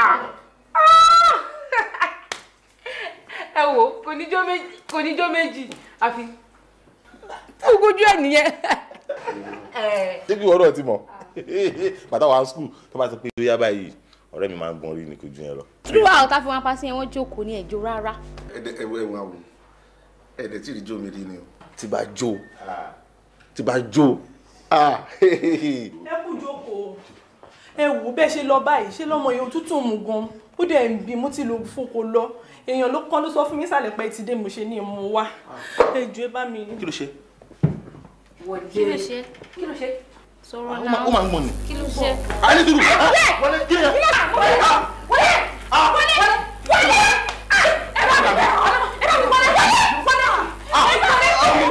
ẹ wo kò níjó méjì àfi ogójú ẹ nìyẹn. ṣé kí wọ́n náà ti mọ̀ bàtà wà á skul tó bá ti pé ó yá báyìí ọ̀rẹ́ mi máa ń gbọ́n rí ni kò ju yẹn lọ. túwà ọ̀tá fi wọn pa sí ẹ wọ́n jókòó ní ẹ̀jọ́ rárá. ẹ̀dẹ̀ ẹ̀wọ̀ ẹ̀wọ̀ àwọn ẹ̀dẹ̀ tí ìdíjọ́ mi rí ni o. tí bá jó tí bá jó. Ah, ẹ kú jó ẹ wò ó bẹ́ẹ̀ ṣe lọ báyìí ṣé lọ́mọ yẹn òtútù mú gan ó dẹ̀ ń bí mo ti lò foko lọ èèyàn ló kán ló sọ fún mi sàlẹ̀ pé ti dé mo ṣe ní mo wá ah. ẹ jù ẹ bá mi. kí ló ṣe. kí ló ṣe kí ló ṣe. sọ̀rọ̀ náà ah, ó máa ń gbọ̀n ni. kí ló ṣe. ayé ah, dúró. wọlé kí ni. wọlé wọlé wọlé wọlé ẹ bá mi bẹ ẹ bá mi wọlé wọlé wọlé ẹ bá mi wọlé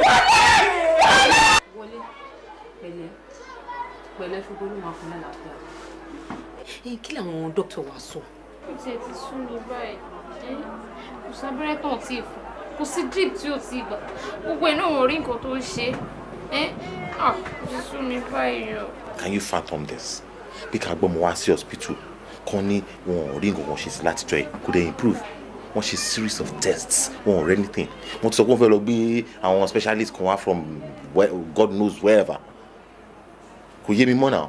wọlé. pẹ̀lẹ́ pẹ̀lẹ́ fúgbó ló máa fún ẹ láti àgbà. Eh, kí làwọn dókítà wa sọ. ó tiẹ̀ ti sú mi báyìí eh, kò sábẹ́rẹ́ tán tí fún kò sí drip tí ò ti gbà gbogbo ẹ̀ náà rí nǹkan tó ń ṣe ẹ́ eh, ti sú mi báyìí o. can you fathom this bí ká gbọ́ mo wá sí hospital kan ní wọn ò rí nǹkan kan ṣe sí látijọ́ ẹ̀ kò dé improve wọ́n ṣe series of tests wọn ò rí anything wọ́n ti sọ pé wọ́n fẹ́ lọ gbé àwọn specialist kan wá from where, God knows wherever kò yé mi mọ́ náà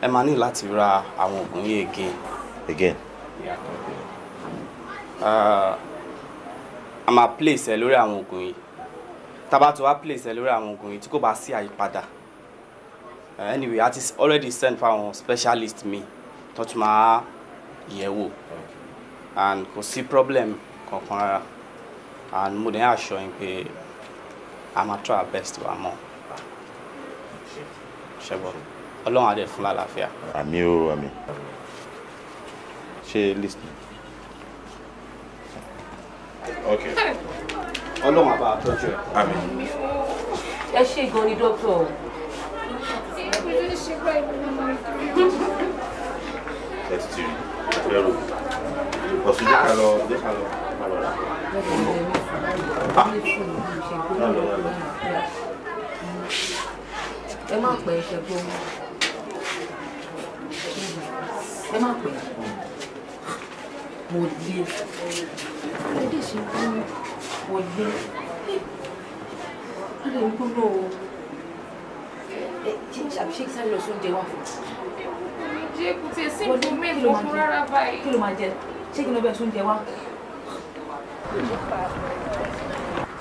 ẹ máa ní láti ra àwọn oògùn yìí again. again. Yeah. Uh, a máa place ẹ lórí àwọn oògùn yìí tá a bá ti wá place ẹ lórí àwọn oògùn yìí tí kò bá sí àyípadà anyway a ti already send for àwọn specialist mi tó tún máa yẹ̀ wò and kò sí problem kankan rárá and mo dẹ̀ aṣọ yín pé a máa try our best wa mọ́ ṣẹ́gbọ́n ọlọ́run á dẹ̀ fún lálàáfíà. àmì o àmì ṣe list ni. ok ọlọ́run á bá tọ́jú ẹ̀. àmì. ẹ ṣe gan ni dókítà o. ẹ ti tì í lẹ́rù ọ̀sùn jẹ́ ká lọ jẹ́ ká lọ. Ah. Ẹ má pẹ́ ṣe gbóhùn ẹ mo lé ẹ dì sí fún mo lé ẹ lè ń gbọ́dọ̀ o àbí ṣé sáré lọ sóúnjẹ wà fún mi. jẹ kò tiẹ̀ sí nǹkan mélòó fún rárá báyìí. kí ló máa jẹ ṣé kí ló bẹ sóúnjẹ wá.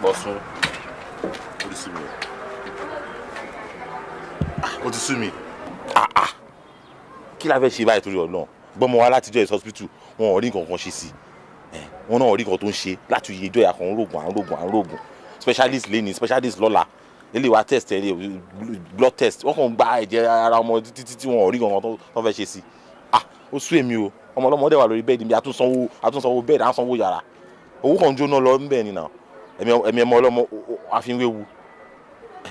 bọ́sùn orí sí mi o ti sú mi kí la fẹ́ ṣe báyìí torí ọlọ́run gbọ́mọ wa látijọ́ ìsọ hospital wọn ò rí nǹkan kan ṣe sí i wọn náà rí nǹkan tó ń ṣe láti iye ìjọ ìyàkọ̀ ńlógún àńlógún àńlógún specialist lẹ́ni specialist lọ́la ilé wa test ẹ̀ blood test wọ́n kàn gba ẹ̀jẹ̀ ara ọmọ títí tí wọn ò rí nǹkan tó fẹ́ ṣe sí i ah ó sú èmi o ọmọ ọlọ́mọdé wà lórí bẹ́ẹ̀dì mi àtúnsanwó àtúnsanwó bẹ́ẹ̀dì àtúnsanwó yàrá owó kan jóná lọ ń bẹ̀ nìyà ẹ̀mí ọmọ ọlọ́mọ àfihàn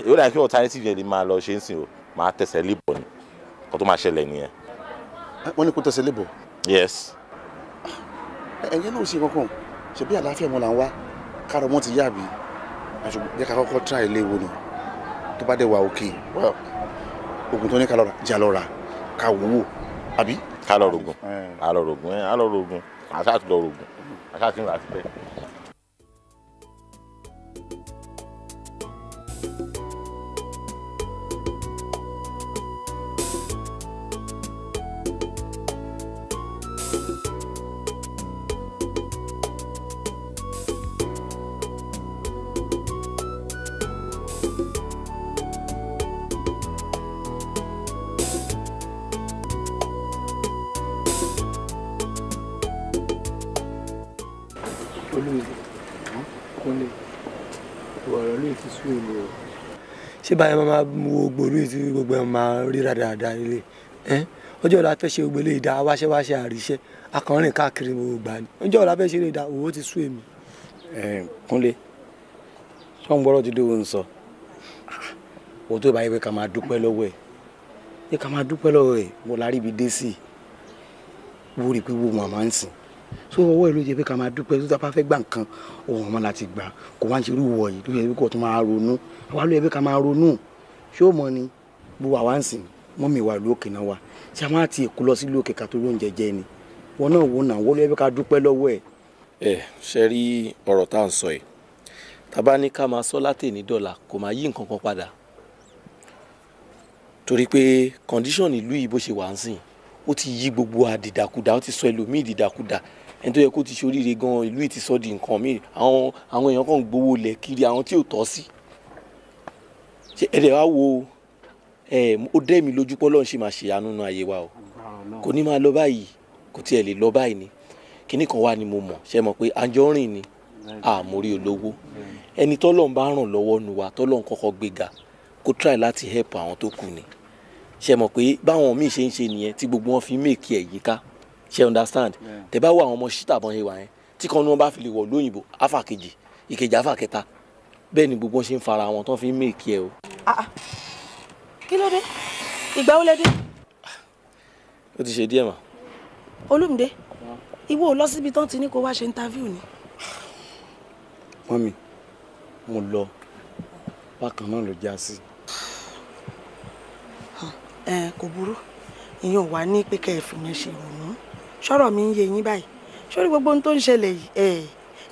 ó dàbí pé alternative yẹn lè máa lọ ṣe ń sìn o máa tẹ̀sẹ̀ lébọ̀ ni kó tó máa ṣẹlẹ̀ nìyẹn wọ́n ní kó tẹ̀sẹ̀ lébọ̀. yes. ẹ̀yẹ́ náà ò sí kankan ṣebí àlàáfíà wọn là ń wá kárọ̀ wọn ti yá àbí jẹ́ ká kọ́kọ́ tíra ilé wo nù tó bá dẹ̀ wà òkè oògùn tó ní ká jà lọ rà ká wò àbí. ká rògùn ká rògùn ká rògùn àṣà àti lọ rògùn àṣà eh. àti lọ eh. àti bẹ́ẹ̀. bíbá yẹn máa wo gbòòrò ìtú gbogbo ẹ̀ máa ríra dáadáa nílé ọjọ́ ọ̀la fẹ́ ṣe gbogbo wáṣẹ́wáṣẹ́ àríṣẹ́ akọrin káàkiri gbogbo gbà ní ọjọ́ ọ̀la fẹ́ ṣe owó ti èmi. Kúnlé ti sọ òun tó báyìí pé ká máa lọ́wọ́ ẹ̀ ká máa lọ́wọ́ ẹ̀ mo lárí ibi dé sí i so ọwọ́ ẹ ló jẹ́ pé ká máa dúpẹ́ tó dábàá fẹ́ gbà nǹkan òun ọmọ láti gbà kó wá ń ṣe irú wọ̀ yìí ló yẹ kó tó máa ronú àwa ló yẹ pé ká máa ronú ṣé ó mọ ni gbogbo àwa ń sìn mọ́mì wa ìlú òkè náà wa ṣé a máa ti èkó lọ sí ìlú òkè ká tó lóúnjẹ jẹ ni wọn náà wò náà wọ́n ló yẹ pé ká dúpẹ́ lọ́wọ́ ẹ̀. ẹ ṣe rí ọ̀rọ̀ tá à ń sọ yìí tàbá ní ká máa sọ látẹ̀ní dọ́là kò máa yí nǹkan kan padà torí pé condition ìlú yìí bó ṣe wà ń sìn ó ti yí gbogbo àdìdàkudà ó ti sọ ẹlòmíì dìdàkudà ẹni tó yẹ kó ti ṣe oríire gan ìlú yìí ti sọ di nǹkan míì àwọn àwọn èèyàn kan ń gbowó lẹ̀ kiri àwọn tí ò tọ́ sí ṣe ẹ̀rẹ̀ wá wo ó dẹ́ mi lójú pọ́ lọ́run ṣe máa ṣe àánú ayé wa o kò ní máa lọ báyìí kò tiẹ̀ lè lọ báyìí ni kinní kan wà ni mo mọ̀ ṣe mọ̀ pé Anjọ́rìn ni àmórí olówó ẹni tọ́lọ́run bá ràn lọ́wọ́ nu wa tọ́lọ́run kọ́kọ́ gbéga kó try láti help àwọn tó kù ni ṣe mọ̀ pé báwọn míì ṣe ń ṣe nìyẹn tí gbogbo wọn fi ń ẹ̀ yíká ṣe understand tẹ bá wo àwọn ọmọ ṣítà bọ́n ṣe wà yẹn tí kan ní wọn bá fi lè wọ̀ lóyìnbó afa kejì ìkejì afa kẹta bẹ́ẹ̀ ni gbogbo ṣe ń fara wọn tó fi ń mèkì ẹ o. Ah, ah. kí ló dé ìgbà wo lẹ dé. ó ti ṣe díẹ̀ mà. olùmìdé ìwọ ò lọ síbi tán ti ní kó wá ṣe interview ni. mọ́mi mo lọ bákan náà ló já sí. ẹ kò burú ìyẹn ò wá ní pé kẹ́ ẹ fi yẹn ṣe ìrònú ṣọ́rọ̀ mi ń yé yín báyìí sórí gbogbo ohun tó ń ṣẹlẹ̀ yìí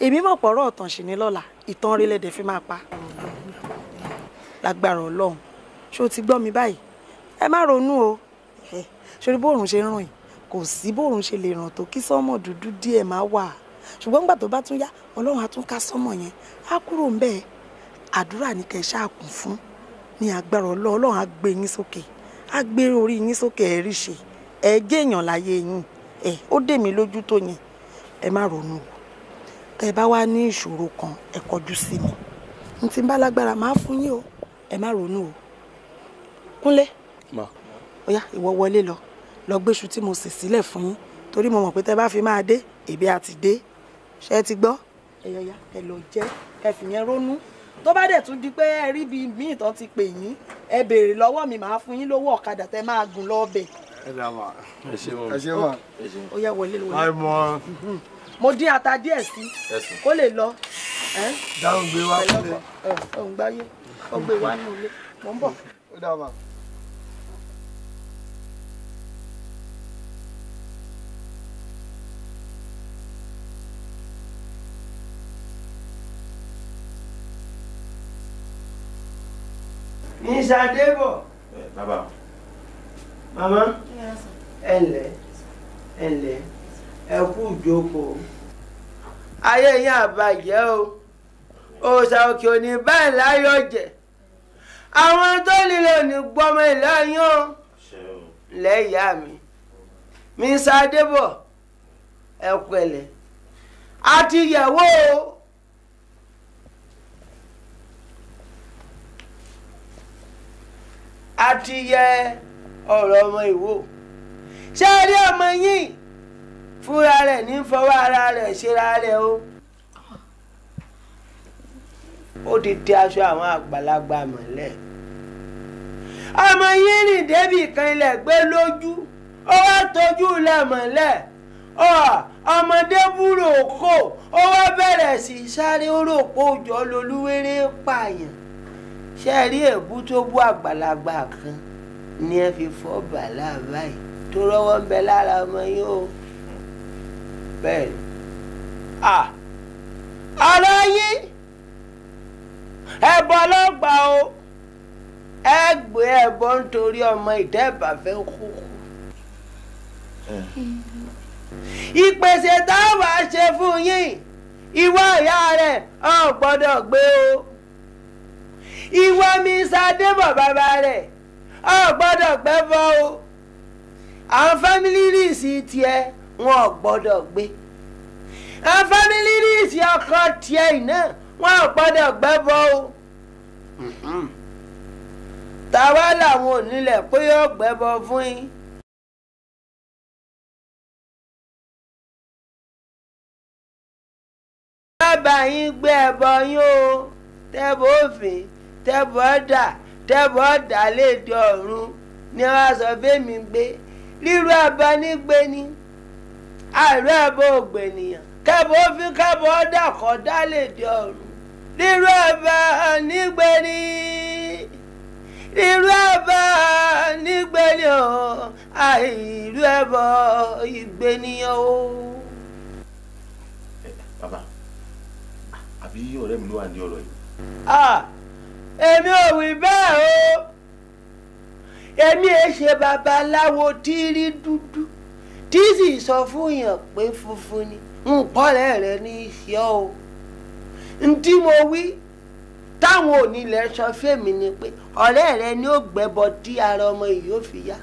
èmi mọ̀ pọ̀rọ̀ ọ̀tàn sì ní lọ́la ìtàn orílẹ̀-èdè fi máa pa lágbára ọlọ́run ṣé o ti gbọ́ mi báyìí ẹ má ronú o sórí bóòrùn ṣe ń ràn yìí kò sí bóòrùn ṣe lè ràn tó kí sọ́mọ̀ dúdú díẹ̀ má wà ṣùgbọ́n nígbà tó bá tún yá ọlọ́run á tún ká sọ́mọ̀ yẹn á kúrò ń bẹ́ẹ̀ àdúrà ní kẹ́ ṣáàkùn fún ní agbára ọlọ́run á gbé yín sókè á gbé orí yín sókè ẹ̀rí ṣe ẹ̀ jẹ́ èèyàn láyé yín ẹ ó dè mí lójú tó yẹn ẹ má ronú o tẹ́ ẹ bá wá ní ìṣòro kan ẹ kọjú sí mi n ti bá lágbára máa fún yín o ẹ má ronú o Kúnlé ọyá ìwọ wọlé lọ lọ gbéṣu tí mo sì sílẹ̀ fún yín torí mo mọ̀ pé tẹ́ bá fi máa dé èbí àti dé ṣe é ti gbọ́ ẹyọ ya ẹ lọ jẹ ẹ fìyẹn ronú tó bá dẹ̀ tún di pé ẹ rí bíi míì tán ti pè yín ẹ béèrè lọ́wọ́ mi màá fún yín lówó ọ̀kadà tẹ́ máa gùn lọ bẹ̀ ẹ dà mà ẹ ṣe mà ẹ ṣe mà ó yá wọlé wọlé. máa mọ. mo dín ata díẹ̀ sí kó lè lọ. dáhùn gbé wá fúnlẹ̀. ọ̀hún gbáyé ó gbé wá ní ilé mò ń bọ̀. ní sàdébọ̀. bàbá o mama ẹ ǹlẹ́ ẹ ǹlẹ́ ẹ kú ìjókòó ayé yín àbàjẹ́ o òòṣà òkè òní báyìí láyọ̀ jẹ́ àwọn tó nílò ní gbọ́mọ ìlú ọyún o lẹ́yà mi mi ṣàdébọ̀ ẹ pẹ̀lẹ́ àti ìyàwó o. àti yẹ ọ̀rọ̀ ọmọ ìwò ṣé ẹ rí ọmọ yín fúnra rẹ̀ ní fọwọ́ ara rẹ̀ ṣera rẹ̀ o ó ti di aṣọ àwọn àgbàlagbà mọ́lẹ̀ ọmọ yín rìn débì kan ilẹ̀ gbé lójú ó wá tọ́jú ilẹ̀ mọ́lẹ̀ ọmọdé búrò kò ó wá bẹ̀rẹ̀ sí sáré ó rò pé òjò lolúwéré pààyàn ṣe rí èébú tó bú àgbàlagbà kan ni ẹ fi fọ́ bàálà báyìí tó rọ́wọ́ ń bẹ lára ọmọ yín o bẹ́ẹ̀ ni ọ̀rọ̀ yín ẹbọ ọlọ́pàá o ẹ gbé ẹbọ nítorí ọmọ ìtẹ́ẹ̀bà fẹ́ kú. ìpèsè táwọn àṣẹ fún yín ìwọ ìyá rẹ̀ ò gbọ́dọ̀ gbé o ìwọ mi sadébọ̀ bàbá rẹ̀ a gbọ́dọ̀ pẹ́ bọ́ o àwọn fámìlì rìsì tiẹ̀ wọn ò gbọ́dọ̀ gbé àwọn fámìlì rìsì ọkọ tiẹ̀ iná wọn ò gbọ́dọ̀ gbẹ́ bọ́ o mm-hmm. tàwa làwọn ò nílẹ̀ pé yóò gbẹ́ bọ́ fún yín. bàbá yín gbé ẹbọ yín o tẹ́bọ̀ òfin tẹ́bọ̀ ọ̀dà tẹ́bọ̀ dálẹ́dẹ ọ̀run ni wọ́n sọ fẹ́mi gbé rírú abanígbé ni àìrú ẹ̀bọ̀ ògbènìyàn kẹ́bọ̀ òfin kẹ́bọ̀ dàkọ̀ dálẹ́dẹ ọ̀run rírú abanígbé ni irú ẹbọ nígbẹni o àìrú ẹbọ ìgbẹniyàn o. bàbá àbí ọ̀rẹ́ mi ló wà ní ọ̀rọ̀ yìí. Ah, èmi ò wí bẹ́ẹ̀ o èmi ẹ ṣe babaláwo tí rí dúdú tí sì sọ fún yàn pé funfun ni nǹkọ́rẹ́ rẹ ní iṣẹ́ o ntí mo wí táwọn onílẹ̀ sọ fèmí ni pé ọ̀rẹ́ rẹ ni ó gbẹ́bọ tí ara ọmọ yìí ó fi yá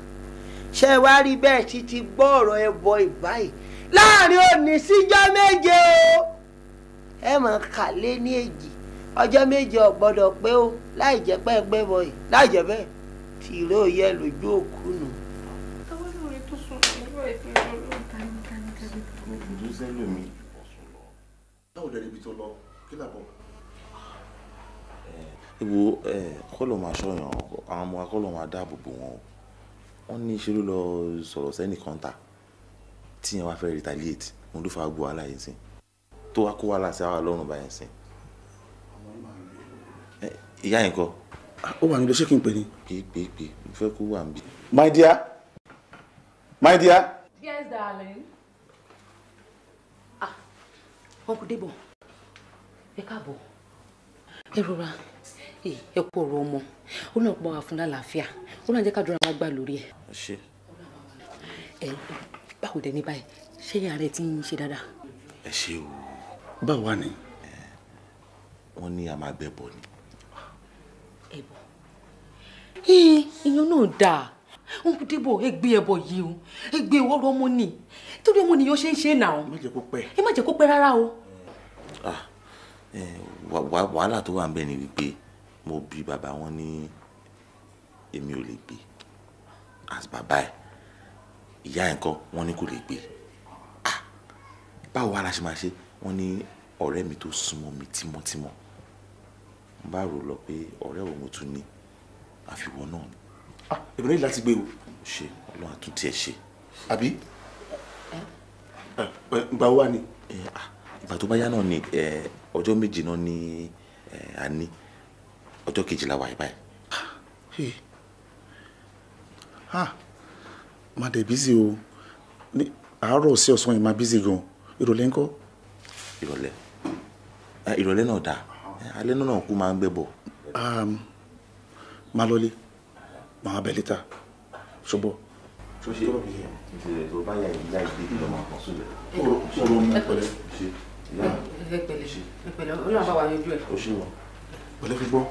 ṣe wá rí bẹ́ẹ̀ sì ti gbọ́ ọ̀rọ̀ ẹbọ ìbáyìí láàrin òní síjọ́ méje o ẹ mọ̀ kàlé ní èjì ọjọ́ méje ò gbọ́dọ̀ pé ó láì jẹ́ pé ẹgbẹ́ bọ̀yì láì jẹ́ bẹ́ẹ̀ fi ìró yẹ lójú òkú nù. ojú sẹ́lẹ̀ mi ọ̀sùn lọ táwọn ọ̀dọ́ ibi tó lọ kí làbọ̀. ibo kọ́ ló máa ṣọyàn àwọn ọmọ akọ́ ló máa dáàbò bò wọ́n o wọ́n ní ṣe ló lọ sọ̀rọ̀ sẹ́nìkan ta tíyẹn wá fẹ́ retaliate òun ló fa gbọ́ aláìsìn tó wá kó wá láti àwọn lọ́rùn báyìí sìn ìyá yẹn kọ́. Ah, ó wà nílé ṣé kí n pè ní. pè pè pè mo fẹ́ kó wà níbí. my dear my dear. yes darling. ah uncle debo ẹ káàbọ̀ ẹ rọra eh, ẹ kú ọ̀rọ̀ ọmọ ó náà pọ̀ àfún lálàáfíà ó náà jẹ́ ká dúró àwọn àgbà lórí ẹ̀. ṣe. ẹ báwo dẹ ní báyìí ṣé ìyá rẹ ti ń ṣe dáadáa. ẹ ṣe o. báwo wà ní. wọ́n ní a máa gbẹ bọ̀ ni ìyẹn náà dáa n kò débò egbe ẹbọ yìí o egbe ìwọrọ ọmọ ni torí ọmọ nìyẹn ṣe ń ṣe nà o. ẹ má jẹ́ kó pẹ́. ẹ má jẹ́ kó pẹ́ rárá o. wàhálà tó wà ń bẹ̀ ni wípé mo bí bàbá wọn ní èmi ò lè gbé as bàbá ẹ ìyá ẹ̀ ń kọ́ wọn ní kò lè gbé báwo wàhálà ṣe máa ṣe wọn ní ọ̀rẹ́ mi tó súnmọ́ mi tímọ́tímọ́ bá rò lọ pé ọ̀rẹ́ òun tún ní àfiwọ́ náà ni. Ah, èmi nílò láti gbé o. ṣe ọlọ́run àtúntì ẹ̀ ṣe. àbí eh, eh, ìgbà wo wà ní. Eh, ah, ìgbà tó bá yá náà ni ọjọ́ méjì náà ni a ní ọjọ́ kejìlá wà báyìí. Ah, má dẹ̀ bísí o ní àárọ̀ sí ọ̀sán yìí má bísí gan ìrọ̀lẹ́ ńkọ́. ìrọ̀lẹ́ ìrọ̀lẹ́ náà dáa alẹ́ náà kú máa ń gbẹ bọ̀. Um, máa lọlé máa bẹ̀ létà ṣùgbọ́n. tó ṣe tó ṣe tó bá yà ìyá ìgbé lọ máa kàn sílẹ̀. ọ̀rọ̀ mi pẹ̀lẹ́. ẹ pẹ̀lẹ́ ẹ pẹ̀lẹ́ Ọlọ́run bá wà ní ojú ẹ. o ṣe wọn pẹ̀lẹ́ fi gbọ́.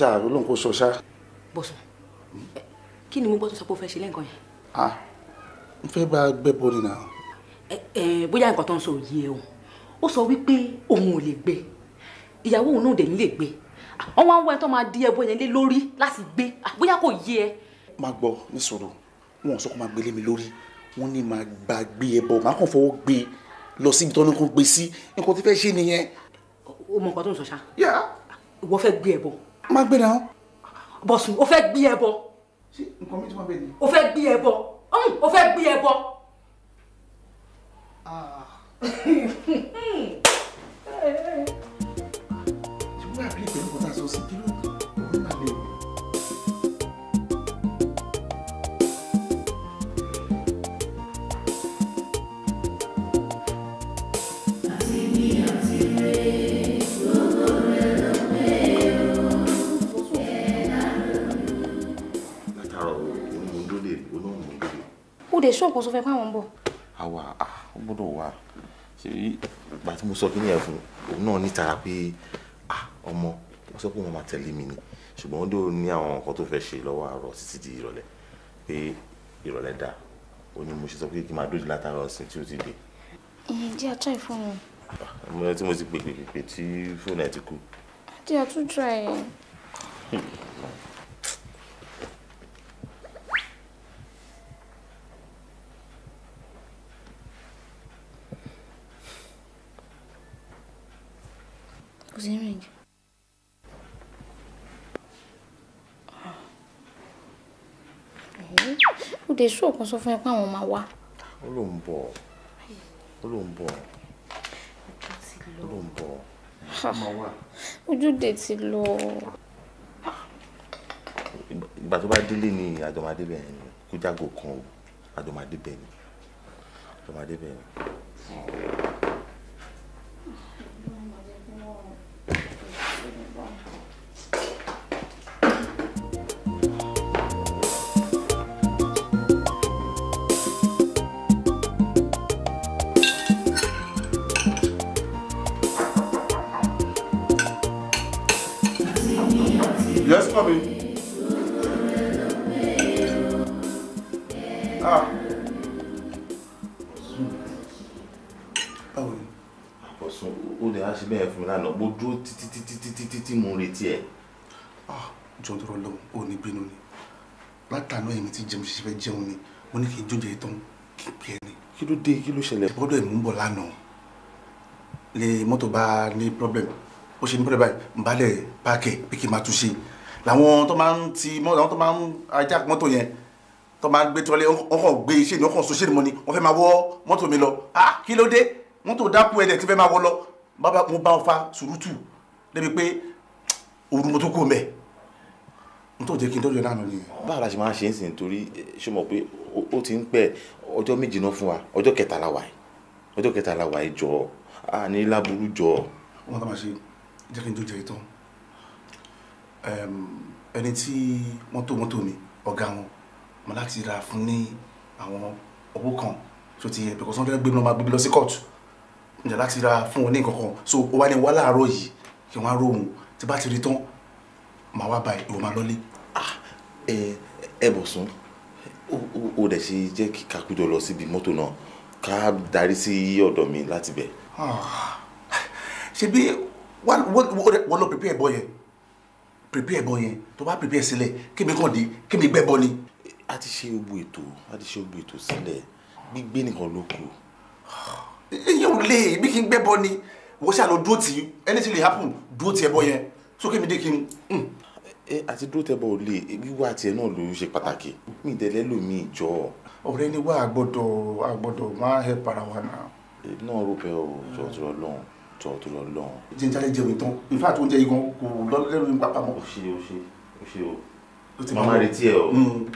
ṣáà ló kó sọ ṣá. bọ̀sùn kí ni mo gbọ́ sọ pé o fẹ́ ṣe lẹ́ǹkan yẹn. a n fẹ́ bá gbẹ́ bọ́ ni náà. ẹ ẹ bóyá nǹkan tó ń sọ òye ẹ o ó sọ wípé òun ò lè gbé ìyàwó òun náà dẹ̀ ní lè gbé wọn wá ń wọ ẹ tó máa di ẹbọ yẹn lé lórí láti gbé bóyá kò yé ẹ. máa gbọ́ ní sọ̀rọ̀ wọn ò sọ kó máa gbélé mi lórí wọn ní máa gba gbé ẹbọ máa kàn fọwọ́ gbé lọ síbi tó ní kó gbé sí nǹkan tó fẹ́ ṣe nìyẹn. o mọ nǹkan tó ń sọ ṣá. ìwọ fẹ́ gbé ẹbọ má gbé dáhùn. bọ̀sùn o fẹ́ gbé ẹbọ. ṣé nǹkan mi ti máa bẹ̀ ni. o fẹ́ gbé ẹbọ hmm, o fẹ́ gbé ẹbọ. ṣùgbọ́n àbí ìpè ní kò tá a sọ sí kí ló ń bọ̀. ó dẹ̀ ṣọ́ọ̀kan sọ fẹ́ pé àwọn ń bọ̀. àwa ó gbọ́dọ̀ wá ṣe ìgbà tí mo sọ kíní ẹ̀ fún òun náà nítara pé ọmọ ó sọ pé wọn máa tẹ̀lé mi ni ṣùgbọ́n ó dé ní àwọn nǹkan tó fẹ́ ṣe lọ́wọ́ àárọ̀ títí di ìrọ̀lẹ́ pé ìrọ̀lẹ́ dáa ó ní mo ṣe sọ pé kí n máa dójú látara ọ̀sìn tí ó ti dé. ǹjẹ́ a try fóònù. mo tí mo ti pè pè pè tí fóònù ẹ̀ ti kú. ǹjẹ́ a tún try Kò sí rìn jù. Ó dé ṣó kan sọ fún ẹ pé àwọn máa wá. Ó ló ń bọ̀. Ó ló ń bọ̀. Ó ló ń bọ̀. Ó máa wá. Ojúde ti lọ. Ìgbà tó bá délé ni o. Àjọmọdé Yes, mommy. Ah. Báwo ni? Àkọ̀sùn ó lè á ṣe bẹ́ẹ̀ fún mi lánàá. Mo dúró títí títí títí títí mo ń retí ẹ̀. Ah, jọ dúró lọ, ò ní bínú ni. Látàná èmi ti jẹun ṣiṣẹ́ fẹ́ jẹun ni. Mo ní kí n jóúnjẹ tán kí n pè é ni. Kí ló dé? Kí ló ṣẹlẹ̀? Ìbọ́dọ̀ ẹ̀ mú bọ̀ lánàá. Lè mọ́tò bá ní pírọ́blẹ̀mù. Ó ṣe ní pírọ́blẹ̀mù báyìí, n bá lẹ̀ páàkì pé kí n máa tún ṣe làwọn tó máa ń ti mọ́ làwọn tó máa ń ajá mọ́tò yẹn tó máa ń gbé tọ́lé wọ́n kàn gbé iṣẹ́ ni wọ́n kàn so ṣẹ́ni mọ́ ni wọ́n fẹ́ máa wọ́ mọ́tò mi lọ ah kí ló dé mọ́tò dákú ẹ̀ tí fẹ́ máa wọ́ lọ bàbá mo bá fa sùrùtù débi pé òru mo tó kú mẹ́ n tó jẹ́ kí n tọ́jú ẹ̀ lánàá nìyẹn. báwo la ṣe máa ṣe é sìn torí ṣé mọ̀ pé ó ti ń pẹ́ ọjọ́ méjì náà fún wa ọjọ́ kẹta la wà yìí ọjọ́ kẹta la wà yìí jọ láburú jọ. wọn bá máa ṣe jẹ́ kí n tó jẹ ìtàn ẹni tí wọ́n tó mọ́tò mi ọ̀gá wọn mo láti ra fún ní àwọn owó kan tó ti yẹ bẹ̀kọ́ sọ́njọ́ gbé mi lọ́ọ́ gbé lọ sí kóòtù mo jà láti ra fún wọn ní nǹkan kan so ó wá ní wá láàárọ̀ yìí kí wọ́n á róhùn tí bá ti rí tán màá wá báyìí ìwọ máa lọ́lé. Ah, ẹ ẹ bọ̀ sún o dẹ̀ ṣe jẹ́ kí kakujọ lọ síbi mọ́tò náà ká darí sí ọ̀dọ̀ mi láti bẹ̀. Ah, ṣebí wọ́n lọ pèpè ẹ̀bọ yẹn prepare ẹbọ yẹn tó bá prepare sílẹ̀ kémi kàn dé kémi gbẹbọ ni. a ti ṣe gbogbo ètò a ti ṣe gbogbo ètò sílẹ̀ gbígbé nìkan ló kù. èèyàn ò lè ibi kí n gbẹbọ ni wọ́n ṣàlọ́ dúró tì í anything lè happen dúró tì ẹbọ yẹn so kémi dé kí n. Hmm. ẹ àti dúró tẹ bọ ò lè wíwá tiẹ̀ náà ló ṣe pàtàkì mi ìdẹ́lẹ́ lómi ìjọ. ọ̀rẹ́ ni wá àgbọ̀dọ̀ àgbọ̀dọ̀ máa help ara wa náà. náà rò pé ọ̀rọ̀ ọ̀jọ̀ jọ tó lọ lọ́hùn. jẹ́ n jálẹ̀ jẹun tán in fact oúnjẹ yìí gan kò lọ́lẹ́rù ní pápá mọ́. o ṣe o ṣe o ṣe o màmá retí ẹ o hmm.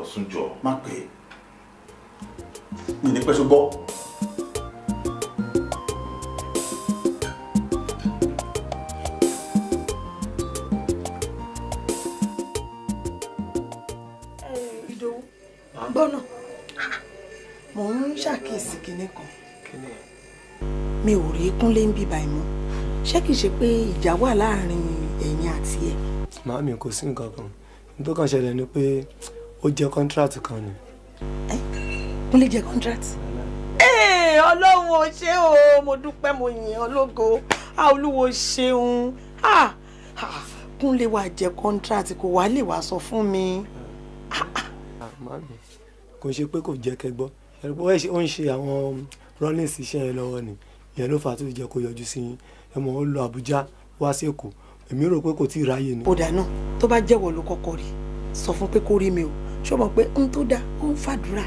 ọ̀sùn jọ. má pẹ́ mi ní pẹ́ ṣó gbọ́. Eh, gbọ́nà mò ń ṣàkíyèsí kinní kan. kinní kan mi ò rí kúnlé ń bíbá ẹ̀ mọ́ ṣé kìí ṣe pé ìjà wà láàrin ẹ̀yin àti ẹ̀. màámi kò sí nǹkan kan tó kàn ṣẹlẹ̀ ni pé ó jẹ kọ́ńtíráàtì kan ni. ẹ kúnlé jẹ kọ́ńtíráàtì. ee eh, ọlọ́run o ṣé o mo dúpẹ́ mo yìn ọ́ lógo a ah, olúwo ṣeun ah, ah, kúnlé wa jẹ kọ́ńtíráàtì kò wá lè wá sọ fún mi. màámi kò ṣe pé kò jẹ́ kẹgbọ́ ó ń ṣe àwọn Rawlings ṣiṣẹ́ yẹn lọ́wọ́ ni ìyẹn ló fà á tó jẹ́ kó yọjú sí ẹ mọ̀ ó lọ Àbújá wá sí Èkó èmi rò pé kò tí ì ráyè ni. ọ̀dà náà tó bá jẹ́wọ́ ló kọ́kọ́ rí sọ fún pé kó rí mi o ṣó mọ̀ pé ohun tó dáa ó ń fàdúrà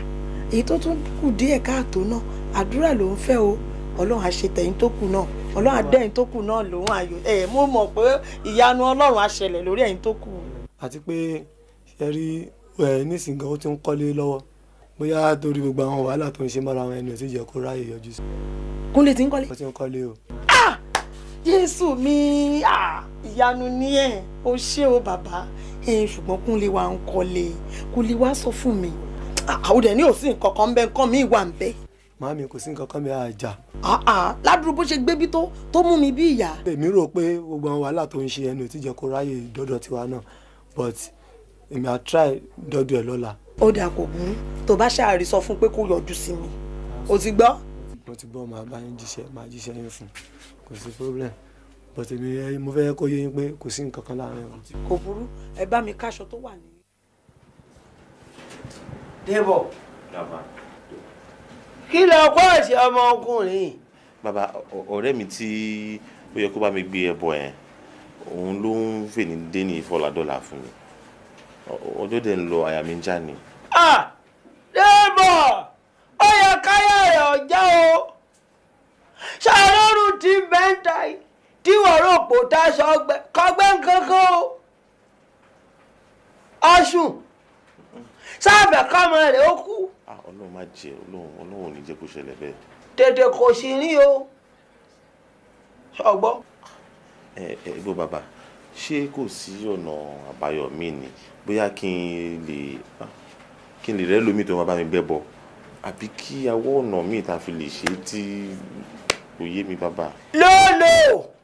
èyí tó tún kù díẹ̀ káàtó náà àdúrà ló ń fẹ́ o ọlọ́run àṣetẹ̀yìn tó kù náà ọlọ́run àdẹ́yìn tó kù náà lòun àyò ẹ̀ mo mọ̀ pé ìyanu ọlọ́run àṣẹlẹ̀ lórí ẹ̀yìn tó kù. àti pé ṣe rí nísìnyí ó ti ń kọ́lé lọ́wọ́ bóyá torí gbogbo àwọn wàhálà tó ń ṣe mọ́ra àwọn ẹni ò sì jẹ́ kó ráyè yọjú sí. kúnlé ti ń kọ́lé. ó ti ń kọ́lé o. Ah! jésù mi ah! ìyanu ni ẹ o ṣé o bàbá ṣùgbọ́n kúnlé wa ń kọ́lé kúnlé wa sọ fún mi àwùjọ ah, ní òsín kankan ń bẹ nǹkan mi wà ń bẹ. màámi kò sí nǹkan kan mi àjà. ládùúgbò bó ṣe gbébí tó tó mú mi bí ìyá. èmi rò pé gbogbo àwọn wàhálà tó ń ṣe ẹni ò ti jẹ́ kó ráyè dọ́dọ̀ tiwa náà but èmi á try dọ́dọ̀ ẹ̀ lọ́la ó dà kò burú tó bá ṣàárì sọ fún pé kó yọjú sí mi o ti gbọ́. mo ti gbọ́ màá bá yín jíṣẹ́ màá jíṣẹ́ yín fún kò sí problem but èmi mo fẹ́ kó yé yín pé kò sí nǹkan kan láàrin wọn. kò burú ẹ bá mi káṣọ tó wà ní. débọ̀ kí ló kọ́ ẹ̀ṣẹ̀ ọmọkùnrin. bàbá ọ̀rẹ́ mi tí ó yẹ kó bá mi gbé ẹbọ ẹ̀ òun ló ń fè ní dénì ìfọ̀làdọ́là fún mi. Ah! ọjọ́ dẹ̀ ń lọ àyà mi ń já ni. débọ̀ ó yẹ káyà rẹ̀ ọ̀já o ṣàlọ́run ti bẹ́ńtà tí wọ́n rò pò a sọ kọgbẹ́ kankan o ọ̀ṣun sáàbẹ̀ kọ́mọ rẹ̀ ó kú. Ah, ọlọ́run má jẹ́ ọlọ́run ọlọ́run ò ní jẹ́ kó ṣẹlẹ̀ bẹ́ẹ̀. tètè kò sí rí o ṣọgbọ́. ẹ ẹ bó bàbá ṣé kò sí ọ̀nà àbáyọ míì ni bóyá kí n lè kí n lè rẹ́ lómi tó máa bá mi bẹ́ bọ̀ àbí kí awọ ọ̀nà míì tá a fi lè ṣe tí kò yé mi bàbá. lóòlò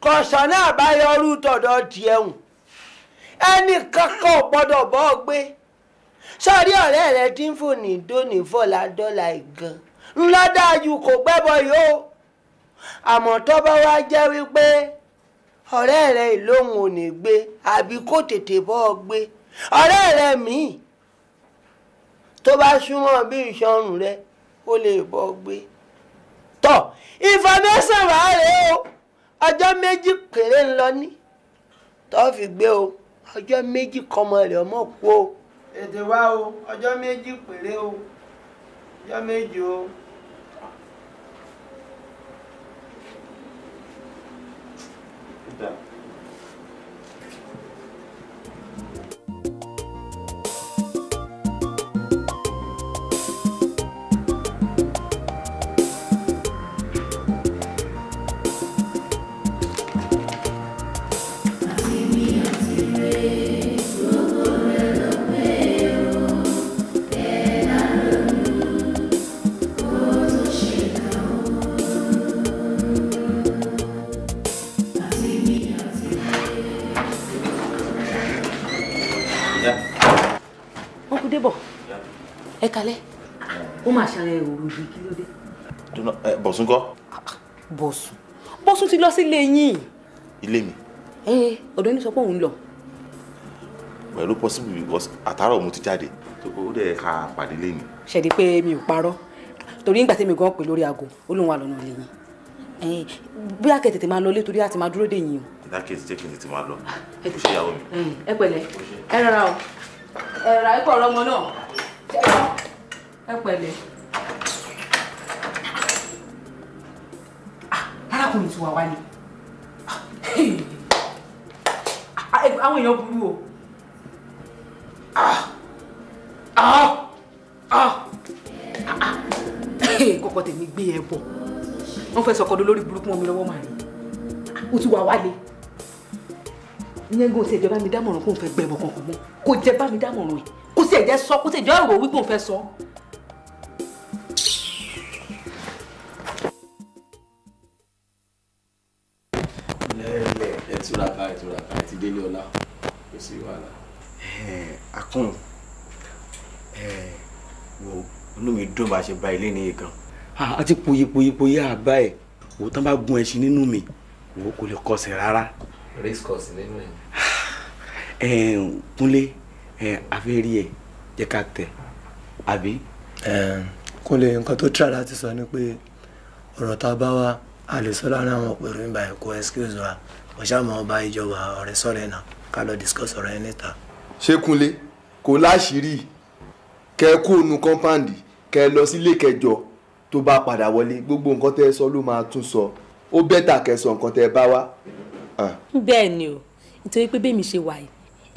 kọ̀sán náà bá yọrù tọ̀dọ̀ tiẹ̀ ẹnì kankan gbọ́dọ̀ bọ́ ọ gbé sọ́rí ọ̀rẹ́ rẹ tí ń fò dóní fọ́lá dọ́là ìgan ńlá dájú kò gbẹ́bọ yóò àmọ́ tó wá jẹ́ wípé ọ̀rẹ́ rẹ ìlóhùn ò ní gbé àbí kó tètè bọ́ ọ gbé ọ̀rẹ́ rẹ míì tó bá súnmọ́ bí ìṣọrùn rẹ ó lè bọ́ gbé tọ́ information wà rèé o ọjọ́ méjì péré ń lọ ní tó fi gbé o ọjọ́ méjì kọmọ rẹ̀ ọmọ kú o. ètè wa o ọjọ́ méjì péré o ọjọ́ méjì o. bọ̀sùn kọ́. bọ̀sùn bọ̀sùn ti lọ sílé yín. ilé mi. ẹ ọ̀dọ̀ ẹni sọ pé òun lọ. pẹ̀lú possible because àtàrà òun ti jáde ó dẹ̀ ka pàdé lé mi. ṣèdí pé mi ò parọ́ torí ìgbà tí mi gan pè lórí aago ó lóun wà lọ́nà ilé yín bí a kẹ máa lọ ilé torí a ti máa dúró dè yín o. ìdá kejì jẹ́ kí n máa lọ kò ṣe ìyàwó mi. ẹ pẹ̀lẹ́ ẹ rárá o ẹ rárá ẹ kọ̀ ọ̀rọ̀ ọmọ náà ẹ pẹ̀lẹ́. arákùnrin ti wà wálé ah, eh, àwọn èèyàn burú o. Ah, ah, eh, kọ́kọ́ tèmi gbé ẹ bọ̀ wọ́n fẹ́ sọ̀kọ́dọ̀ lórí burúkú mọ́ mi lọ́wọ́ màá rí o ti wà wálé yẹn gan ti ẹjọ bá mi dámọ̀ràn kó n fẹ́ gbẹbọ kankan mọ́ kó jẹ bá mi dámọ̀ràn yìí kó sì ẹjẹ sọ kó sì ẹjọ èrò wípé òun fẹ́ sọ ìtúraka ìtúraka àti délé ọlá kò sí wàhálà. Eh, akun eh, wo inú mi dùn bá a ṣe ba ilé nìyí gan. Ah, a ti poyi poyi poyi àbá ẹ wò tán bá gun ẹṣin nínú mi wò kò lè kọsẹ̀ rárá. race course nínú ẹ. Eh, kúnlé afẹ́rí ẹ jẹ́ ká tẹ̀ àbí. kúnlé nǹkan tó tíra láti sọ ni pé ọ̀rọ̀ tá a bá wá a lè sọ láàárín àwọn òpèrò ìgbà ẹ̀kọ́ excuse wa kò ṣàmọ ọba ìjọba ọ̀rẹ́ sọ̀rẹ́ náà ká lọ discuss ọ̀rọ̀ yẹn níta. ṣé Kúnlé kò láṣìírí kẹ kó nu kọ́ńpáǹdì kẹ lọ sílé kẹjọ tó bá padà wọlé gbogbo nǹkan tẹ sọ ló máa tún sọ ó bẹ́tà kẹsàn nǹkan tẹ bá wá. bẹ́ẹ̀ ni o nítorí pé bẹ́ẹ̀ mi ṣe wà yìí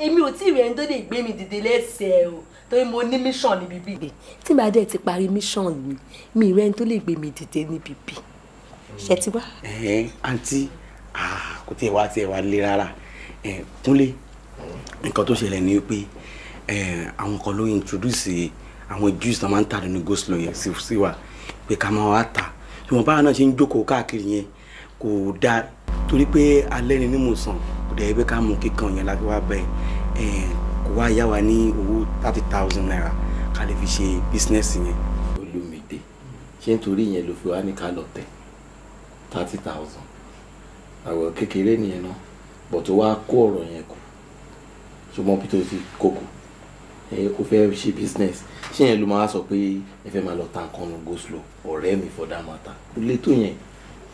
èmi ò tí ì rẹ̀ ń tó lè gbé mi dìde lẹ́sẹ̀ẹ́ o torí mo ní mission níbi bí. tí màá dẹ̀ ti parí mission mi mi rẹ̀ tó lè gbé mi dìde níbi bí. ṣe ti wá. ẹ àǹtí Ah, kò tiẹ̀ wá tiẹ̀ wá lé rárá kúnlé nǹkan tó ṣẹlẹ̀ ni pé àwọn kan ló introduce àwọn juice náà máa ń tà nínú goslow yẹn sí wa pé ká máa wá tà ṣùgbọ́n báwa náà ṣe ń jókòó káàkiri yẹn kò dáa torí pé alẹ́ ni nímùsàn kò dẹ̀ ẹgbẹ́ ká mú kíkan yẹn lábẹ́ wá bẹ́ẹ̀ kò wá yá wa ní owó thirty thousand naira ká lè fi ṣe bísínẹ́sì yẹn. olùmìdé ṣé nítorí yẹn ló fi wá ní ká lọ tẹ thirty thousand àwẹ̀ kékeré nìyẹn náà bọ̀ tó wá kó ọ̀rọ̀ yẹn kù ṣùgbọ́n bí tó ti kó kù ó fẹ́ ṣe business ṣé yẹn ló máa sọ pé ẹ fẹ́ máa lọ ta nǹkan nu go slow ọ̀rẹ́ mi for that matter kò lè tó yẹn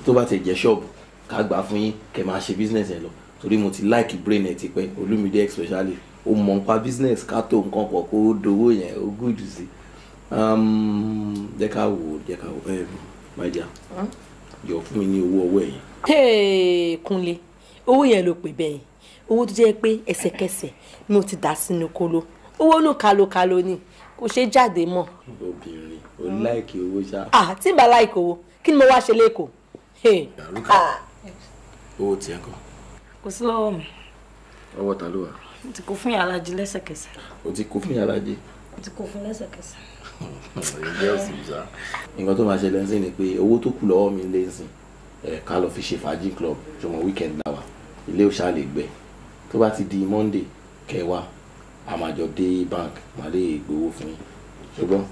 tó bá ti jẹ́ ṣọ́ọ̀bù ká gbà fún yín kẹ́ máa ṣe business yẹn lọ torí mo ti like brain ẹ̀ ti pẹ́ olúmídé especially ó mọ̀ nípa business ká tó nǹkan pọ̀ kó dowó yẹn ó good sí um, jẹ́ ká wò jẹ́ ká wò my dear jọ fún mi ní owó ọwọ́ ẹ̀yìn. Kúnlé owó yẹn ló pè bẹ́ẹ̀ owó tó jẹ́ pé ẹsẹ̀kẹsẹ̀ ni mo ti dà sínú kóló owó nù kalokalo ni kò ṣe jáde mọ́. obìnrin ò láìkì owó ṣá. ah tí n bá láìkì owó kí ni mo wá ṣe lẹ́kọ̀ọ́. àrùkà ah. owó tiẹ̀ kọ́. kò sí lọ́wọ́ mi. ọwọ́ ta ló wà. mo ti kó fún yàrá jí lẹ́sẹ̀kẹsẹ̀. o ti kó fún yàrá jí. mo ti kó fún lẹ́sẹ̀kẹsẹ̀. nǹkan tó máa ṣẹlẹ̀ ń sìn ni pé owó tó kù lọ́wọ́ mi lè ń sìn Eh, ká lọ fi ṣe fàájì club jọmọ weekend la wà ilé òṣà lè gbẹ tó bá ti di monday kẹwàá a máa jọ dé bank máa lè gbowó fún yín ṣùgbọ́n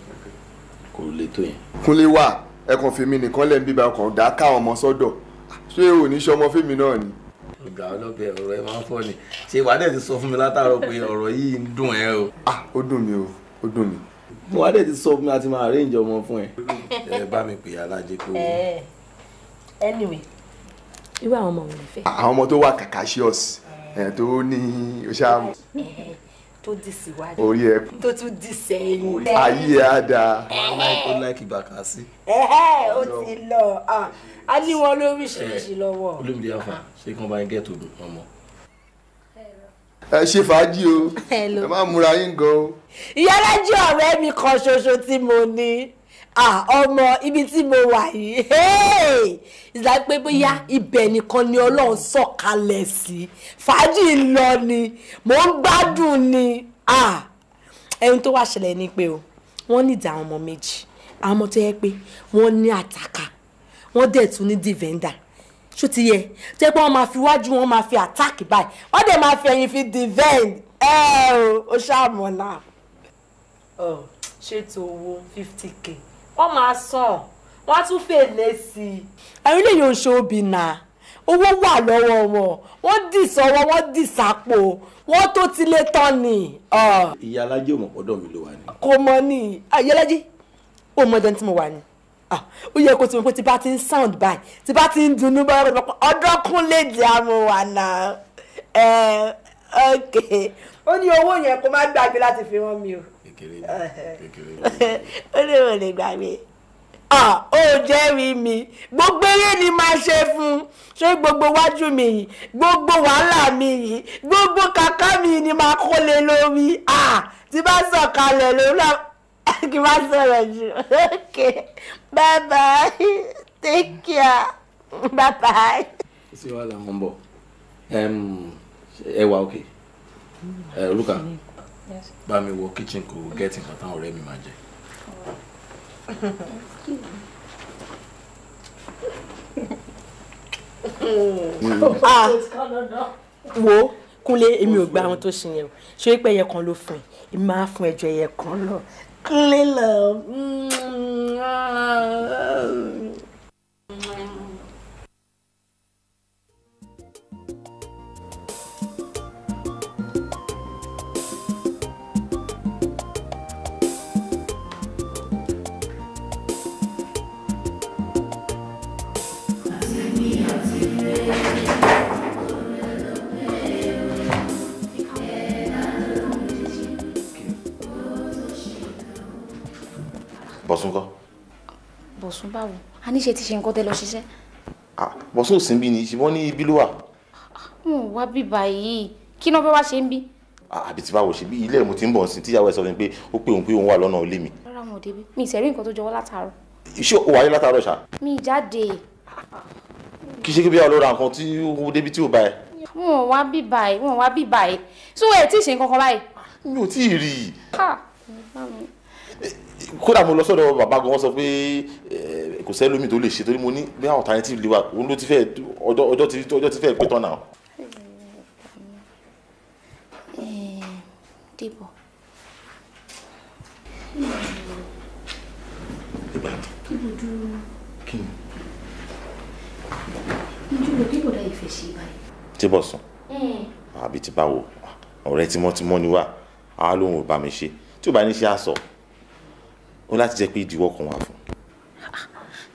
kò lè tó yẹn. kúnlé wà ẹ kàn fi mi nìkan lẹ́ ń bíbá ọkàn dá káwọn ọmọ sọ́dọ̀ ṣé ò ní sọmọ fíìmù náà ni. ọ̀gá ọlọ́bẹ ọ̀rọ̀ ẹ máa ń fọ́ ni ṣé wàá dẹ̀ ti sọ fún mi látàárọ̀ pé ọ̀rọ̀ yìí ń dùn ẹ́ o. ah ó dùn mí o ó dùn mí. mo wá dẹ̀ ti sọ fún mi àti máa arrange ọmọ fún ẹ. ẹ bá mi pè alájẹ pé ó anyway irú àwọn ọmọ wo lè fẹ́. àwọn ọmọ tó wà kàkàṣíọ̀sì ẹ̀ tó ní oṣù tó di síwájú orí ẹ tó tún di sẹ́yìn. ayé á dáa. ó láìkì bàkà sí. ó ti lọ a ní wọn lóríṣiríṣi lọ́wọ́. olómi díẹ̀ fà ṣé kí wọ́n bá ń gẹ̀ tó dùn ọmọ. ẹ ṣe fàájì o ẹ má múra yín gan o. ìyára jẹ́ ọ̀rẹ́ mi kan ṣoṣo tí mo ní ah ọmọ ibi tí mo wà yìí hey it's like pé bóyá hmm. ibẹ̀ nìkan ni ọlọ́run sọ̀kalẹ̀ sí fàájì lọ ni mò ń gbádùn ni ah ẹni tó wá ṣẹlẹ̀ ni pé o wọ́n ní ìdá àwọn ọmọ méjì àwọn ọmọ tó yẹ pé wọ́n ní àtàkà wọ́n dẹ̀ tún ní dìvẹ́ndà ṣó ti yẹ tó yẹ pé wọ́n máa fi wájú wọn máa fi àtàkì báyìí wọ́n dẹ̀ máa fi ẹ̀yìn fi dìvẹ́nd ẹ o ó ṣàmọ̀ náà oh, ṣètò owó fifty k wọ́n máa sàn wọ́n á tún fèlè sí i. ẹ̀rín lè yàn ṣe obì náà owó wà lọ́wọ́ wọn wọ́n dì sọ́wọ́ wọ́n dì sápò wọ́n tó ti lé tán ni. ìyá alájẹ òmò pọ̀dọ̀ mi ló wà ní. kò mọ ni ìyá alájẹ ó mọ ẹni tí mo wà ní. ó yẹ kó ti mọ pé tí bá ti ń sound by tí bá ti ń dunnú bá wọn ọdún kún léde amúhànà ẹ ok ó ní owó yẹn kó má gbàgbé láti fi rán mi o kékeré kékeré. ó lè wọlé gbàgbé ah, ó jẹ́rìí mi gbogbo eré ni máa ṣe fún ṣé gbogbo wájú mi yìí gbogbo wàhálà mi yìí gbogbo kàkà mi ni máa kó lé lórí ah, tí bá sọ̀kalẹ̀ lórí kí n bá sọ̀rọ̀ jù ok bye bye take care bye bye. sí wàhálà wọn bọ ẹ wà òkè eh, olùkà bá mi wọ kitchen kò gẹ́tì nǹkan táwọn ọ̀rẹ́ mi máa jẹ. Ah. wo kúnlé èmi ò gba àwọn tó ṣe yẹn o ṣé pé ẹyẹ kan ló fún ẹ èmi máa fún ẹjọ kan lọ kúnlé lọ. bọ̀sùn kọ́. bọ̀sùn báwo a ní ṣe ti ṣe nǹkan tẹ lọ ṣiṣẹ́. bọ̀sùn ò sí bí ni ṣùgbọ́n ní ibi ló wà. n ò wá bíbá yìí kí náà fẹ́ wá ṣe ń bí. àbí tí báwo ṣe bí ilé mo ti ń bọ̀ sí tíyàwó ẹ̀ sọ fún mi pé ó pé òun pé òun wà lọ́nà ilé mi. rárá wọn ò débi mi ìṣẹ̀rí nǹkan tó jọwọ́ látàárọ̀. iṣẹ́ ò wáyé látàárọ̀ ṣá. mi jáde. kì í ṣe kí bí àwọn olóra nǹkan tí ó ẹ. wọn ò wá bíbá yìí wọn ò wá bíbá yìí kódà mo lọ sọ́dọ̀ bàbá gan wọ́n sọ pé eh, kò sẹ́lómi tó lè ṣe torí mo ní bí àwọn alternative lè wà òun ló ti fẹ́ ọjọ́ ti ọjọ́ ti fẹ́ pé tán náà. dìbò. ìgbà tó. kí ló dúró. kí ni. ìjùlọ kí bọ̀dá ìfẹ́ ṣe báyìí. tí sùn. Eh. àbí ti báwo ọ̀rẹ́ tímọ́tímọ́ ni wà á lóun ò bá mi ṣe tí ò bá ní ṣe àṣọ ó láti jẹ́ pé ìdíwọ́ kan wà fún.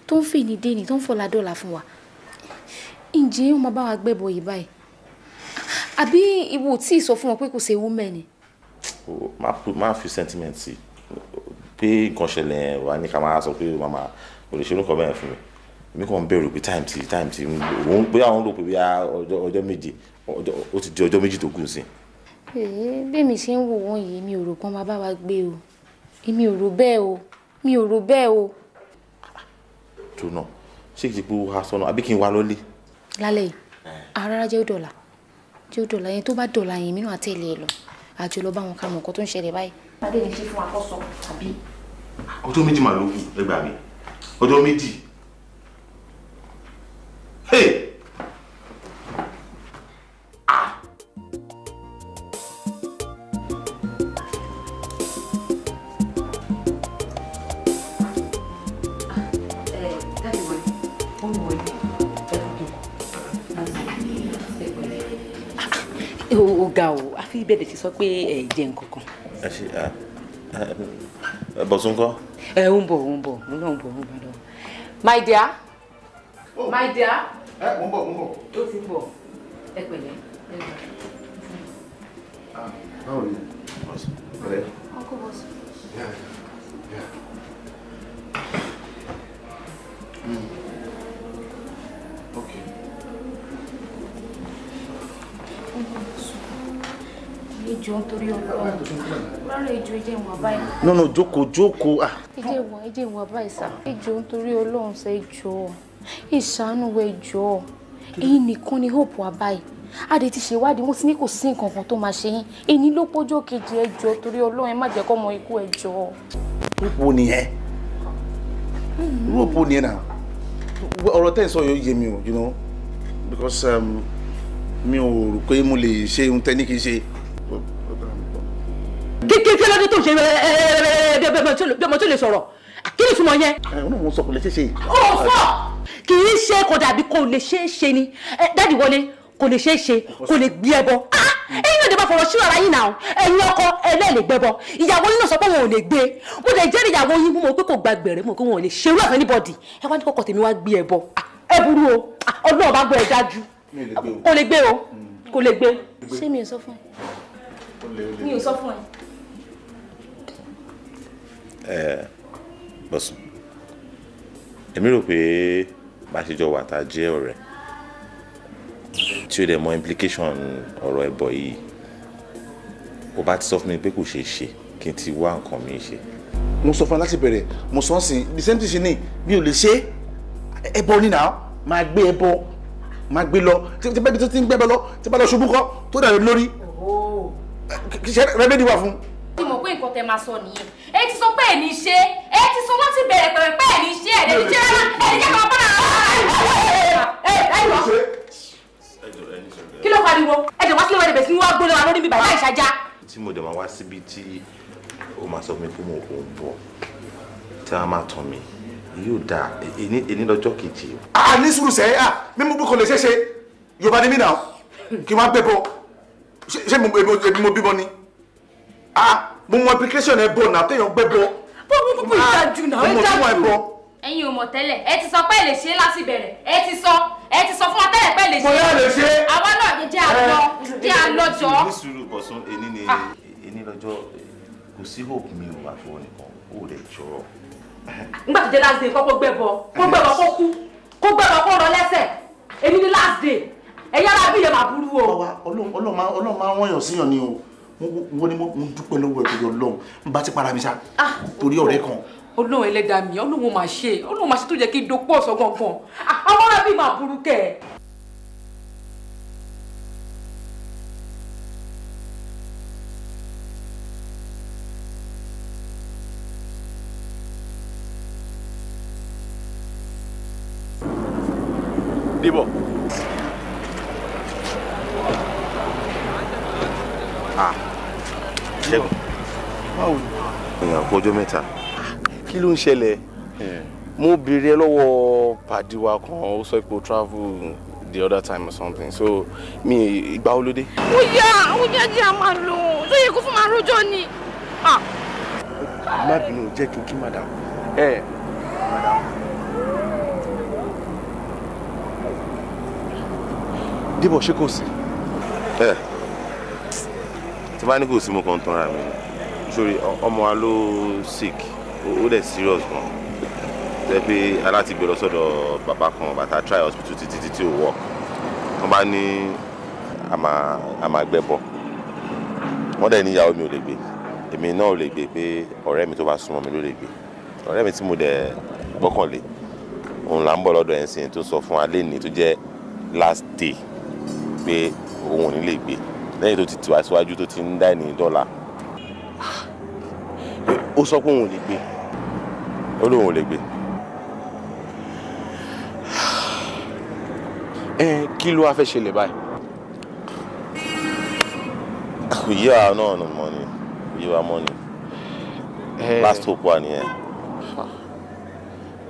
tó ń fi ìní déni tó ń fọlá dọ́là fún wa ǹjẹ́ ó máa bá wa gbẹ́bọ̀ yìí báyìí àbí ìwọ tí ì sọ fún wọn pé kò ṣe women ni. má fi sentiment sí pé nǹkan ṣẹlẹ̀ wà ní ká máa sọ pé màmá olùṣèlú kan bẹ́ẹ̀ fún mi èmi kàn ń bẹ̀rù pé time ti time ti òun bóyá òun rò pé bóyá ọjọ́ méje ó ti di ọjọ́ méjì tó gùn sí. bí mi ṣe ń wò wọ́n yìí mi ò rò pé wọ́n máa bá wa gbé o èmi ò rò bẹ́ẹ̀ o mi ò rò bẹ́ẹ̀ o. tó náà ṣé kìí gbowó aṣọ náà àbí kí n wá lọ́lé. lálẹ́ yìí arára jẹ́ dọ̀là jẹ́ dọ̀là yẹn tó bá dọ̀là yẹn mìíràn àtẹ̀lé ẹ lọ àjọ lọ bá wọn ká mọ̀ nǹkan tó ń ṣẹlẹ̀ báyìí. pàdé ní kí fún akọ́sọ àbí. ọjọ́ méjì màá ló kù ẹ ọjọ́ méjì. Hey! Ah! o ga o àfi bẹ́ẹ̀ ti sọ pé ẹ eh, jẹ́ nǹkan kan. ẹ ṣe ah, eh, ẹ bọ̀ tún kọ́. ẹ ń bọ̀ ń bọ̀ ń lọ ń bọ̀ ń bọ̀ lọ. my dear oh. my dear. ẹ eh, mò ń bọ̀ mò ń bọ̀. ó ti ń bọ̀ ẹ pẹ̀lẹ́ ẹ gbà. Ah, báwo ni ọkọ bọ́sù. ìjọ nítorí ọlọ́run rárá ìjọ ẹ jẹ́ ìwọ̀n báyìí. no no jókòó jókòó. Ah. ẹ jẹ́ ìwọ̀n ẹ jẹ́ ìwọ̀n báyìí sá ìjọ nítorí ọlọ́run sẹ ìjọ ìṣàánú wẹ ìjọ èyí nìkan ni hope wà báyìí adé ti ṣèwádìí wọn ti ní kò sí nǹkan kan tó máa ṣe yín èyí ló pọ́jọ́ kejì ẹjọ́ torí ọlọ́run ẹ má jẹ́ kọ́ mọ ikú ẹjọ́. rúpù nìyẹn rúpù nìyẹn náà ọ̀rọ̀ tẹ́ ẹ̀ sọ yóò yé mi o you know because um, mi ò rò pé mo lè ṣe ohun tẹ́ ní kí n ṣe kíkí kí lóde tó ṣe bí ọmọ tó lè sọ̀rọ̀ kí ni ìtumọ̀ yẹn. ẹ ọ náà mo sọ kò lè ṣe é ṣe. ó fọ kì í ṣe kò dàbí kò lè ṣe é ṣe ni dáàdi wọlé kò lè ṣe é ṣe kò lè gbé ẹbọ ẹ̀yin náà dé bá fọwọ́ sí ara yín náà ẹ̀yin ọkọ ẹlẹ́ẹ̀lẹ́ gbẹbọ ìyàwó yín náà sọ pé wọn ò lè gbé mo dẹ̀ jẹ́rìí ìyàwó yín mo pé kò gba gbẹ̀rẹ̀ mo pé wọn ò lè ṣerú àfẹ́ níbọ̀dì ẹ wá ní kọ́kọ́ tèmi wá gbé ẹbọ ẹ burú o ọlọ́ọ̀ bá gbọ́ ẹ dájú kò lè gbé o kò lè gbé ṣé mi ò sọ fún ẹ mi ò sọ fún ẹ ẹ Bọ̀sùn èmi rò pé bá ṣe jọ wà tá jẹ́ ọ̀rẹ́ tí o dẹ̀ mọ implication ọ̀rọ̀ ẹbọ yìí o bá ti sọ fún mi pé kò ṣeé ṣe kí n ti wá nǹkan mi ṣe. mo sọ fún ẹ láti bẹ̀rẹ̀ mo sọ ọ́ sìn the same thing ṣe ni mi ò lè ṣe ẹbọ nínà máa gbé ẹbọ máa gbé lọ tí bẹ́ẹ̀ bí tó ti ń gbẹ́bẹ́ lọ tí bá lọ ṣubú kọ́ tó dàrú lórí oh. kí ṣe rẹ́bẹ́ẹ́dì wà fún un mi mọ̀ pé nǹkan tẹ máa sọ nìyẹn ẹ ti sọ pé ẹ̀ ní ṣe ẹ ti sọ láti bẹ̀rẹ̀ pẹ̀rẹ̀ pé ẹ̀ ní ṣe ẹ̀ ní ṣe rárá ẹ̀ ní jẹ́ kí wọ́n bá ara rẹ̀. kí ló pariwo ẹ jọ wá sílé wa dẹ̀bẹ̀ sí wá gbólé wa lórí mi bàbá ìṣájá. tí mo dẹ̀ máa wá síbi tí o máa sọ fún mi pé mo ò ń bọ̀ tí wọ́n máa tàn mí yóò da èní lọ́jọ́ kejì. a ní sùúrù sẹ́yìn a mímú bí kò lè ṣeéṣe yorùbá ni mí nà hmm. kí wọ́n á gbé bọ́ ṣé mo bímọ ni ah mo mọ application ẹ bọ̀ náà téèyàn gbẹ́ bọ̀. bọ́ọ̀bù bọ́ọ̀bù ah, ìdájú náà ó dájú. ẹ̀yin ò mọ̀ tẹ́lẹ̀ ẹ ti sọ pé ẹ lè ṣe é láti bẹ̀rẹ̀ ẹ ti sọ ẹ ti sọ fún wa tẹ́lẹ̀ pé ẹ lè ṣe é. bóyá lè ṣe é. àwa náà jẹ́ àlọ́ eh. jẹ́ àlọ́ jọ. ní sùúrù bọ̀sùn ẹni ni ah. ẹni lọ́jọ́ kò sí hope mi ò àfi wọn nìkan ó lè jọrọ. nígbà tó jẹ́ last day kọ́kọ́ gbẹ́bọ kó gbẹ́bọ kó kú kó gbẹ́bọ kó rọ lẹ́sẹ̀ èmi ni last day ẹ̀yára bí ìyẹn màá burú o. ọlọ́run máa ń wọ̀nyàn síyàn ni o wọ́n ní mo dúpẹ́ lọ́wọ́ ẹ̀ torí ọlọ́run n bá ti para mi sa ah, torí ọ̀rẹ́ kan. ọlọ́run ẹlẹ́dàá mi ọlọ́run máa ṣe ọlọ́run máa ṣe tó jẹ́ kí n dopọ̀ sọ́gbọ̀ngbọ̀n àwọn arábì ah, máa burú kẹ́ ẹ̀. Dìbò. báwo ni. èèyàn kó ọjọ́ mẹ́ta. kí ló ń ṣẹlẹ̀ eh. mo béèrè lọ́wọ́ pàdé wa kan ó sọ pé o travel the other time or something so mi ìgbà wo ló dé. ó yá ó yá jẹ́ àmà lò ó ṣé yẹ kó fún màá rojọ́ ni. má bínú jẹ́ kí n kí madam. ẹ eh. ṣé kò sí. ẹ eh. tí bá ní kò sí mo kàn ń tanra mi sórí ọmọ wa ló sick ó dẹ̀ serious gan jẹ́ pé aláti gbé lọ sọ́dọ̀ bàbá kan bàtà try hospital títí títí ò wọ̀ wọ́n bá ní àmàgbẹ́bọ̀ wọ́n dẹ̀ níyàwó mi ò lè gbé èmi náà ò lè gbé pé ọ̀rẹ́ mi tó bá súnmọ́ mi ló lè gbé ọ̀rẹ́ mi tí mo dẹ̀ gbọ́kànlé òun là ń bọ̀ lọ́dọ̀ ẹ̀ ń sìn tó sọ fún alẹ́ ní tó jẹ́ last day pé òun ò ní lè gbé lẹ́yìn tó ti tìwá síwájú tó ti ń dá ènìyàn dọ́là ó sọ pé òun ò lè gbé. ó lóun ò lè gbé. ẹ kí ló wá fẹ́ ṣẹlẹ̀ báyìí. yí wa náà nù mọ́ ni yí wa mọ́ ni last hope wa nìyẹn.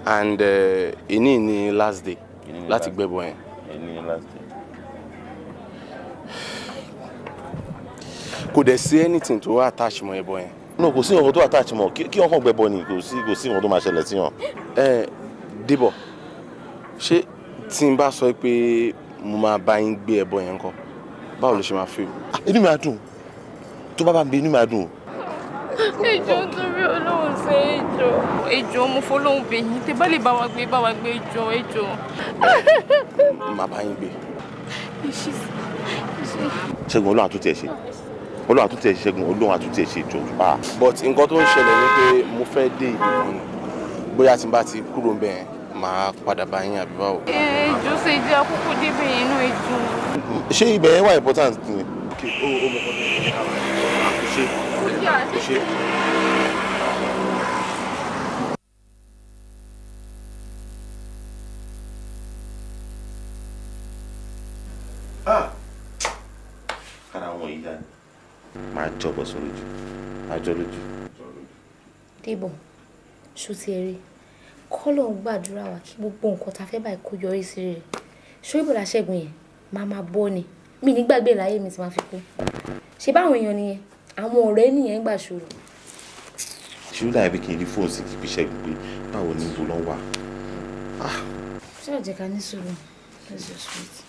and èní eh, uh, ni last day láti gbẹ́bọ yẹn. èní last day. kò dẹ̀ sí anything tó wá attach mọ́ ẹbọ yẹn no kò sí nǹkan tó attach mọ́ kí ọkàn gbẹbọ ni kò sí kò sí nǹkan tó máa ṣẹlẹ̀ sí yàn. ẹ débọ̀ ṣé tí n bá sọ pé mo máa bá yín gbé ẹbọ yẹn kọ báwo ló ṣe máa feel. Ah, inú mi á dùn tó bá bá mi inú mi á dùn o ejò nítorí olóhùn ṣe ejò ejò mo fọlọ́hùn bẹ̀yìn tẹ bá lè bá wa gbé bá wa gbé ejò ejò. màá bá yín gbé. ṣẹ́gun olóhùn àtúntì ẹ̀ ṣe olóhùn àtúntì ẹ̀ ṣẹ́gun olóhùn àtúntì ẹ̀ ṣe jọ. Ah. but nǹkan tó ń ṣẹlẹ̀ ni pé mo fẹ́ dé ibì kan ni bóyá tí n bá ti kúrò ń bẹ̀ máa padà bá yín àbí báwo. ẹ jù sí ìdí ọkùnkùn inú ìjù. ṣé ibẹ̀ yẹn wà important ni. kí o o Ah! máa jọbọ sóríjù máa jọ lójú. débọ̀ ṣó ti ẹ rí kọ́lọ̀ ń gbàdúrà wá kí gbogbo nǹkan tá a fẹ́ báyìí kó yọrí sí rẹ̀ ṣó ìbọ̀dà ṣẹ́gun yẹn máa máa bọ́ ni mi ní gbàgbé láyé mi ti máa fi kú ṣe báwọn èèyàn nìyẹn àwọn ọ̀rẹ́ nìyẹn gbà ṣòro. ṣùgbọ́n láì bí kì í rí fóònù sí kí iṣẹ́ gbé báwo ni ibo lọ́n wà. Ah. ṣé ọ̀jẹ̀ ká ní sùúrù that's just sweet.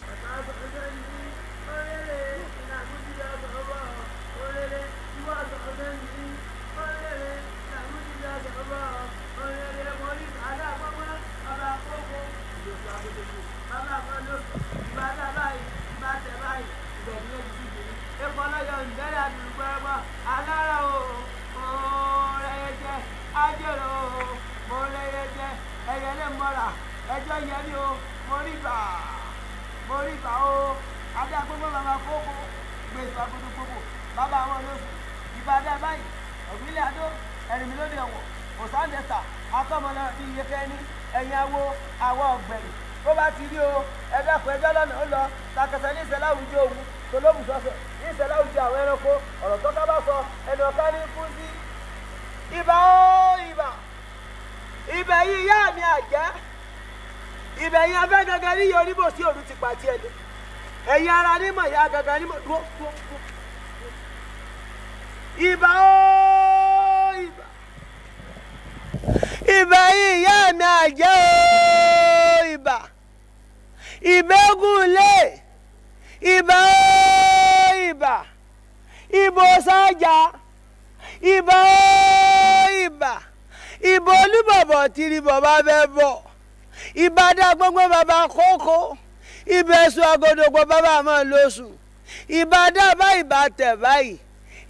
ìbàdàn báyìí bá tẹ̀ báyìí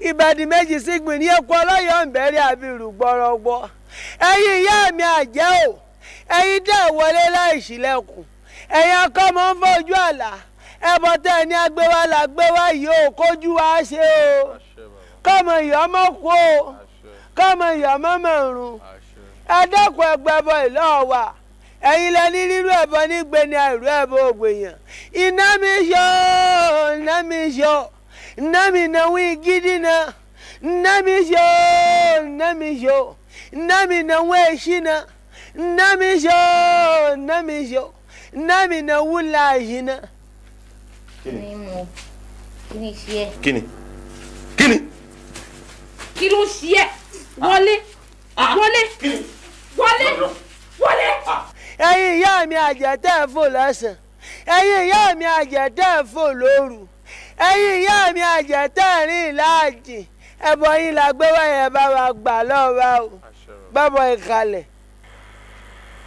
ìbàdí méjì sígbìn ní ẹkọ ọlọyọ ńbẹrẹ àbírù gbọrọgbọ ẹ̀yin ìyá mi àjẹ́ o ẹ̀yin dẹ wọlé láìṣílẹ̀kùn ẹ̀yin akọmọ ń fojú àlà ẹbọ tẹ ẹni agbéwá la gbéwá yìí o kójú wa ṣe o kọmọ ìyọmọ kú o kọmọ ìyọmọ mọrùn ẹ dẹ́kun ẹgbẹbọ ìlọ wa ẹ̀yin lẹ ní rírú ẹ̀bọ nígbe ni àìrú ẹ̀bọ ògbèyàn iná mi yọ iná mi yọ iná mi náwó gidi náà iná mi yọ iná mi yọ iná mi náwó èṣí náà iná mi yọ iná mi yọ iná mi náwó láàyè náà. kíni kíni ṣe é. kíni kí ló ń ṣe ah. Ah. wọlé wọlé wọlé ah. wọlé ẹ̀yin ìyá mi àjẹtẹ́ fò lọ́sàn ẹ̀yin ìyá mi àjẹtẹ́ fò lóru ẹ̀yin ìyá mi àjẹtẹ́ rìn láàjì ẹbọ yín la gbé wáyé bá wa gbà lọ́wọ́ o bábọ̀ ìkàlẹ̀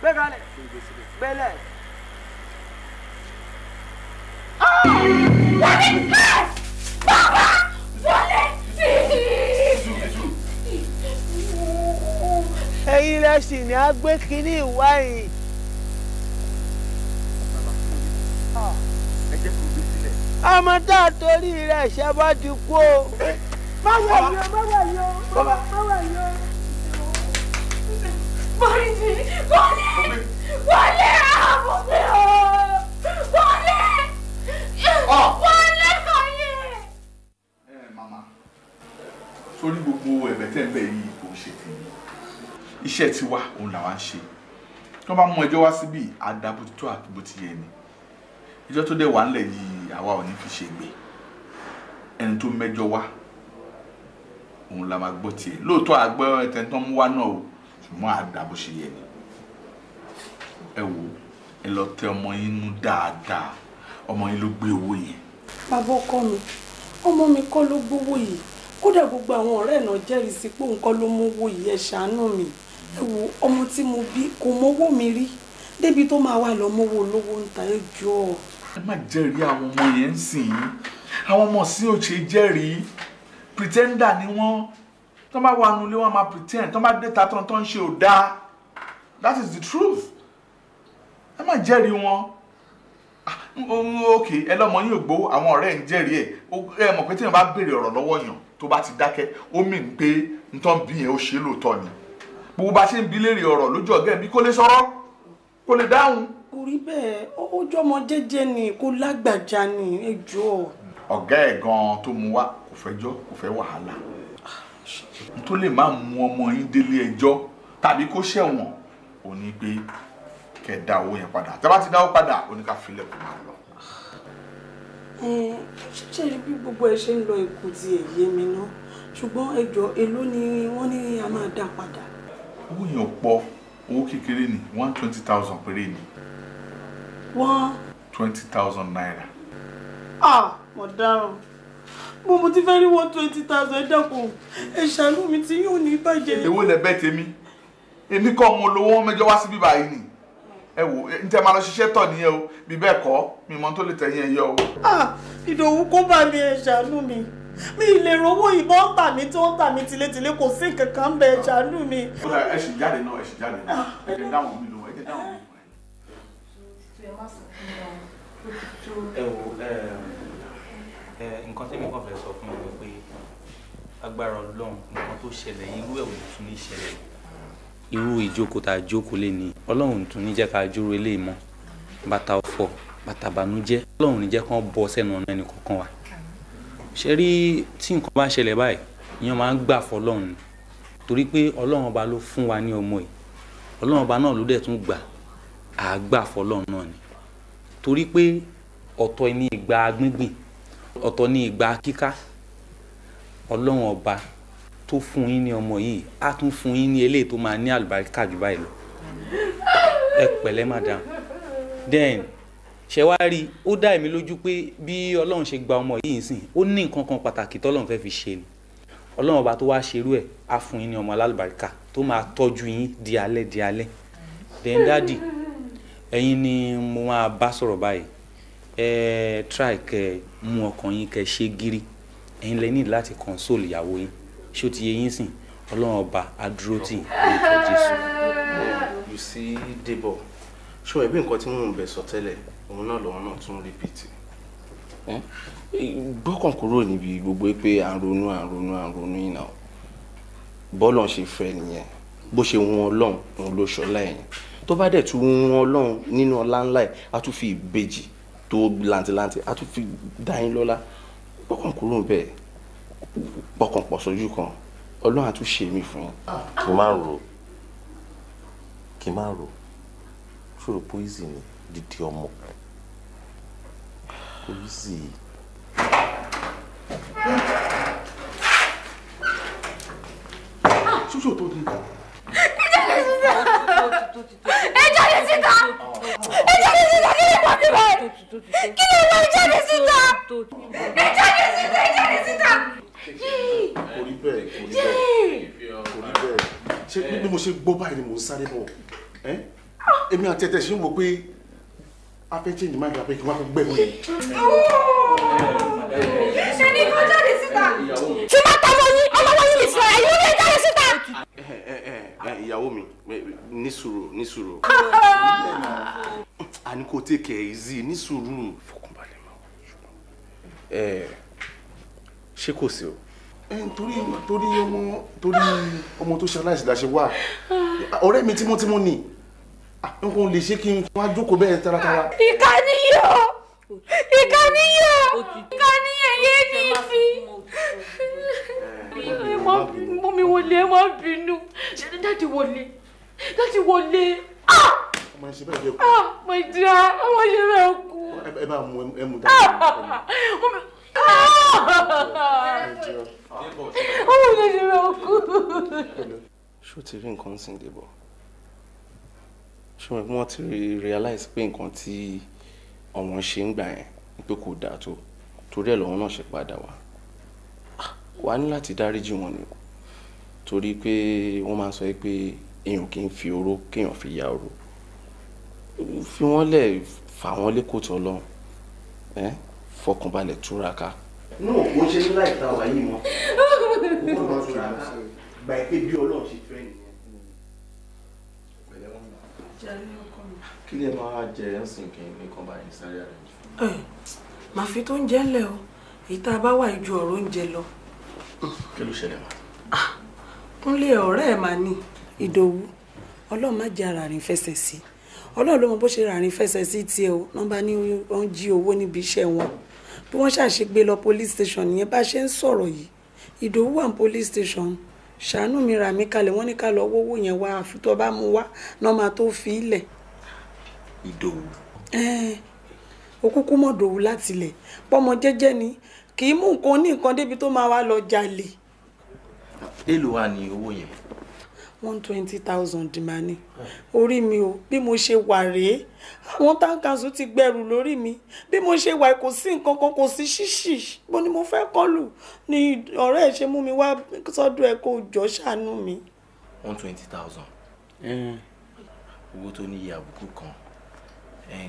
gbé kalẹ̀ ni a gbé kínní ìwá yìí. ọmọ tá a torí rẹ̀ ṣe bá ti kú o. má wẹ̀ yó má wẹ̀ yó má wẹ̀ yó. Bọ́lí Bọ́lí Bọ́lí ààbò mi o Bọ́lí Bọ́lí ayé. ẹ mama sórí gbogbo ẹ̀bẹ̀ tẹ́ ń bẹ̀ yìí kò ṣe tèmi iṣẹ́ tiwa òun làwa ń ṣe tí wọ́n bá mú ẹjọ́ wá síbí àdá bó ti tó àti bó ti yẹ ni ìjọ tó dé wà ńlẹ̀ yìí àwa ò ní fi ṣe gbé ẹni tó mẹ́jọ wá òun la máa gbọ́ tiẹ̀ lóòótọ́ àgbẹ̀ ẹ̀tẹ̀ tó ń wá náà o ṣùgbọ́n àdá bó ṣe yẹ ni ẹ wo ẹ lọ tẹ ọmọ yín nú dáadáa ọmọ yín ló gbé owó yẹn. bàbá ọkọ mi ọmọ mi kọ́ ló gbówó yìí kódà gbogbo àwọn ọ̀rẹ́ náà jẹ́rìí sí pé òun kọ́ ló mówó yìí ẹ ṣàánú mi ẹ wo ọmọ tí mo bí kò mówó mi rí débi tó máa wà lọ mówó olówó ń ta ẹ jọ ọ ẹ má jẹ́rìí àwọn ọmọ yẹn ń sìn yín àwọn ọmọ sí òṣè jẹ́rìí pretender ni wọ́n tó bá wà nulẹ̀ wọ́n máa pretend tó bá dé ta tán tó ṣe ò dáa that is the truth ẹ má jẹ́rìí wọn ah, ok ẹ lọ́mọ yín ò gbowó àwọn ọ̀rẹ́ ń jẹ́rìí ẹ̀ ẹ mọ̀ pé téèyàn bá béèrè ọ̀rọ̀ lọ́wọ́ yàn tó bá ti dákẹ́ ó mì ń pé ntọ́ bí yẹn ó ṣe lóòótọ́ ni gbogbo bá ṣe ń bi léèrè ọ̀rọ̀ lójú ọ̀gá ẹ̀mí kó lè sọ̀rọ̀ kó lè dáhùn kò rí bẹ́ẹ̀ ojú ọmọ jẹ́jẹ́ ni kò lágbàjá ni ẹjọ́. ọ̀gá ẹ̀ gan-an tó mú wá kò fẹ́jọ́ kò fẹ́ wàhálà n tó lè má mú ọmọ yín délé ẹjọ́ tàbí kó ṣẹ̀wọ̀n ò ní pé kẹ́ ẹ dá owó yẹn padà tẹ́ bá ti dáwó padà ó ní ká filẹ̀ kó máa lọ. ṣíṣe bí gbogbo ẹ ṣe ń lọ èkó ti èyí mi ná ṣùgbọ́n ẹjọ́ èló ni wọ́n ní a máa dá padà. owó yẹn ò pọ̀ owó kékeré ni one twenty thousand péré ni wọ́n. twenty thousand naira. ah mo dáràn mo mo ti fẹ́ rí wọ́n twenty thousand ẹ dákun ẹ ṣàánú mi tí yóò ní bàjẹ́. èwo lẹ bẹ́ẹ̀ tèmi èmi kọ́ mo lówó wọn mẹ́jọ wá síbí báyìí ni ẹ wò n tẹ máa lọ ṣiṣẹ́ tọ̀ nìyẹn o bí bẹ́ẹ̀ kọ́ mi mọ tó lè tẹ̀yìn ẹ yọ o. Ah, ìdòwú kó bá mi ẹ ṣàánú mi mi lè rówó ìbọn tà mí tí wọ́n tà mí tilétilé kò sí nǹkan kan bẹ́ẹ̀ ṣàánú mi. ẹ ṣì jáde náà ẹ ṣì jáde náà ah. ẹ jẹ dáhùn mi lò ẹ jẹ dáhùn mi ẹ wo nǹkan tẹ́mi kàn fẹ́ sọ fún mi pé agbára ọlọ́run nǹkan tó ṣẹlẹ̀ irú ẹ̀ ò tún ní ṣẹlẹ̀ irú ìjókòó tá a jókòó lè ní ọlọ́run tún ní jẹ́ ká jóró eléyìí mọ́ bàtà ọ̀fọ̀ bàtà bànújẹ́ ọlọ́run ní jẹ́ kán bọ́ sẹ́nu ọ̀nà ẹnì kọ̀ọ̀kan wa ṣe rí tí nǹkan bá ṣẹlẹ̀ báyìí ìyẹn máa ń gbà fọlọ́run ni torí pé ọlọ́run ọba ló fún wa ní ọmọ yìí ọlọ́run ọba náà ló dẹ̀ tún gbà àá gbà fọlọ́run náà ni torí pé ọ̀tọ̀ ni ìgbà gbíngbìn ọ̀tọ̀ ni ìgbà kíká ọlọ́run ọba tó fún yín ní ọmọ yìí á tún fún yín ní eléyìí tó máa ní àlùbáríkà jù báyìí lọ ẹ pẹ̀lẹ́ madam then ṣe wá rí ó dá èmi lójú pé bí ọlọ́run ṣe gba ọmọ yìí sìn ó ní nǹkan kan pàtàkì tọ́lọ́run fẹ́ fi ṣe ni ọlọ́run ọba tó wá ṣerú ẹ̀ á fún yín ní ọmọ alálùbáríkà tó máa tọ́jú yín di alẹ́ di alẹ́ then dádì ẹ̀yin ni mo máa bá sọ̀rọ̀ báyìí ẹ try kẹ mú ọkàn yín kẹ ṣe gírí ẹ̀yin lẹ ní láti console ìyàwó yín ṣó ti yẹ yín sìn ọlọ́run ọba adúró tì jésù. you see Debo ṣó ẹbí nǹkan tí mò ń bẹ sọ tẹ́lẹ̀ òun náà lòun náà tún repeat gbọ́kàn kúrò níbi gbogbo pé à ń ronú à ń ronú à ń ronú yìí náà bọ́ọ̀lù ṣe fẹ́ nìyẹn bó ṣe wọn ọlọ́run òun ló ṣọlá ẹ̀yìn tó bá dẹ̀ tún wọn ọlọ́run nínú ọlá ńlá ẹ̀ á tún fi ìbejì tó làǹtìlàǹtì a tún fi dá yín lọ́lá gbọ́kàn kúrò bẹ́ẹ̀ gbọ́kàn pọ̀ sójú kan ọlọ́run a tún ṣe mí fún yín. Ah. kì í máa rò kì í máa rò ṣòro póísì ni dídí ọmọ póísì. ṣúṣò tó jáde síta ẹ jáde síta ẹ jáde síta kí lè wọ́n ti báyìí kí lè wọ́n jáde síta ẹ jáde síta ẹ jáde síta. kò rí bẹ́ẹ̀ kò rí bẹ́ẹ̀ kò rí bẹ́ẹ̀ mo ṣe gbọ́ báyìí ni mò ń sáré bọ̀ a fẹ́ change mind àbẹ́ kí wọ́n á gbẹ̀mí. ẹnì kan jáde síta. tí máa tọ́ mọ́ yín ọmọ wọn yìí lè fún síta. Eh, eh, eh, ìyàwó mi ní sùúrù ní sùúrù. a ah, ní kò take it easy ní sùúrù. fọkànbalẹ̀ máa wọ ṣùgbọ́n. ṣé kò sí o. torí torí ọmọ torí ọmọ tó ṣe aláìsí la ṣe wà ọ̀rẹ́ mi tímọ́tímọ́ ni ah, n kò lè ṣe kí n wá jókòó bẹ́ẹ̀ taratara. ìka níyọ̀ ìka níyọ̀ ìka níyọ̀ yé ní ìfi ẹ má bínú mọ́mí wọlé ẹ má bínú dáàdì wọlé dáàdì wọlé ah ọmọ ẹ ṣe bẹ́ẹ̀ jẹ́ kú. ah my dear ọmọ ṣe bẹ́ẹ̀ kú. ẹ bá mú ẹ mú dáàdì ah! ṣó ti rí nǹkan sí débọ̀ ṣó wọ́n ti realize pé nǹkan tí ọ̀wọ́n ṣe ń gbà yẹn pé kò dáa tó torí ẹ̀ lọ́wọ́ náà ṣe padà wá wà ní láti dáríjì wọn ni torí pé wọ́n máa ń sọ pé èèyàn kì í fi oró kéèyàn fi ya oró fi wọ́n lẹ̀ fà wọ́n lékòtò ọlọ́run fọkànbalẹ̀ túraká. inú òkú ń ṣe ní láì ta wà yìí mọ́ òkú náà túraká gbà pé bí ọlọ́run ṣe fẹ́ nìyẹn. kí lè máa jẹ ẹ̀sìn kí n bá yín sáré àrẹ. màá fi tó ń jẹ́ lẹ̀ o èyí tá a bá wà ju ọ̀rọ̀ oúnjẹ lọ kí ló ṣẹlẹ̀ wá. Ah, kúnlé ọ̀rẹ́ ẹ̀ máa ní ìdòwú ọlọ́run má jẹ́ ara rìn fẹsẹ̀ sí ọlọ́run ló mọ bó ṣe ràrìn fẹsẹ̀ sí tiẹ̀ o nọ́mbà ní wọ́n jí owó níbi iṣẹ́ wọn bí wọ́n ṣàṣegbè lọ police station nìyẹn bá ṣe ń sọ̀rọ̀ yìí ìdòwú wà ní police station ṣàánú mi rà mí kalẹ̀ wọ́n ní ká lọ wówó yẹn wá àfi tó bá mu wá náà tó fi í ìdòwú. ẹ ẹ òkúkú mọ̀ dòwú látilẹ̀ pọ́mọ jẹ́jẹ́ ni kì í mú nǹkan ní nǹkan débi tó máa wá lọ jalè. èlò wa ni owó yẹn. one twenty thousand máa ní orí mi o bí mo ṣe wà rèé àwọn táǹkàṣù ti gbẹrù lórí mi bí mo ṣe wà kò sí nǹkan kan kò sí ṣíṣì bó ni mo fẹ́ kọlù ni ọ̀rẹ́ ẹ̀ ṣe mú mi wá sọ́dọ̀ ẹ̀ kó jọ ṣàánú mi. one twenty thousand owó tó níye àbùkù kan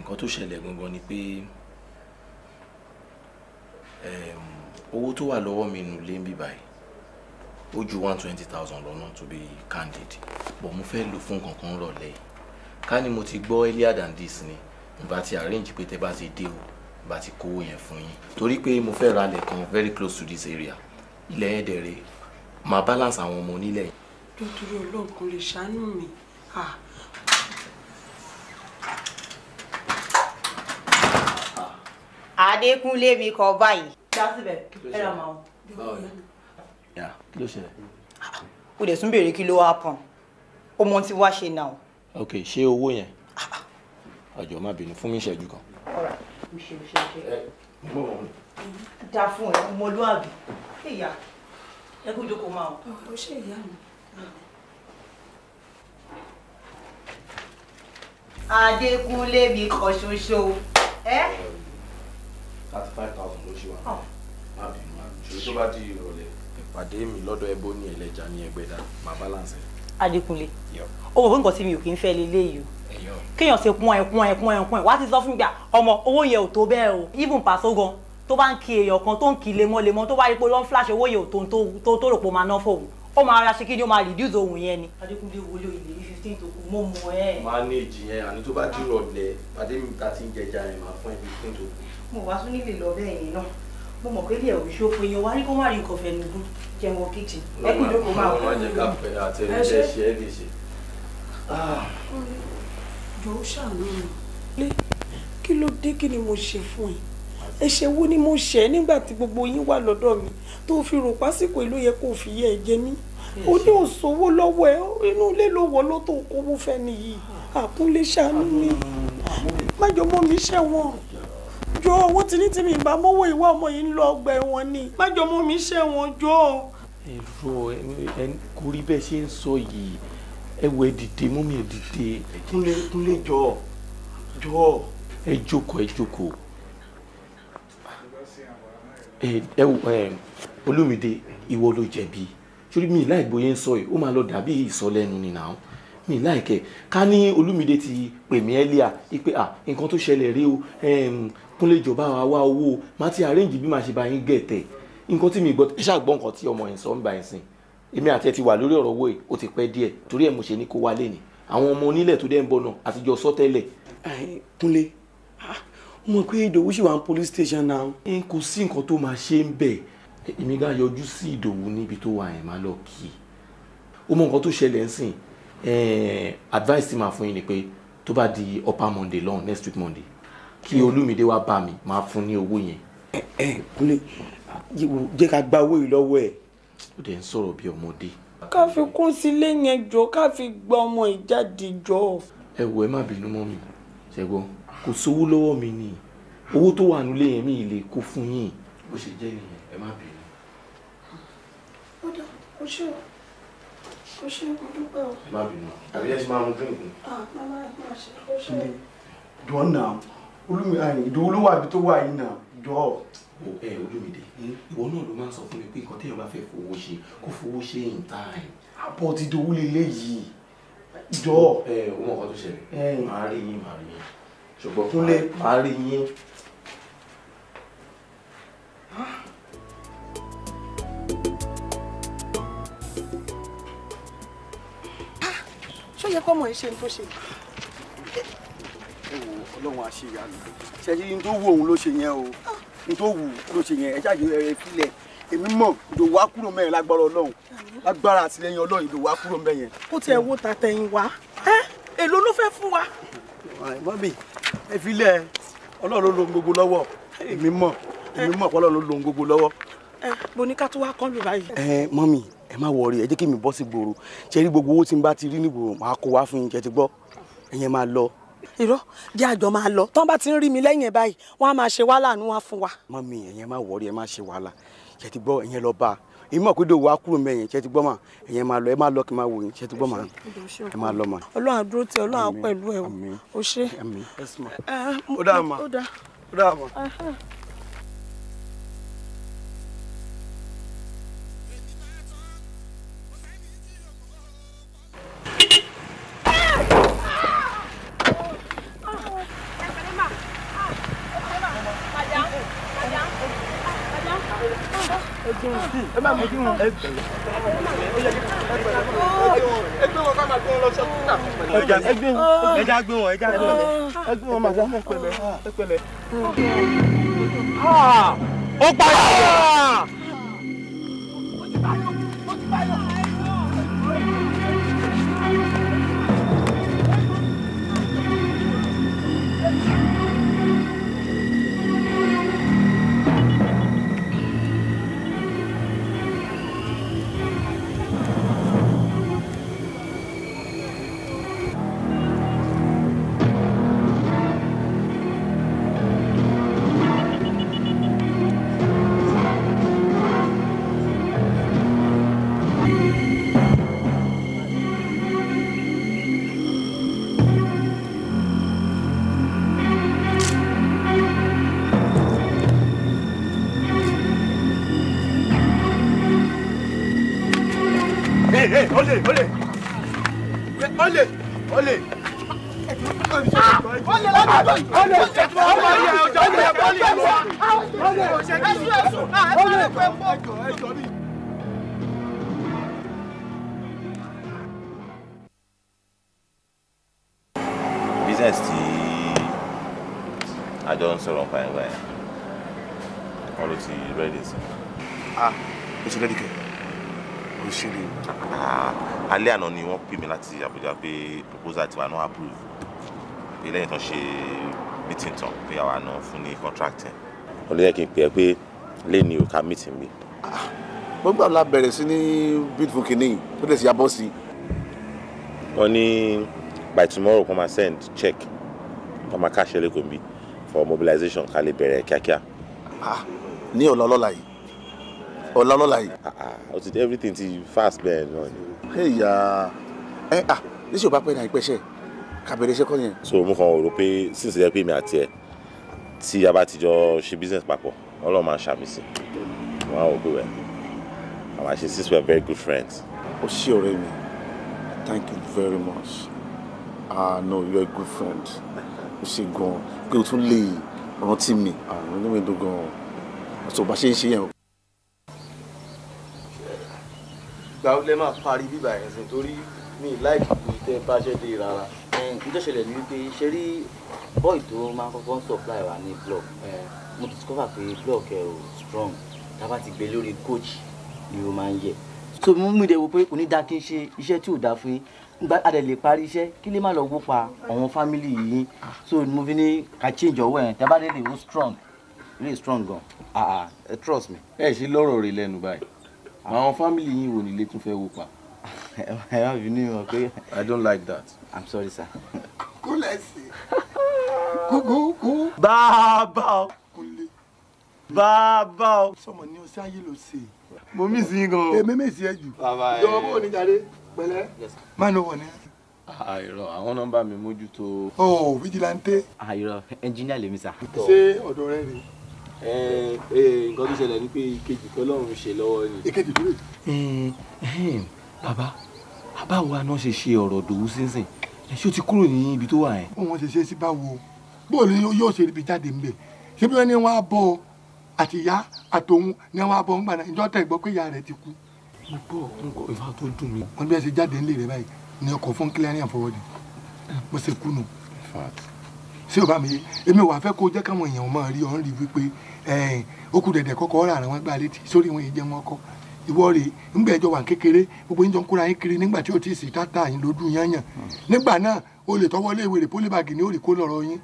nǹkan tó ṣẹlẹ̀ gangan ni pé. Pe owó tó wà lọ́wọ́ mi nù lé ń bì báyìí ó ju one twenty thousand lọ́nà to be candid but mo fẹ́ lò fún nǹkan kan rọ̀lẹ́ ká ní mo ti gbọ́ earlier than this ni ìbá ti arrange pé tẹ́ bá ti dé o bá ti kówó yẹn fún yín torí pé mo fẹ́ ra ilẹ̀ kan very close to this area ilẹ̀ yẹn dẹ̀rẹ̀ máa balance àwọn ọmọ onílẹ̀. dúdú ọlọ́ọ̀kan lè ṣàánú mi ah Adékúnlé mi kọ báyìí. dásìbẹ̀ ẹ rà máa wọ. kí ló ṣẹlẹ̀. o dẹ̀ tún béèrè kí ló wá pọ̀n o mọ tí wàá ṣe náà. ok ṣé owó yẹn àjọ má bínú fún mi ìṣẹ́jú kan. dá fún ẹ ọmọlúwàbí ìyá ẹ kú jókòó máa wọ. o ṣe ìyá mi. Adékúnlé mi kan ṣoṣo. Eh? thirty five thousand ló ṣe wà oh. má bínú àjò tó bá di ìrọ̀lẹ́. ìpàdé mi lọ́dọ̀ ẹbọ ní ẹlẹ́ja ní ẹgbẹ́dá máa balance ẹ̀. Adékúnlé o mọ̀ pé nǹkan tí mi ò kí ń fẹ́ leléyìí o kéèyàn ṣe pọ́n ẹ̀ pọ́n ẹ̀ pọ́n ẹ̀ pọ́n ẹ̀ wá ti sọ fún mi gbà ọmọ owó yẹ ò tó bẹ́ẹ̀ o even pàṣọ gan tó bá ń ki èèyàn kan tó ń ki lemọ́lemọ́ tó bá rí pé lọ́n flash owó yẹ ò tó tó tó rò pé ó máa ná fóun ó máa ra ṣe kí ni ó máa reduce ohun yẹn ni. Adékúnlé wọlé ilé fifteen tó kù mọ́ mọ́ ẹ̀. máa ní ìjìyẹn àní tó bá dúró ọ̀lẹ́ pàdé mi ta ti ń jẹjà yẹn máa fún ẹ fifteen tó kù mo wá tún nílé lọ bẹ́ẹ̀ yẹn náà mo mọ̀ pé ilé ẹ̀rù ṣó pé yan wá rí kó má rí nǹkan fẹnu gún jẹun wọ kíchìn ẹ kú ìjókòó máa wọ ẹ ká pẹ àti ẹni jẹ ṣe é lè ṣe. Ah. jọ ó ṣàánú mi kí ló dé kí ni mo ṣe fún ẹ ẹ̀ṣẹ̀ wo ni mo ṣẹ̀ nígbà tí gbogbo yín wà lọ́dọ̀ mi tó fi rò pásìkò ìlú yẹ kó fi yẹ ẹ jẹ mí o ní òṣòwò lọ́wọ́ ẹ inú ilé ló wọ ló tó kówó fẹ́ nìyí ah. àkúnlé ṣàánú mi ah. májọmọ́ mi ṣẹ̀wọ̀n jọ owó tí ní tí mi bá mọ́wọ́ ìwà ọmọ yìí ń lọ ọgbà ẹ̀wọ̀n ni májọ mú mi ṣẹ̀wọ̀n jọ. èrò ẹ kò rí bẹ́ẹ̀ ṣe ń sọ yìí ẹ wọ ẹ dìde mú mi ẹ dìde. kúnlẹ̀ kúnlẹ̀ jọ jọ. ẹ jókòó ẹ jókòó ẹ ẹ Olúmídé ìwọ ló jẹ̀bi sórí mi láì gbóyè ń sọ yìí ó máa lọ dàbí ìsọlẹ́nu nìyàwó mi láìkẹ́ ká ní olúmídé ti pè mí ẹ́líà pé à nǹkan tó ṣẹlẹ̀ rí o kúnlé ìjọba wa wá owó má ti arrange bí màá ṣe bá yín gẹ̀tẹ̀ nǹkan tí mi gbọ́ ẹ ṣàgbọ́n nǹkan tí ọmọ yẹn sọ ń bá yẹn sìn èmi àti ẹ ti wà lórí ọ̀rọ̀ owó yìí ó ti pẹ́ díẹ̀ torí ẹ̀ mo ṣe ní kó wálé ni àwọn ọmọ onílẹ̀ tó dẹ́ ń bọ̀ náà àtijọ́ sọ tẹ́lẹ̀. kúnlé mo pé ìdòwú ṣì wà ní police station náà. n kò sí nǹkan tó máa ṣe ń bẹ̀ èmi gá yọjú sí ìdòwú níbi tó wà yẹn má lọ kí i ó mọ nǹkan tó ṣẹlẹ̀ ń sìn Eh, advice ti máa fún yín ni pé tó bá di upper monday lọ́hùn next week monday kí olúmídé wá bá mi máa fún ní owó yẹn. ẹ eh, ẹ eh, kúnlẹ̀ jẹ́ ká gba owó yìí lọ́wọ́ ẹ̀. ó dẹ̀ ń sọ̀rọ̀ bí ọmọdé. ká fi kún sílé yẹn jọ ká fi gba ọmọ ìjáde jọ. ẹ wo ẹ má bínú mọ́ mi ṣẹ́gbọ́n kò sówó lọ́wọ́ mi ni owó tó wà nílé yẹn mi lè kó fún yín. bó ṣe jẹ́ nìyẹn ẹ má bínú. ó dọ̀ ó ṣòro o ṣe é dúpẹ́ o. má bínú àbí ẹ ti máa mú drink ni. ah mama ma ṣe o ṣe. jọ náà olùmí ìdòwú ló wà ibi tó wà yìí náà o ẹ olùmídé ìwọ náà ló máa ń sọ fún mi pé nǹkan téèyàn bá fẹ́ fowó ṣe kó fowó ṣe in time. àbọ̀ ti dòwú o mọ̀ nǹkan tó ṣẹlẹ̀ máa rí yín máa rí yín ṣùgbọ́n máa rí yín yẹ kọ́mọ ẹ ṣe ń tó ṣe. ẹ wo ọlọ́run àṣeyanu ṣe ṣe ní tó wù òun ló ṣe yẹn o ní tó wù ló ṣe yẹn ẹ ṣáàjì ẹ filẹ̀ èmi mọ̀ ìdòwú á kúrò mẹ́rin lágbára ọlọ́run lágbára àtìlẹyìn ọlọ́run ìdòwú á kúrò mẹ́yẹn. kó tiẹ̀ wo tàtẹ̀yìn wá èló ló fẹ́ fún wa. mọ́mí ẹ filẹ̀ ọlọ́run ló lo gbogbo lọ́wọ́ èmi mọ̀ èmi mọ̀ ọlọ́run ló lo gbogbo lọ́wọ́. ẹ mo ní ká tó wá kọ́ lù báyìí. ẹ mọ́mí ẹ má wọrí ẹ jẹ́ kí mi bọ́ sí gbòòrò ṣe rí gbogbo owó tí n bá ti rí nígboro màá kó wá fún yín jẹ ti gbọ́ ẹ̀yẹn máa lọ. irọ́ bí àjọ máa lọ tán bá ti ń rí mi lẹ́yìn ẹ̀ báyìí wọ́n á máa ṣe wàhálà àánú wá fún wa. mọ́mí ẹ̀yẹn má wọrí ẹ má ṣe wàhálà jẹ ti gbọ́ ẹ̀yẹn lọ bá a èmi mọ̀ pé dòwò akúrò mẹ́yìn ṣe ti gbọ́ mà ẹ̀yẹn máa lọ ẹ máa lọ kí n máa wò yín ṣe ti gbọ́ mà ẹ máa lọ mà. ọlọ́run àdúró tí ọlọ́run pẹ̀lú ẹ̀ o ṣe. Ah, ó dà mà ó dà mà. ẹ má mú kí wọn ẹ bẹ̀rẹ̀. ẹ gbé wọn ká máa gbé wọn lọ sọ fún náà. ẹ gbé wọn ẹ já gbé wọn ẹ já gbé wọn ẹ gbé wọn màdá ẹ pẹ̀lẹ́ ẹ pẹ̀lẹ́. ó pa yàrá. olè olè olè olè. olè lọ́dún yìí olè ọmọ yẹ ọjọ́ olè bọ́ọ̀lì ìlú wa olè business tí àjọ ń sọ̀rọ̀ nípa ẹ̀gbà yẹn wọ́n ló ti rẹ́dí sí. ah o ti rẹ́dí kẹ́ o ṣe lè. Ah alẹ́ àná ni wọ́n pè mí láti Àbújá pé proposal tiwa náà approve pé lẹ́yìn tán ṣe meeting tán pé àwa náà fún ní contracting. wọ́n lè yẹ kí n pè é pé lẹ́ni ò ká meeting mi. Ah, gbogbo àbúlà bẹ̀rẹ̀ sí ní beautiful kìnìún tó lè ṣe abọ́ sí i. wọ́n ní by tomorrow kó máa send check kó máa cash ẹlẹ́kọ̀ọ́ mi for mobilization ká lè bẹ̀rẹ̀ kíákíá. Ah, ní ọ̀la ọlọ́la yìí ọ̀la lọ́la yìí. Ah, ah, o ti everything ti fast bẹ́ẹ̀ náà ni. ẹ̀yà ẹ à níṣẹ́ ò bá pẹ́ náà ìpẹ́ṣẹ́ kàbẹ̀rẹ̀ iṣẹ́ kọ́ yẹn. so mo kàn rò pé since ẹ pé mi àti ẹ tí a bá ti jọ ṣe business papọ̀ ọlọ́run máa ṣàmì sí i wọn á wò pé wẹ̀ àwọn àṣẹ since we are very good friends. o ṣé ọ̀rẹ́ mi thank you very much ah no you are a good friend o ṣé gan-an pé o tún lè rántí mi àwọn ah, inú mi dùn gan-an àti òbá ṣe ń ṣe yẹn. gbà ó lẹ́ máa parí bíbà yẹn sí torí mi láì kú tẹ́ bá ṣẹ́ dé rárá. n tó ṣẹlẹ̀ ní wípé ṣe rí bọ́ì tó máa kọ́kọ́ ń supply wa ní blog mo discover pé blog ẹ ò strong tá a bá ti gbé lórí coach ni ó máa ń yẹ so mú mi dẹ̀ wò pé kò ní dáa kí n ṣe iṣẹ́ tí ò dáa fún yín gba adẹ̀ lè parí iṣẹ́ kí lè má lọ wópa àwọn fámìlì yìí so mo fi ní ka change ọwọ́ yẹn tẹ́ bá dé lè wo strong really strong gan ah ah trust me. ẹ ṣe lọ́rọ̀ rẹ lẹ́nu báyìí àwọn fámìlì yìí wò nílé tún fẹ́ wò pa. ẹ má bínú ìmọ̀ pé. I don't like that. I'm sorry sir. kúlẹ̀ sí kúkúkú. bàbá o bàbá o. sọmọ ni o ṣe ayé ló ṣe. mo mí sí gan o. èmi mèsì ẹ jù. jọ̀wọ́ bó o ní jáde pẹ̀lẹ́ má ló wọ̀ ní. àìrọ ah, àwọn nọ́mbà mi mójútó. o oh, vigilante. àìrọ ah, ẹnjíníà lèmi sà. ṣé ọ̀dọ̀ rẹ rèé nǹkan tó ṣẹlẹ̀ ni pé ìkejì tó lọ́run ṣe lọ́wọ́ ni. ìkejì tó lè. bàbá báwo wa náà ṣe ṣe ọ̀rọ̀ dòwú sínsìn ṣé o ti kúrò ní ibi tó wà yẹn. bó wọn ṣe ṣe sí báwo bóòlù yóò ṣe ibi jáde ńbẹ ṣé bí wọn ní wọn á bọ àti ìyá àtòun ní wọn á bọ ńgbà náà ìjọ tẹ gbọ́ pé ìyá rẹ ti kú. mo gbọ́ nǹkan ìfà tó dùn mí. wọn bí wọn ṣe jáde ńlẹ rẹ báyìí ni ọkọ̀ fún kílíọ̀nì àfọwọ́dì bó ṣe kú nù sí ọba mi èmi wà fẹ́ kó jẹ́ káwọn èèyàn máa rí ọ̀hún rí wípé okù dẹ̀dẹ̀ kọ́kọ́ rà àwọn gbà létí sórí wọn èèyàn wọn kọ́ ìwọ rè ńgbà ẹjọ wà kékeré gbogbo yín jọ ń kóra yín kiri nígbà tí o ti sì tata yín lójú yányàn nígbà náà o lè tọwọ́ lé ìwèrè pólíbàgì ní òrì kó lọ́rọ̀ yín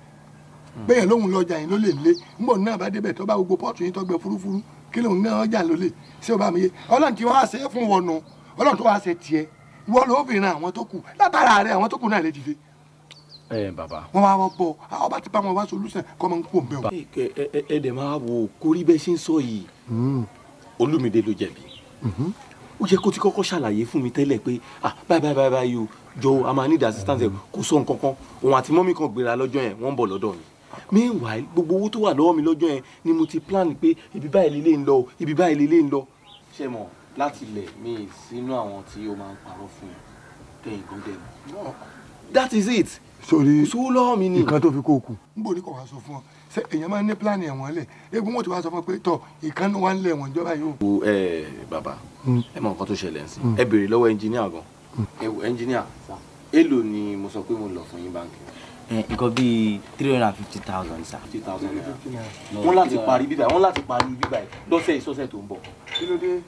bẹ́ẹ̀ lóhun lọ́jà yín ló lè lé ńgbà náà bá débẹ̀ tọ́ba gbogbo pọ́ọ̀tù yín tọ́gbẹ́ fúrúfúrú kí lóhun náà ọjà ló lè ṣé o bá mi yé ọlọ́run tí wọ́n á ṣe é fún wọnù ọlọ́run tó wá ṣe tiẹ̀ ìwọ ló fi ran àwọn tó kù látara rẹ àwọn tó kù náà lè ẹ eh, bàbá. wọn wá wọn bọ àwọn bá ti bá wọn wá solution kọ́ máa ń kó mbẹ́ o. ẹ ẹ dẹ̀ máa wò kórí bẹ́ẹ̀ ṣe ń sọ yìí hmm. olùmídé ló jẹ̀bi hmm. ó yẹ kó ti kọ́kọ́ ṣàlàyé fún mi tẹ́lẹ̀ pé ah báyìí báyìí báyìí báyìí o a máa need assistance kò sọ nǹkan òun àti mọ́mí kan gbéra lọ́jọ́ yẹn wọ́n ń bọ̀ mi meanwhile gbogbo owó tó wà lọ́wọ́ mi lọ́jọ́ yẹn ni mo ti plan pé ibi báyìí lélẹ́ ń lọ ibi báyìí lélẹ́ ń lọ. ṣé mo láti ilẹ̀ mi sínú àwọn tí ó máa ń parọ́ fún un tẹ̀yìn gan dẹ̀ that is it sórí nǹkan tó fi kó kù. n bò ní kò wá sọ fún ọ ṣé èèyàn máa ń ní pílánì ẹ̀wọ̀n lẹ̀ eégún wọn ti wá sọ fún ọ pé tọ ìkànnì wa ń lẹ̀ ẹ̀wọ̀n ìjọba yìí o. ẹ bàbá hmm. ẹ mọ nǹkan tó ṣẹlẹ̀ ń sìn hmm. ẹ béèrè lọ́wọ́ ẹnjìníà gan ẹ wò ẹnjìníà èlò ni mo sọ pé mo lọ fún yín báńkì. nǹkan bíi three hundred and fifty thousand sa. fifty thousand naira wọ́n láti parí bíbá wọ́n láti parí bíbá yìí lọ́sẹ̀ ìsọ́sẹ̀ tó ń bọ̀. kí ló dé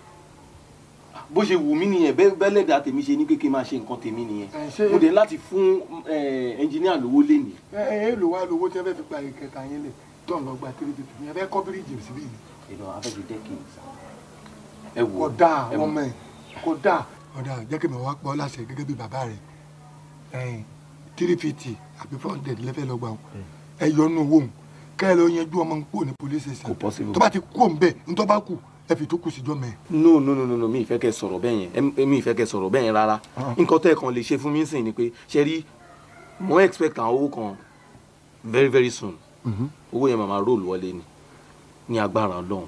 bó ṣe wù mí nìyẹn bẹ́lẹ̀dà tèmi ṣe ní kékeré máa ṣe nǹkan tèmi nìyẹn mo dé láti fún ẹnjìníà lówó lénìí. ẹ ẹ lò wá lówó tí wọn fẹẹ fi parí kẹta yẹn lẹ tọ́n lọ gba three fifty yẹn fẹ́ kọ́ bíríìjì síbí yìí. ìlọ abẹ́jọ dẹ́kì ẹ wò ó kódà ọmọ ẹ kódà. ọ̀dà jẹ́ kí mi wá pọ́ láṣẹ gẹ́gẹ́ bí bàbá rẹ̀ three fifty àbí four hundred lẹ́fẹ̀ẹ́ wọn hmm. ẹ ẹ fi tó kù síjọ́ mẹ́. no no no no mi ìfẹ́ kẹ́ sọ̀rọ̀ bẹ́ẹ̀ yẹn mi ìfẹ́ kẹ́ sọ̀rọ̀ bẹ́ẹ̀ yẹn rárá ah. nǹkan tẹ́ ẹ̀ kan lè ṣe fún mi sìn ni pé ṣe rí mo expect àwọn owó kan very very soon mm-hmm. owó yẹn màmá roll wọlé ni ní agbára ọlọ́run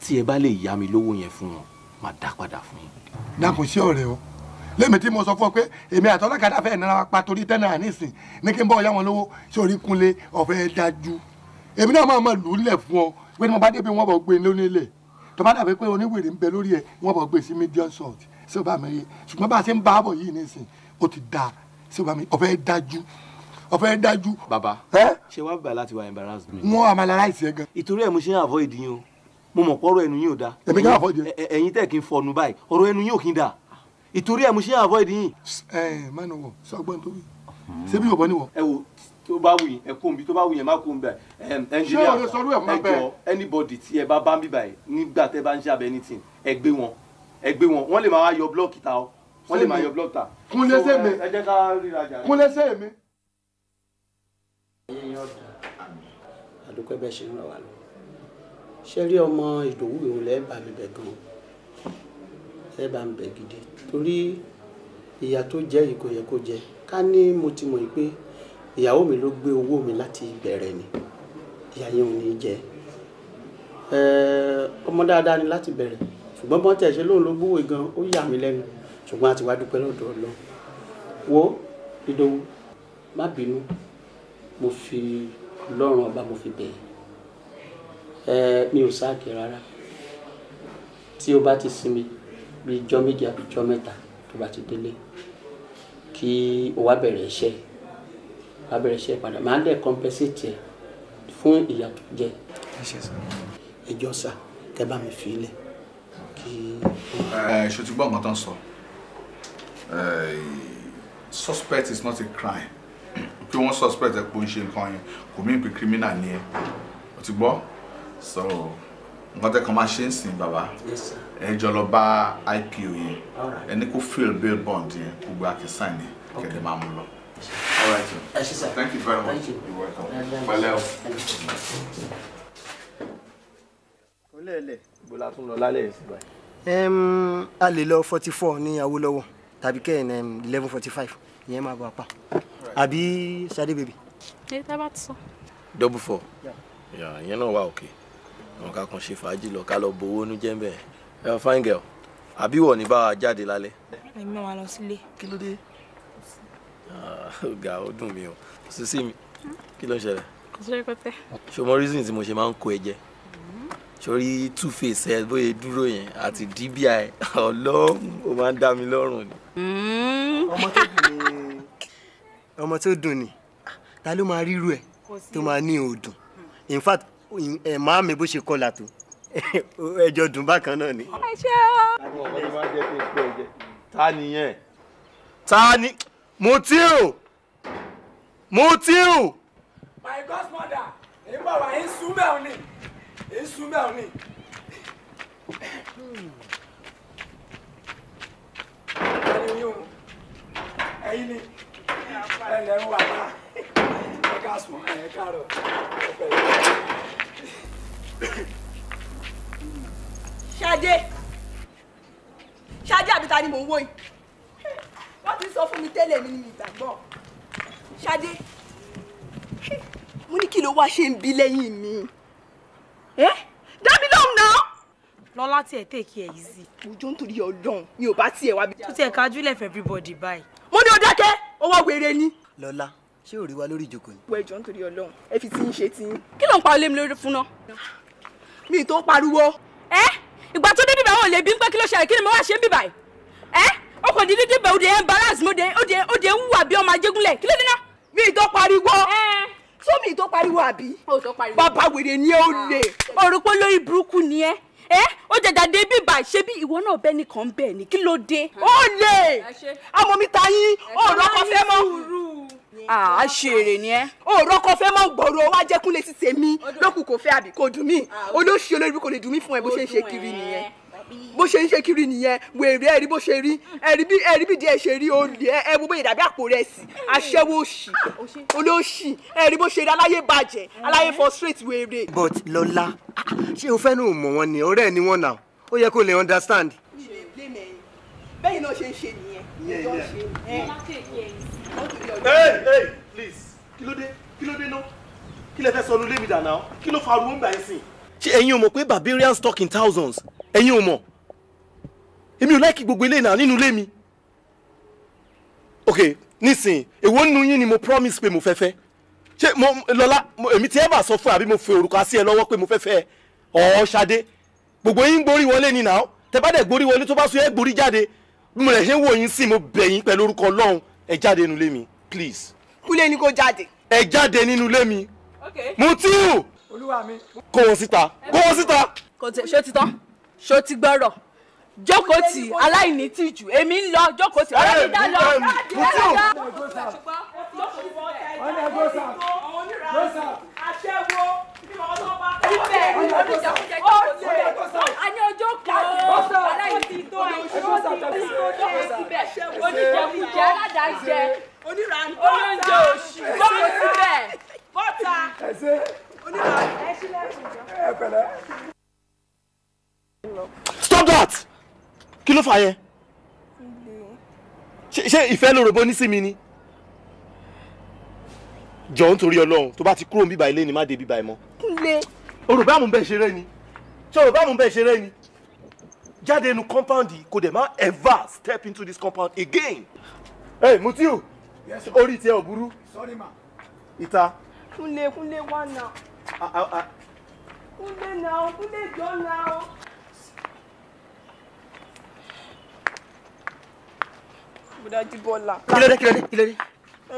tí ẹ bá lè yá mi lówó yẹn fún wọn máa dá padà fún yín. dákun sí ọ̀rẹ́ o lẹ́mi tí mo sọ fún ọ pé èmi àtọ́lákadà fẹ́ẹ́ nira pa torí tẹ́nà ànísìn ní kí n bọ́ ọ̀yá wọn lówó sórí kúnlé ọ̀fẹ́ dájú èmi náà máa ma lù ú lẹ̀ fún ọ pé ní mo bá débi wọn bọ̀ gbé e lónílé tó bá dàbí pé oníwèrè ń bẹ lórí ẹ wọ́n bọ̀ gbé sí medium salt ṣé o bá mi rí ṣùgbọ́n bá a ṣe ń bá a bọ̀ yìí nísìn ó ti dáa ṣé o bá mi ọ̀fẹ́ dájú ọ̀fẹ́ dájú. bàbá ṣé wàá bàbá láti wá embarrass mi. wọn amalaláìsí ẹ gan. ìtorí ẹ mo ṣe ń avoid yín o mo mọ̀ pọ̀rọ̀ ẹnu yín ò da. èmi kàn avoid yẹn. ẹ̀yin tẹ̀ kí n fọnu báyìí ọ̀rọ̀ ẹnu yín ò kí n da ìtorí ẹ mo ṣe ń avoid yín. ẹ ẹ mẹ́nu wọ̀ sọgbọ́n tóbi ṣé bí yóò bọ́ níwọ̀. ẹ wo tó bá wù yín ẹ kó nbí tó bá wù yín má kó nbí ẹnjìnìà ẹjọ anybody tí ẹ bá bá ń bíbà yìí nígbà tẹ bá ń ṣàbẹ anything ẹ gbé wọn ẹ gbé wọn wọn lè máa yọ blọọkì ta ọ wọn lè máa yọ blọọkì ta. kúnlẹ̀ sẹ́ mi ẹ jẹ́ mi. àdókò ẹbẹ ṣe ń ràn wá lọ ṣe rí ọmọ ìdòwú ìhùn lẹ mi bẹ gan ẹ bá mi bẹ gidi torí ìyà tó jẹ yìí jẹ ká ní mo ti mọ̀ yìí ìyàwó mi ló gbé owó mi láti bẹ̀rẹ̀ ni ìyá yẹn ò ní jẹ ọmọ dáadáa ni láti bẹ̀rẹ̀ ṣùgbọ́n bọ́n tẹ̀ ṣe lóun ló gbówó gan ó yà mí lẹ́nu ṣùgbọ́n a ti wá dúpẹ́ lọ́dọ̀ lọ wo Ìdòwú má bínú mo fi Ọlọ́run ọba mo fi bẹ̀ ẹ́ mi ò sáàkì rárá tí o bá ti sinmi bíi ijọ́ méjì àbí ijọ́ mẹ́ta tó bá ti délé kí o wá bẹ̀rẹ̀ iṣẹ́ wàá bẹ̀rẹ̀ iṣẹ́ padà màá dẹ̀ compensate ẹ̀ fún ìyà tó jẹ. ẹjọ́ sà kẹ́ bá mi fi ilẹ̀ kí. ṣòtú gbọ́ nǹkan tó sọ suspect is not a crime pé wọ́n suspect ẹ̀ pé ó ń ṣe nǹkan yẹn kò mí pé criminal ni ẹ̀ o ti gbọ́ so nǹkan tẹ́ kan máa ṣe ń sìn bàbá ẹ jọ lọ bá IPO yẹn ẹni kó fill bail bond yẹn gbogbo àkísàn yẹn kẹ̀dẹ̀ máa mú lọ. All right, sir. Yes, sir. Thank you very much. Thank you. You're welcome. Pẹ̀lẹ́ o. Olele. Bola tún lọ lálẹ́ ìsìn báyìí. Um, a lè lọ forty four ní Awólọ́wọ̀ tàbí kẹ́hìn eleven forty five ìyẹn máa bọ̀ apá àbí Ṣadé bèbí. Ṣé tá a bá ti sọ? Double four. Ìyẹn náà wà òkè. Àwọn ká kan ṣe fàájì lọ ká lọ bowó ní jẹ́ńbẹ̀. Fine girl, àbí wọ̀ ní bá a jáde lálẹ́. Ẹ̀mí wa lọ sílé. Kí ló dé? Ah, ọ̀gá ó dùn mí o sísí mi kí ló ń ṣẹlẹ̀. kò sí rẹpẹtẹ. ṣòmọ reason tí mo ṣe máa ń kó ẹ jẹ sórí two face ẹ bóyá dúró yẹn àti dbi ọlọ́run ó máa ń dá mi lọ́rùn ni. Hmm. ọmọ tó dùn ni ọmọ tó dùn ni ta ló máa ríru ẹ tó máa ní òdùn in fact ẹ máa mi bó ṣe kọlà tó ẹjọ dùn bákan náà ni. ẹ ṣe o. ta nìyẹn ta ni. Mutiu! Mutiu! My godmother, èyí bọ̀ wá ń sún bẹ́ẹ̀ ni. Ń sún bẹ́ẹ̀ ni. Ẹyin yóò, ẹyin ni, ẹ lẹ́rú wà náà, ẹ ká sùn, ẹ káàárọ̀, ẹ pẹ̀lú. Ṣadé, Ṣadé àbí ni mò ń wò yìí? wọ́n ti sọ fún mi tẹ́lẹ̀ mi ni mi gbàgbọ́ ṣadé mo ní kí ló wá ṣe ń bí lẹ́yìn mi dábì lóhùn náà. lọ́lá tiẹ̀ tèkì ẹ̀ yìí sí. òjò ń torí ọlọ́run mi ò bá tiẹ̀ wá bí. tó tiẹ̀ kájú lẹ̀ fẹ́ everybody báyìí. mo ní o dákẹ́ owó wèrè ni. lọ́lá ṣé ò rí wa lórí ìjókòó ni. wọ ẹjọ nítorí ọlọ́run ẹ fi tí ń ṣe tí ń. kí ló ń pa olè mi lórí fún náà. mi tó pariwo. ẹ ìgbà tó dé bíbá ò lè bí ń pẹ́ kí ló ṣẹlẹ̀ kí ni mo wá ṣe ń bíbá yìí. ẹ o kò di dídí bẹ́ẹ̀ o de embarrass mi o de o de o de ń wà bí ọmọ ajégúnlẹ̀ kí ló dé náà. mi ì tó pariwo sómi ì tó pariwo àbí bàbá wèrè ni ó lè. orúkọ lórí burúkú ni ẹ ẹ ó jẹjà dé bí ibà ṣé bí ìwọ náà bẹ nìkan bẹ ni kí ló dé. Ah. ó lè àmọ́ mi ta yín ọ̀rọ̀ kan fẹ́ mọ́ àṣèrè ah, ni ẹ. òòrọ̀ kan fẹ́ máa ń gbòòrò wá jẹ́kúnlé ti tèmi lókù kò fẹ́ àbí kò dùn mí ah, olóṣèlú olórí kò lè dùn mí fún ẹ bó ṣe ń ṣe kiri nìyẹn bó ṣe ń ṣe kiri nìyẹn wèrè ẹ̀rí bó ṣe rí ẹ̀rí bí ẹ̀rí bí díẹ̀ ṣe rí olè ẹ wo bóyá dàbí àpò rẹ̀ sí aṣẹ́wó òṣì olóṣì ẹ̀rí bó ṣe rí aláyé bàjẹ́ aláyé frustrate wèrè. but lọ́lá ṣé o fẹ́ràn mọ̀ wọn ni ọ̀rẹ́ ni wọ́n náà ó yẹ kó lè understand. bẹ́ẹ̀ náà ṣe ń ṣe nìyẹn hey hey please kí ló dé kí ló dé náà kí lẹ fẹ́ sọ ọ́nú lémi dà náà kí fa arúgbó ń gbà yín pé barbarians talk in thousands ẹ̀yin ò mọ̀ èmi ò láìkí gbogbo ilé náà nínú ilé mi ok nísìnyí èwo nínú yín ni mo promise pé mo fẹ́ fẹ́ ṣé mo lọ́lá èmi tí ẹ bá sọ fún àbí mo fi òrùka sí ẹ lọ́wọ́ pé mo fẹ́ fẹ́ ọ̀ ṣadé gbogbo yín gborí wọlé ni náà tẹ bá dẹ̀ gborí wọlé tó bá sọ ẹ gborí jáde mo lè ṣe ń wò yín sí mo bẹ̀ yín pẹ̀lú orúkọ ọlọ́run ẹ jáde nínú ilé mi please. kúlẹ̀ ni kò jáde. ẹ jáde nínú ilé mi. ok Mutiu. olúwa mi. kó wọn síta kó wọn síta. kò tẹ ṣé ti tán ṣó ti gbọ́rọ̀ jókòó tì aláìní tìjú èmi ń lọ jókòó tì ọlọ́run dá lọ. Ani ojo kan aláìní tó àìsó ti tó tó síbẹ̀ oníjẹkújẹ aládàájẹ olóúnjẹ oṣù bọ́ọ̀ síbẹ̀ bọ́ta oníranú ẹ sílẹ̀ kùjọ stop that kí ló fà yẹn ṣe ìfẹ́ ló rògbò ní sí mi ni jọ̀ọ́ nítorí ọlọ́run tó bá ti kúrò bíbá ilé ni má dé bíbá ẹ mọ́. ilé. òrùbá àmú bẹ́ẹ̀ ṣeré ni ṣé òrùbá àmú bẹ́ẹ̀ ṣeré ni jáde inú compound yìí kò dẹ̀ má ever step into this compound again. ẹ Mutiu orí tiẹ̀ ò burú ìta. kúnlé kúnlé wà náà ah, ah, ah. kúnlé náà kúnlé jọ náà. bùdájú bọ́lá. kí ló dé kí ló dé kí ló dé.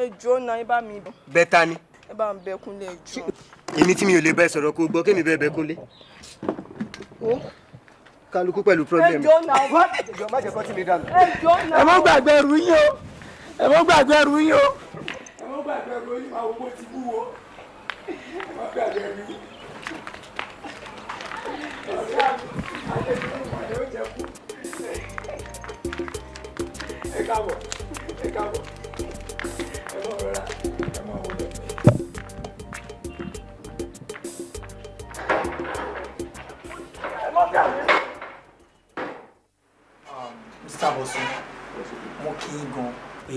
ẹjọ́ náà ẹ bá mi bọ̀. bẹ́ẹ̀ ta ni. ẹ bá ń bẹ kúnlẹ̀ ẹjọ́. èmi tí mi ò lè bẹ sọ̀rọ̀ kó gbọ́ kémi bẹ́ẹ̀ bẹ kúnlẹ̀. o kálukú pẹ̀lú problem. ẹjọ́ náà wá. ẹjọ́ má jẹ́ kọ́ tí mi dànù. ẹjọ́ náà. ẹ má gbàgbé ẹrù yín o ẹ má gbàgbé ẹrù yín o. ẹ má gbàgbé ẹrù yín máa wọ́pọ̀ ti bú wo. ẹ má gbàgbé ẹrù yín. ọ̀sẹ̀ àti àjẹsílẹ̀ ìmọ̀lẹ́ ẹ káàbọ̀ ẹ káàbọ̀ ẹ mọ̀ rọra ẹ mọ̀ wọlé. ẹ mọ̀ bí àná. Mr. Bosun mo kí n gan pé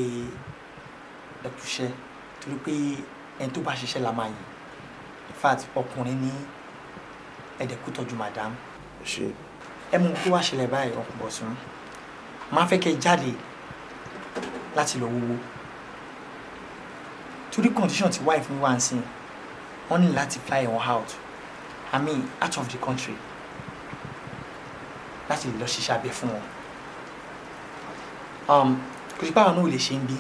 ẹ kúṣẹ́ torí pé ẹni tó bá ṣiṣẹ́ la máa yìn in fact ọkùnrin ní ẹ̀dẹ̀kú tọ́jú madam. ẹ mú kó wá ṣẹlẹ̀ báyìí ọkùnrin Bosun máa fẹ́ kẹ́ jáde láti lọ wowó torí condition ti wife mi wá ń sìn wọ́n ní láti fly wọn out i mean out of the country láti lọ ṣiṣẹ́ abẹ fún wọn um, kò sí báwọn náà ò lè ṣe ń bí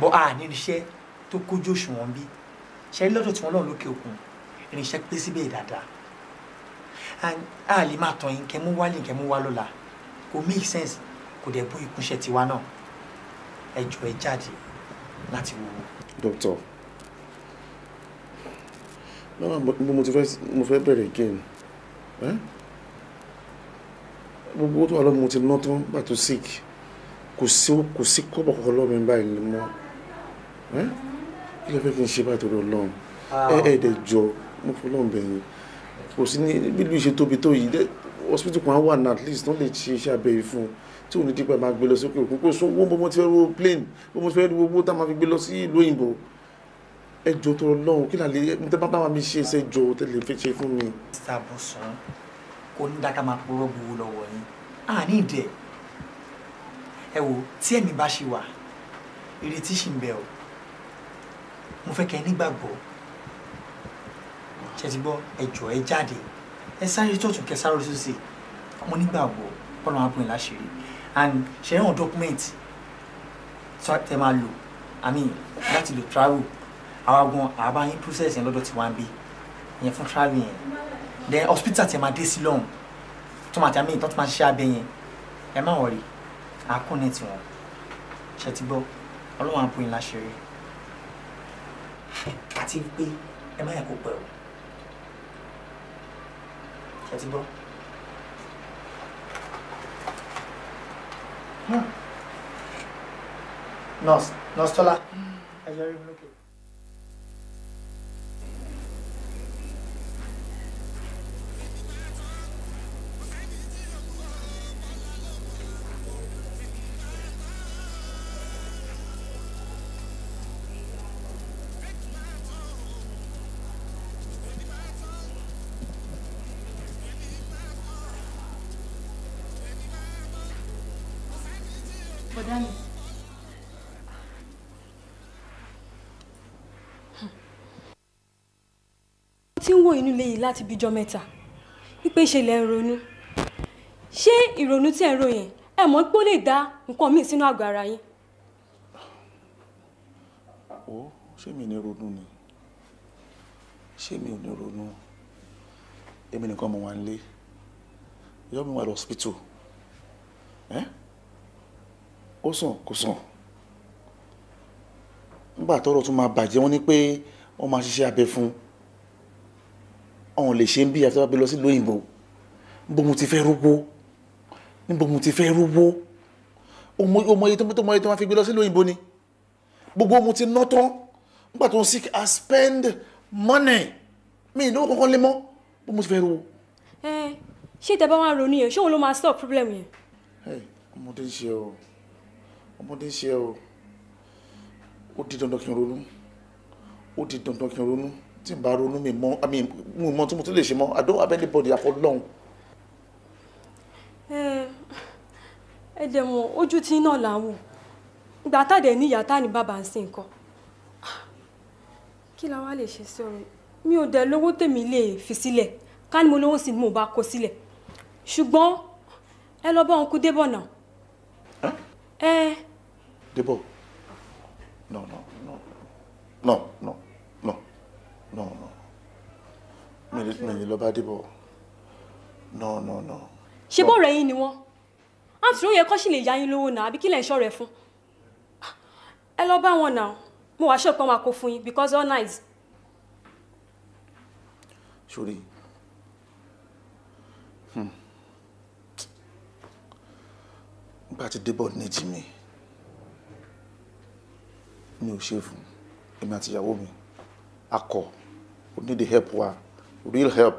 bọ́ a ní irinṣẹ́ tó kójú òṣùwọ̀n bí ṣe lọ́dọ̀ tí wọ́n lọ́n lókè òkun irinṣẹ́ pé síbẹ̀ dáadáa a lè máa tàn yín kẹ́ mú wálé kẹ́ mú wá lọ́la kò make sense kò dẹ̀ bó ìkúnṣẹ́ tiwa náà ẹjọ ẹ jáde láti wo. dókítà mama mo ti fẹ́ mo fẹ́ bẹ̀rẹ̀ again gbogbo tó wà lọ́mọ mo ti ná tán gbà tó sick kò sí kò sí kọ́bọ̀ kọ́kọ́ lọ́mọ báyìí ni mo kí ló fẹ́ kí n ṣe bá tòrò lọ́n ah. ẹ ẹ dẹ̀ jọ mo fọ́ lọ́n bẹ̀yìn kò sí ní bí ìlú ìṣe tó yìí hospital kan wà ní at least wọ́n lè ṣe iṣẹ́ abẹ́rẹ́ fún un tí òun ní dípẹ́ máa gbé lọ sí òkè òkun kó sọ owó mo ti fẹ́ ro plane owó mo ti fẹ́ ro owó tá a máa fi gbé lọ sí ìlú òyìnbó ẹ jọ tó lọ lọ́hùn kí làlẹ́ mo tẹ́ bá bá mi ṣe ẹsẹ̀ jọ tẹ́lẹ̀ fẹ́ ṣe fún mi. mr bosun kò ní dáká máa purọ́ gbowó lọ́wọ́ yín àní ìdẹ ẹ wo tí ẹ̀mí bá ṣe wà ìrètí ṣì ń bẹ o mo fẹ́ kẹ́ ẹ nígbàgbọ́ ṣe ti gbọ́ ẹ ẹ jáde ẹ sáré tó tún kẹ sáré tó mo nígbàgbọ́ kọ́nà àpò ìlàṣẹ́rì and ṣe hàn document tẹ máa lò i mean láti lò travel Our gan our yín process yẹn lọ́dọ̀ tí wọ́n be. bí yẹn fún travel yẹn then hospital tẹ máa this long. lọ́hùn tó máa tẹ àmì ìtọ́ tó máa ṣiṣẹ́ abẹ yẹn ẹ má wọrí àákùnrin tiwọn ṣe ti gbọ́ ọlọ́run àbò yín láṣẹrí àti pé ẹ má yẹ kó pẹ́ o ṣe No. Nos, nos tola. inú ilé yìí láti bíjọ́ mẹ́ta wípé ṣe lẹ́ ń ronú ṣé ìrònú tí ẹ̀ ń ròyìn ẹ mọ̀ pé ó lè dá nǹkan míì sínú àgọ́ ara yín. ó ṣé mi ní ronú ni ṣé mi ò ní ronú èmi nìkan mo wà ń lé ìyá mi wà lọ hospital ó sàn kò sàn nígbà tọ́rọ̀ tún máa bàjẹ́ wọ́n ní pé wọ́n máa ṣiṣẹ́ abẹ fún un ọ̀hún lè ṣe ń bí àti bá bẹ lọ sí lóyìnbó níbo mo ti fẹ́ rówó níbo mo ti fẹ́ rówó ọmọ iye tó mọ iye tó máa fi gbé lọ sí lóyìnbó ni gbogbo mo ti ná tán nígbà tó ń seek I spend money mi ìnáwó kankan lé mọ́ bó mo ti fẹ́ rówó. ẹ ṣé ìtẹ̀bá máa ronú yẹn ṣé òun ló máa stop problem yẹn. ọmọdé ń ṣe o ọmọdé ń ṣe o ó di dandan kí n ronú ó di dandan kí n ronú tí n bá ronú mi mọ àmì mo mọ tí mo tún lè ṣe mọ I don't have anybody àfọlọ́hún. ẹ dẹ̀ mọ̀ ojú tí náà là ń wò ìgbà tàdé ní ìyá tá ní bàbá ń sìn nǹkan kí la wá lè ṣe sí ọ̀rọ̀ mi ò dẹ̀ lówó tèmi lè fi sílẹ̀ ká ní mo lówó sí ni mo bá kó sílẹ̀ ṣùgbọ́n ẹ lọ bá òǹkú débọ̀ náà. ẹ. no no no no no no no mi mi ni Lo bá dìbò no no no. ṣé bọ́ọ̀rọ̀ ẹ̀yin ni wọ́n àǹtí ló yẹ kó sì lè yá yín lówó náà àbí kí lẹ̀ ń ṣọ̀rẹ́ fún ẹ lọ bá wọn náà mo wá ṣọ̀pọ̀ máa kó fún yín because all nice. sori nígbà hmm. tí débọ̀ níjì mi mi ò ṣe fún èmi àti ìyàwó mi akọ. We need the help wa real help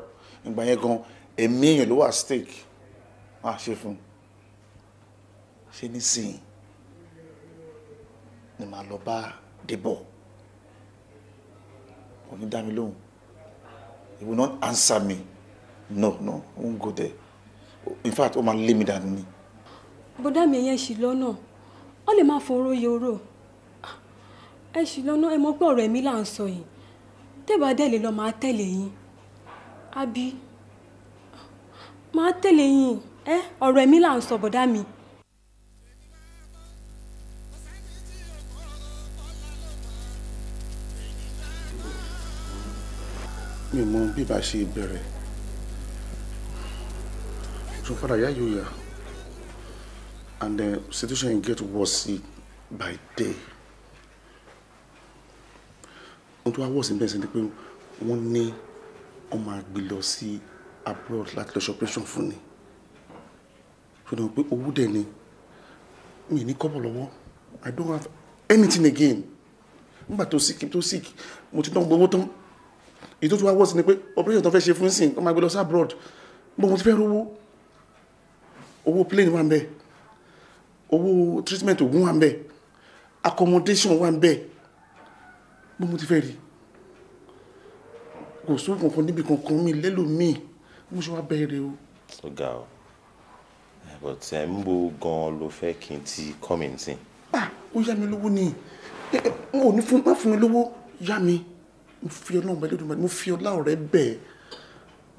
ìgbà yẹn gan ẹ̀mí èèyàn ló wà stake Ah á ṣe fún un ṣe ni màá lọ bá debo. kò ní dá mi lóhùn he will not answer me no no I won't go there in fact ó máa lé me. dànù ni. bọ́dá mi yẹn ṣì lọ́nà ó lè máa fọ̀rọ̀ yòrò ah, ẹ ṣì lọ́nà ẹ mọ̀ pé ọ̀rọ̀ ẹ̀mí là ń sọ yìí tẹ́bà dẹ́lẹ̀ lọ máa tẹ̀lé yín Abi, máa tẹ̀lé yín ẹ ọ̀rọ̀ ẹ̀mí là ń sọ bọ̀dá mi. mi mọ bí bá ṣe bẹ̀rẹ̀ ṣùgbọ́n padà yá yóò yá and the situation get worse by day ohun tó wá wọ̀ sí bẹ́ẹ̀ sí ni pé wọ́n ní wọ́n máa gbé lọ sí abroad láti lọ ṣe operation fún ni ṣùgbọ́n pé owó dẹ̀ ni mi ní kọ́bọ̀ lọ́wọ́ i don't have anything again nígbà tó sick tó sick mo ti tán gbowó tán èyí tó tún wá wọ́ sí ni pé operation tó fẹ́ ṣe fún sìn wọ́n máa gbé lọ sí abroad bó mo ti fẹ́ rówó owó plane wà ń bẹ̀ owó treatment ògùn wà ń bẹ̀ accommodation wà ń bẹ̀ mo mo ti fẹ́ rí kò sóò kankan níbi kankan mi lẹ́lòmíì mo ṣe wá bẹ̀rẹ̀ o. ọ̀gá o but ẹ̀ ń bo gan ló fẹ́ kí n ti kọ́mìntì. ó yá mi lówó ni n ò ní fún má fún mi lówó yá mi mo fi ọlọ́run bẹ́ẹ̀ lódùmarè mo fi ọlá ọ̀rẹ́ bẹ́ẹ̀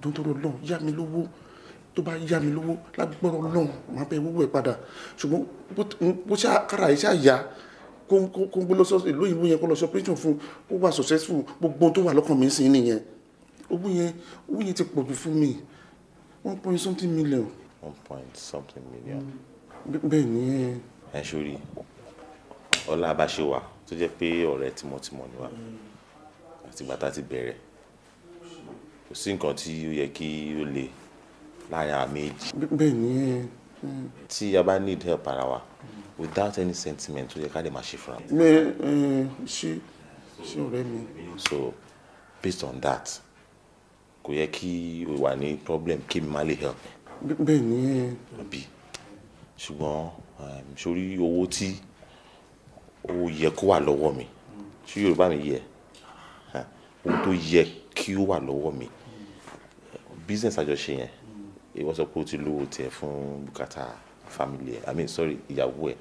dóńtòrò ọlọ́run yá mi lówó tó bá yá mi lówó lágbọ́rọ̀ ọlọ́run máa bẹ wúwo ẹ̀ padà ṣùgbọ́n bó ṣe kára ẹ̀ ṣáà yá kó gbé lọ́sọ̀ ìlú ìlú yẹn kó lọ sọ péjọ fún kó wà successful gbogbo tó wà lọ́kàn mi sí nìyẹn owó yẹn owó yẹn ti pọ̀ jù fún mi one point something million. one point something million. Mm. bẹ́ẹ̀ ni ẹ. ẹ ṣorí ọlá abáṣewà tó jẹ́ pé ọ̀rẹ́ tímọ́tímọ́ ni wá àtìgbà tá ti bẹ̀rẹ̀ kò sí nǹkan tí ó yẹ kí ó le láàárín àmì èjì. bẹ́ẹ̀ ni tí a bá need help ara wa without any sentiment tó yẹ ká lè from. Me, she, she ṣe me. so based on that kò yẹ kí o wà ní problem kí mi má help ẹ. bẹ́ẹ̀ ni ẹ. àbí ṣùgbọ́n um, sórí owó tí ó yẹ kó wà lọ́wọ́ mi ṣé yorùbá mi yẹ ohun tó yẹ kí ó wà lọ́wọ́ mi business àjọṣe yẹn ìwọ sọ pé o ti lówó tiẹ̀ fún bùkátà family i mean sorry ìyàwó ẹ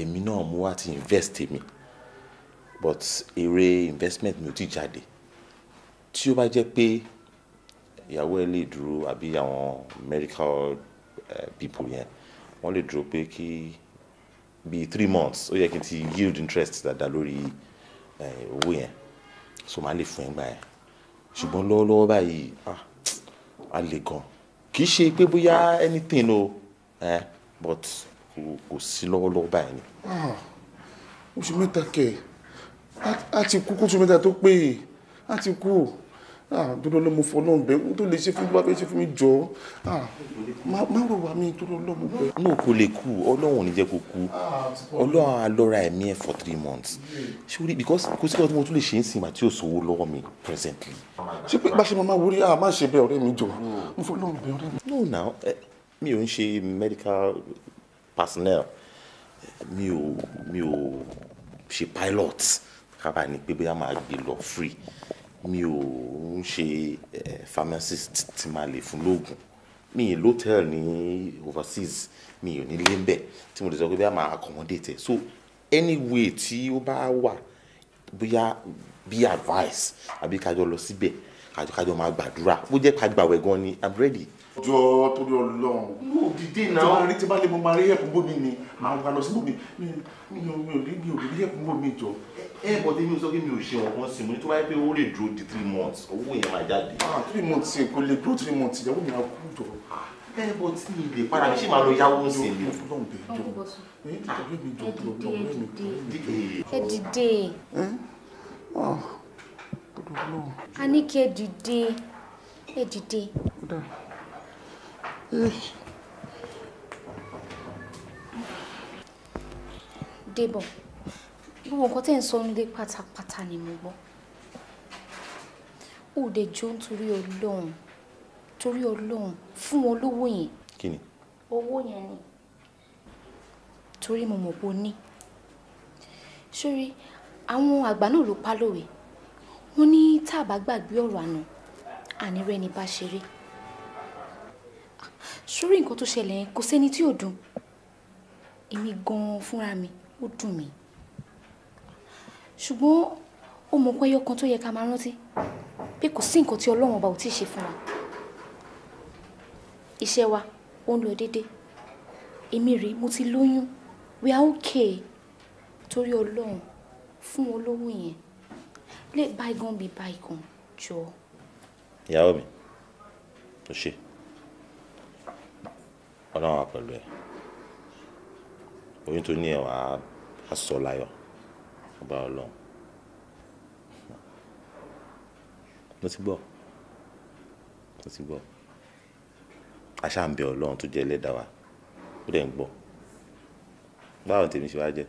èmi náà mo wá ti invest èmi but èrè investment mi ò ti jáde tí ó bá jẹ́ pé ìyàwó ẹ lè dúró àbí àwọn medical eh, people yẹn wọ́n lè dúró pé kí bíi three months ó yẹ kí n ti yield interest dáadáa lórí eh, owó yẹn so màá lè fún ẹ gbà yẹn ṣùgbọ́n lọ́wọ́lọ́wọ́ báyìí ah a lè gan kì í ṣe pé bóyá anything o eh, but kò sí lọ́wọ́lọ́wọ́ báyìí ni. Ah, oṣù mẹ́ta kẹ̀ á ti kú kóṣù mẹ́ta tó pé á ti kú dúró ah, ló mo fọlọ́ bẹ́ẹ̀ mo tó lè ṣe fún bí fẹ́ ṣe fún mi jọ ah, má rò wá mi dúró lọ́mọ bẹ́ẹ̀. náà kò lè kú ọlọ́run ní jẹ́ kó kú ọlọ́run á lọ́ra ẹ̀mí ẹ̀ for three months ṣórí because kò sí ọdún mo tún lè ṣe é sìn màtí yóò lọ́wọ́ mi presently. ṣé pé bá ṣe máa wọrí àá ṣe bẹ́ẹ̀ ọ̀rẹ́ mi jọ mo fọlọ́run bẹ́ẹ̀ ọ̀rẹ́ mi. no na eh, mi ò ń ṣe medical personnel mi ò mi ò ṣe pilot kábà ní pé bóyá máa gbé lọ free mi ò ń ṣe eh, pharmacist tí máa lè fún lóògùn mi ì lótẹ́ẹ̀lì ní overseas mi ò ní lé ń bẹ̀ tí mo lè sọ pé bóyá máa accommodate so anyway tí ó bá wà bóyá bí advice àbí kájọ lọ síbẹ̀ kájọ kájọ máa gbàdúrà ó jẹ́ ká gbàwẹ̀ gan ni i'm ready jọ torí Ọlọ́run yóò dìde náà tí wọn rí tí bá lè mọ máa rí ẹkùn bómi ni màá wà lọ sí bómi mi ò mi ò rí mi ò rí ẹkùn bómi jọ. ẹ ẹ bọ́dé mi ò sọ pé mi ò ṣe ọ̀kan sí mi tó bá yẹ pé ó lè dúró di three months owó yẹn máa jáde. ah three months kò lè dúró three months ìyàwó mi á kú jọ. ẹ ẹ bọ tí mi lè padà mi ṣì máa lọ yáwó sí mi. ẹ dìde ah, a ní kí ẹ dìde ẹ dìde. Débọ̀, gbogbo nǹkan tẹ́ ń sọ nílé pátápátá ni mo gbọ́. Ó dẹ̀ jó nítorí Ọlọ́run, torí Ọlọ́run fún wọn lówó yẹn. Kí ni? Owó yẹn ni. Torí mo mọ̀ pé o ní. Sórí, àwọn àgbà náà ló pa lówe. Wọ́n ní tá a bá gbàgbé ọ̀rọ̀ àná, àní rẹ́ni bá ṣeré sórí nǹkan tó ṣẹlẹ̀ yẹn kò sẹ́ni tí ò dùn èmi gan-an fúnra mi ó dùn mí ṣùgbọ́n ó mọ pé ẹyọkan tó yẹ ká máa rántí pé kò sí nǹkan tí ọlọ́run ọba ò tí ì ṣe fún wa iṣẹ́ wa ó ń lọ déédéé èmi rèé mo ti lóyún we are okay torí ọlọ́run fún olówó yẹn lè báyìí gan bí báyìí gan jọ. ìyàwó mi ò ṣe Ọlọ́run wà pẹ̀lú ẹ oyún tó ní ẹ wàá aṣọ láyọ̀ ọba Ọlọ́run mo ti gbọ́ mo ti gbọ́ aṣá ń bẹ Ọlọ́run tó jẹ́ Ẹlẹ́dàá wa ó dẹ̀ ń gbọ́ báwo tèmi ṣe wá jẹ́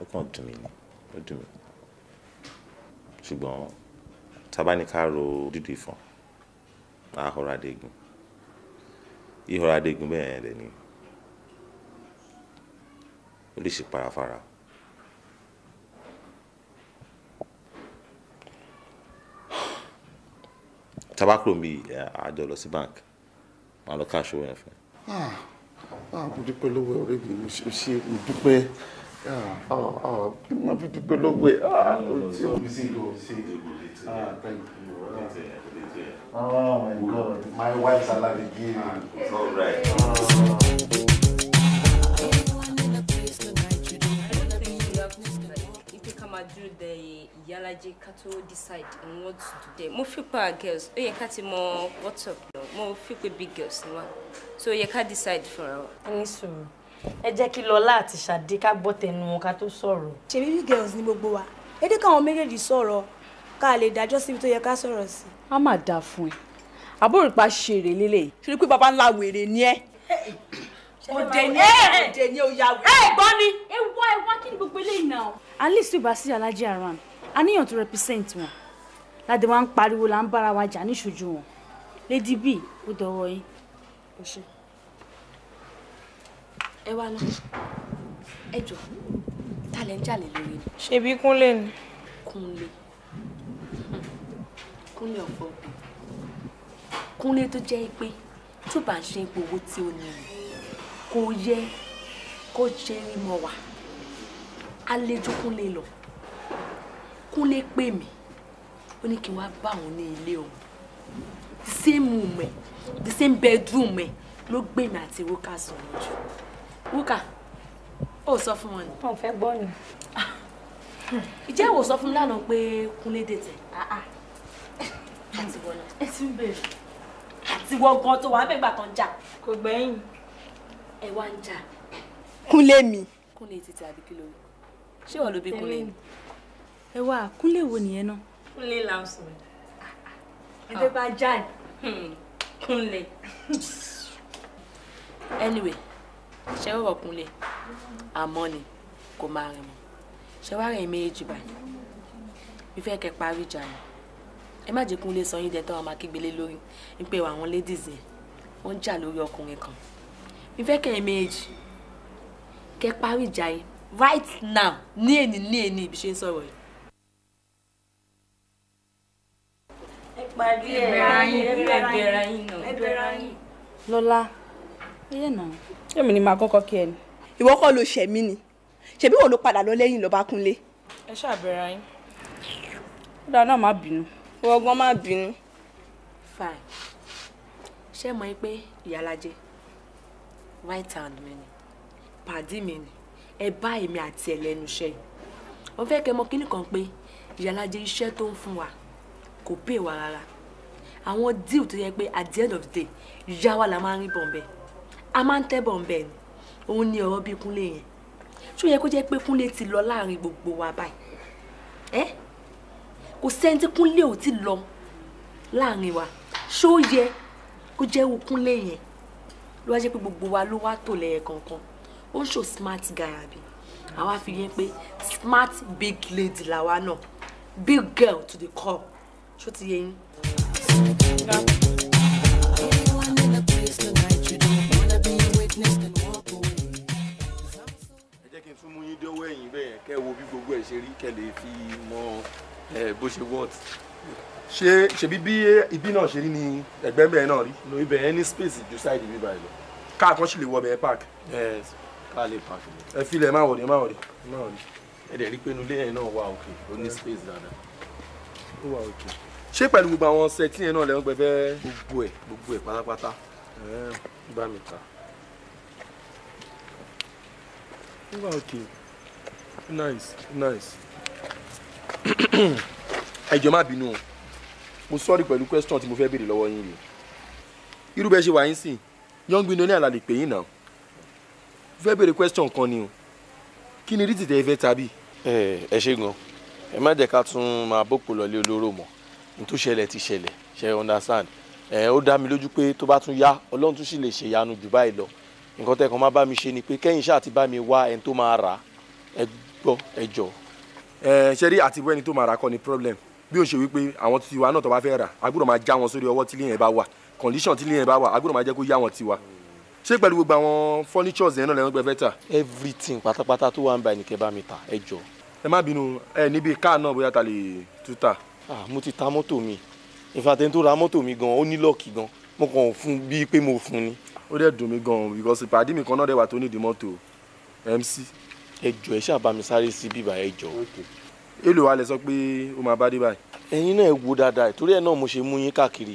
ó kàn dùn mí ni ó dùn mí ṣùgbọ́n tábánikà ro dídì fún ahọ́ra dẹ́gun ihoro adégun bẹ́ẹ̀ yẹn dẹ̀ ni ó lè ṣe parafara. tabakuro mi àjọ lọ sí bank màá lọ káàṣó yẹn fún ẹ. mo dúpẹ́ lọ́wọ́ ọ̀rẹ́ mi mo ṣe mo dúpẹ́ mo fi dúpẹ́ lọ́wọ́ ẹ̀. Oh my God, my wife's alive again. It's all right. Oh. do the Yalaji Kato decide on what to do. Mo fi pa girls, ó yẹ ká ti mọ what's up lọ, mo fi pe big girls ni wa. So ó yẹ decide for wa. Ẹni sùúrù, ẹ jẹ́ kí Lọlá àti Ṣàdé ká gbọ́ tẹnu wọn ká tó sọ̀rọ̀. big girls ni gbogbo wa, ẹ dé káwọn méjèèjì sọ̀rọ̀ ká lè dájọ́ síbi tó yẹ ká sọ̀rọ̀ sí á mà dáa fún ẹ àbúròpá ṣèrè lélẹ̀ ṣe ni pé baba ńlá wèrè ni ẹ òde ni òde ni ó ya wèrè. ẹ gbọ́ ni. ẹ wá ẹ wá kí ni gbogbo eléyìí náà. alice ò bá sí alájí around àníyàn tó represent wọn láti wá ń pariwo là ń bára wa jà níṣojú wọn lady b ó dọwọ́ yín. ẹ wá lọ ẹ jọ ta lẹ ń jà lè lórí. ṣebí kúnlẹ̀ ni. kúnlẹ̀ kúnlẹ̀ ọ̀fọ̀ bì kúnlẹ̀ tó jẹ́ pé tó bá ń ṣe ipò owó tí ó nílò kò yẹ kó jẹ́ rímọ̀ wá àlejò kúnlẹ̀ lọ kúnlẹ̀ pè mí ó ní kí n wá bá òun ní ilé òun the same room ẹ the same bedroom ẹ ló gbé mi àti Rúkà sọ̀rọ̀ jù Rúkà ó sọ fún wọn ni. wọn fẹ́ gbọ́ ni. ìjẹ́ ah. ìwòsàn fún mi lánàá pé kúnlẹ̀ dètè. Ah, ah àti wọlé. ẹ ti ń bèrè. àti wọ gan tó wà mẹ́gbà kan jà. kò gbẹ́yìn. ẹ wá ń jà. kúnlé mi. kúnlé títí àbí kí ló wí. ṣé wà ló bí kúnlé ni. ẹ wá kúnlé wo nìyẹn náà. kúnlé là ń ah, ah, ah. ẹ tó bá jà ní. Hmm, kúnlé. anyway ṣé ó rọ̀ kúnlé àmọ́ ni kò máa rìn mọ́ ṣé wàá rìn méjì báyìí mi fẹ́ kẹ́ parí jà ni ẹ má jẹ́ kún lé sọ yín dẹ táwọn máa kígbélé lórí ń pé àwọn ladies yẹn wọ́n jà lórí ọkùnrin kan mi fẹ́ kẹ́ ẹ méjì kẹ́ parí ìjà yìí right now ní èní ní èní ibi ṣe ń sọ̀rọ̀ yìí. ẹ pàdé ẹ bẹ̀rẹ̀ yín ẹ bẹ̀rẹ̀ yín ẹ bẹ̀rẹ̀ yín. lọ́lá ó náà. èmi ni màá kọ́kọ́ kí ẹ ni. ìwọ kọ́ ló ṣẹ̀mí ni ṣebí wo ló padà lọ lẹ́yìn ló bá kúnlé. ẹ ṣáà bẹ̀rẹ̀ yín. ó dáa náà má bínú wọ́gbọ́n má bínú. fine ṣé mọ̀ pé ìyálàjẹ right hand mi ni pàdí mi ni ẹ bá èmi àti ẹ lẹ́nu iṣẹ́ yìí mo fẹ́ kẹ́ mọ̀ kíní kan pé ìyálàjẹ iṣẹ́ tó ń fún wa kò pè wá rárá àwọn deal tó yẹ pé at the end of the day ìyá wa la máa ń rí bọ̀m̀bẹ́ a máa ń tẹ́ bọ̀m̀bẹ́ ni òun ni ọ̀rọ̀ bíi kúnlé yẹn ṣó yẹ kó jẹ́ pé kúnlé ti lọ láàrin gbogbo wa báyìí eh? kò sẹ́ni tí kúnlé ò ti lọ láàrin wa ṣó yẹ kó jẹ́ wo kúnlé yẹn ló wá jẹ́ pé gbogbo wa ló wá tò lẹ́yẹ kankan ó ń ṣò smart guy àbí àwa fi yẹn pé smart big lady làwa náà big girl to the core ṣó ti yẹ yín. ẹ jẹ́ kí n tún mú yín dọ́wọ́ ẹ̀yìn bẹ́ẹ̀ kẹ́ wo bí gbogbo ẹ̀ ṣe rí kẹ́ lè fi mọ́ ọ bó ṣe wọ́t. ṣé ṣebí bí ibi náà ṣe rí ni ẹgbẹ́ bẹ́ẹ̀ náà rí. no ibẹ̀ ẹni space ju side ibi báyìí lọ. káà kan ṣì lè wọ bẹ̀ẹ́ park. yes káà lè park. ẹ filẹ̀ má wọlé má wọlé má wọlé. ẹ dẹ̀ rí pé inú ilé yẹn náà wà òkè ó ní space dáadáa. ó wà òkè. ṣé pẹ̀lú gbogbo àwọn sẹ́tì yẹn náà lẹ́wọ́n pẹ́ fẹ́. gbogbo ẹ̀ gbogbo ẹ̀ pátápátá. bá mi ta. ó wà òkè nice nice ẹjọ má bínú o mo sọ́ọ̀rì pẹ̀lú question tí mo fẹ́ béèrè lọ́wọ́ yín rè irú bẹ́ẹ̀ ṣe wà yín sìn young billionaire la lè pè yín náà mo fẹ́ béèrè question kan ni o kí ni rítì tẹ́ ẹ fẹ́ tàbí. ẹ ṣe gan ẹ má jẹ́ ká tún máa bòpò lọlé olóró mọ́ n tó ṣẹlẹ̀ ti ṣẹlẹ̀ ṣe understand ẹ ó dá mi lójú pé tó bá tún yá ọlọ́run tún sì lè ṣe ìyanu jù báyìí lọ nǹkan tẹ́ kan má bá mi ṣe ni pé kẹ́yìn ṣáà ti bá mi wá ẹni tó máa rà ẹ gbọ́ ẹ jọ̀ọ́ ṣe rí àti wẹ́ni tó máa ra kọ́ ni problem bí o ṣe wípé àwọn tiwa náà tó bá fẹ́ rà agbọ́dọ̀ máa já wọn sórí ọwọ́ tí yẹn bá wà condition tí yẹn bá wà agbọ́dọ̀ máa jẹ́ kó yá wọn tiwa ṣé pẹ̀lú gbogbo àwọn furnitures yẹn náà lẹ́nu gbẹ́fẹ́ tà. everything pátápátá tó wà ń bá ẹnì kẹ́ẹ́ mi ta ẹ jọ. ẹ má bínú ẹ níbi káà náà bóyá ta lè tú ta. Ah, mo ti ta mọ́tò mi ìfàtẹ́ tó ra mọ́tò mi gan ó ní lọ́ọ̀kì gan mo kàn fún bíi pé mo fún ni. ó dẹ̀ dùn mí gan because ìpàdé mi kan náà dẹ̀ wà tó nídìí mọ́tò MC ẹjọ ẹ ṣáà bá mi sáré sí bíbá ẹjọ. èlò wa lè sọ pé ó máa bá dé báyìí. ẹ̀yin náà ẹ wo dáadáa torí ẹ náà mo ṣe mú yín káàkiri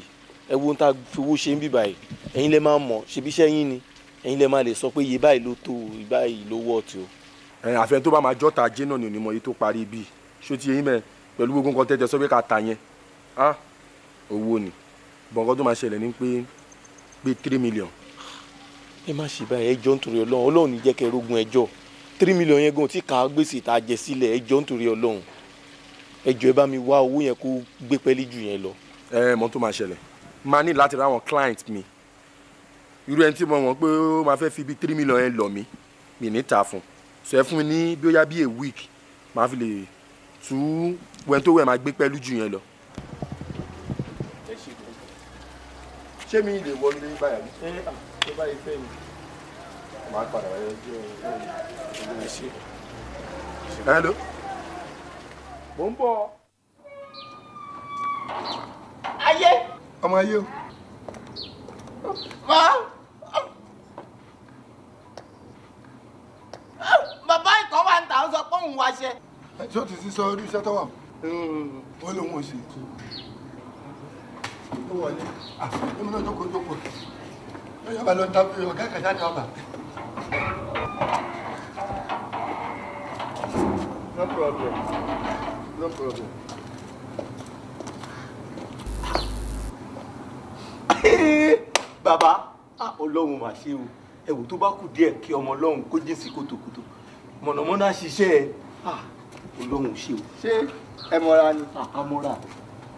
ẹ wo ń ta fowó ṣe ń bíbá yìí ẹ̀yin lẹ máa mọ̀ ṣebí iṣẹ́ yín ni ẹ̀yin lẹ máa lè sọ pé iye báyìí ló tó iye báyìí ló wọ̀ tí o. ẹ àfẹn tó bá máa jọta ajé náà ni onímọ̀ yìí tó parí bíi ṣó ti eyín mẹ pẹ̀lú gbogbo nǹkan tẹ́tẹ́ sọ pé ká ta yẹn á owó ni bọ̀ǹkan tó máa ṣẹlẹ̀ ni pé pé three million. ẹ má ṣe báyìí ẹjọ́ nítorí ọlọ́run ọlọ́run ní jẹ́ kẹ́ ẹjọ́ three million yẹn gan tí ká gbèsè tá a jẹ sílẹ̀ ẹjọ́ nítorí ọlọ́run ẹjọ́ ẹ bá mi wá owó yẹn kó gbé pẹ́lí jù yẹn lọ. ẹ mọ tó máa ṣẹlẹ̀ máa ní láti ra àwọn client mi irú ẹni tí mo mọ̀ pé ó máa fẹ́ fi bíi three million yẹn lọ mi mi ní ta fún so fún mi ní bí ó yá bí a week máa fi lè tú wẹ́n tó wẹ̀ máa gbé pẹ́lú jù yẹn lọ. ṣé mi lè wọlé báyà mi. ẹ ẹ báyìí fẹ́ mi máa padà wáyé ojú olóyè sí. hello. mo ń bọ̀. ayé. ọmọ ayé o. máa. bàbá ìtọ́ wa ń tà ó sọ pé òun wá ṣe. ẹjọ́ ti sísọ orí iṣẹ́ tó wà ó lóun ò ṣe. ó wọlé àmì náà jókòó jókòó. ó yàgbà lọ ń ta ọ̀gá kàṣà ni ọba. No problem. No problem. Bàbá, Ọlọ́run mà ṣe o, ẹ̀wù tó bá kù díẹ̀ kí ọmọ Ọlọ́run kó jìn sí kòtòkòtò. Mọ̀nàmọ́ná ṣiṣẹ́ ẹ̀, Ọlọ́run ṣe o. Ṣé ẹ mọ̀ra ah Àmọ́ra.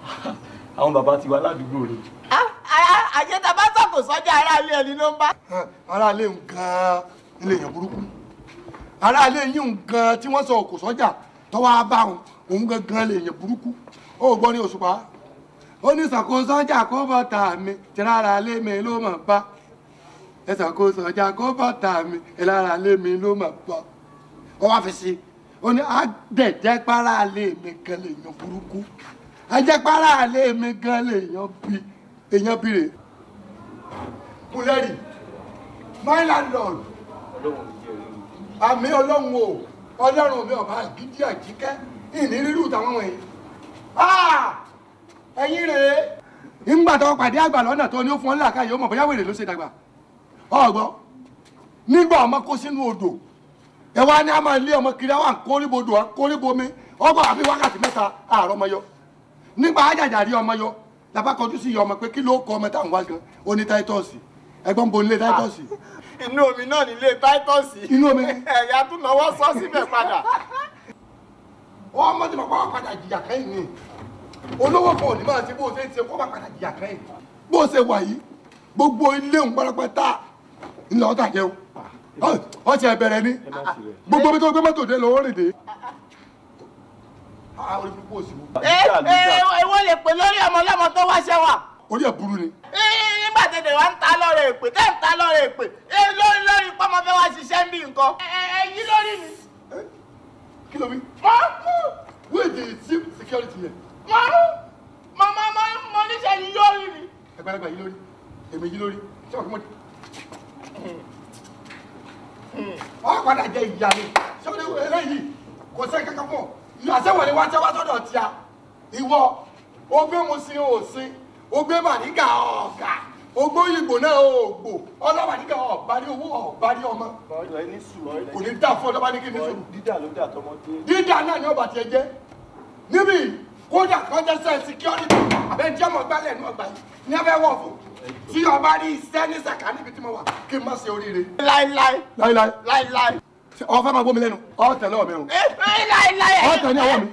Àwọn bàbá ti wá ládùúgbò rẹ̀ àjẹta bá sàkó sọ́jà aráalé ẹni ló ń bá. aráalé nǹkan ilé èèyàn burúkú aráalé yín nǹkan tí wọ́n sọ kò sọ́jà tọ́wọ́ abá òun òun gangan lè èèyàn burúkú ó gbọ́ ní òṣùpá ó ní sàkó sọ́jà kó bọ́ tà mí tí rárá lé mi ló mọ̀ bá ẹ sàkó sọ́jà kó bọ́ tà mí ẹ rárá lé mi ló mọ̀ bá ọ wá fi sí ó ní àdẹ̀jẹ́ párá lé mi gan lè èèyàn burúkú àjẹpárá lé mi gan lè èèyàn bíi. èèyàn bìrè mo lẹ́rì àmì ọlọ́run o ọlọ́run mi ọba gidi àjíkẹ́ ìní rírù táwọn wọ̀nyí ah! ẹ̀yin rèé nígbà tó pàdé àgbà lọ́nà tó ní ó fún ọ láàká ọmọ bóyá wèrè ló ṣe dàgbà nígbà ọmọ kó sínú odò ẹ wá ní a máa lé ọmọ kiri àwọn ọgbà wákàtí mẹ́ta àárọ̀ ọmọ yọ nígbà rí ọmọ yọ la bá kọjú sí ìyá ọmọ pé kí ló kọ ọmọ táwọn wá gan ó ní táítọ́ọ̀sì ẹgbọ́n bo nílé táítọ́ọ̀sì. inú omi náà nílé táítọ́ọ̀sì. inú omi. ẹ̀yà tún lọ́wọ́ sọ síbẹ̀ padà. wọ́n mọ̀ tí mo kọ́ padà jìyà kẹ́yìn ni olówó kan ò ní máa ṣe bó ṣe ń ṣe kó má padà jìyà kẹ́yìn. bó ṣe wà yìí gbogbo ilé òun pátápátá ńlọ ọ̀tà jẹun ọ̀ṣẹ̀ bẹ̀rẹ̀ ni gbogbo bí tó gbé mọ́tò dé lọ́wọ́ rèé àwọn ibi kò sí. ẹ wọ́n lè pè lórí ọmọ ọlọ́mọ tó wá ṣẹ́wà. orí ẹ̀ burú ni. nígbà tètè wá ń ta lọ́rọ̀ èpè tẹ́ ń ta lọ́rọ̀ èpè lórí lórí pọ́mọ fẹ́ wá ṣiṣẹ́ ń bí nǹkan. ẹyí lórí mi. kí ló mi. wíì di sí security yẹn. mo mo mo mo níṣẹ́ yí lórí mi. ẹgbẹ́lẹ́gbẹ́ yí lórí èmi yí lórí ṣé wàá kí wọ́n hmm. Hmm. padà àṣẹwọlé wá tẹ́wá sọ́dọ̀ tí a ìwọ ó gbé mu sí òsín ó gbé bàdígà ọ̀gà ogbó ìgbò náà ògbò ọlọ́bàdígà ọ̀bárí owó ọ̀bárí ọmọ kò ní dà fún ọlọ́bàdí kí ní sùn. dídà ló dà tọmọdé. dídà náà ni ó bàtì ẹ jẹ níbi kódà kan jẹ sẹ síkírọ́tì abẹ́ntí ọmọ gbálẹ̀ ní ọgbà yìí ní abẹ́ wọ̀ fún tí ọba rí iṣẹ́ ní sàkà níbi tí mo wà kí n má ṣe oríire. láíláí láíláí láíláí ọ fẹ́ máa gbómi lẹ́nu ọ tẹ̀lé ọ̀mẹ́ o ọ eh, eh, tẹ̀lé ọwọ́ mi.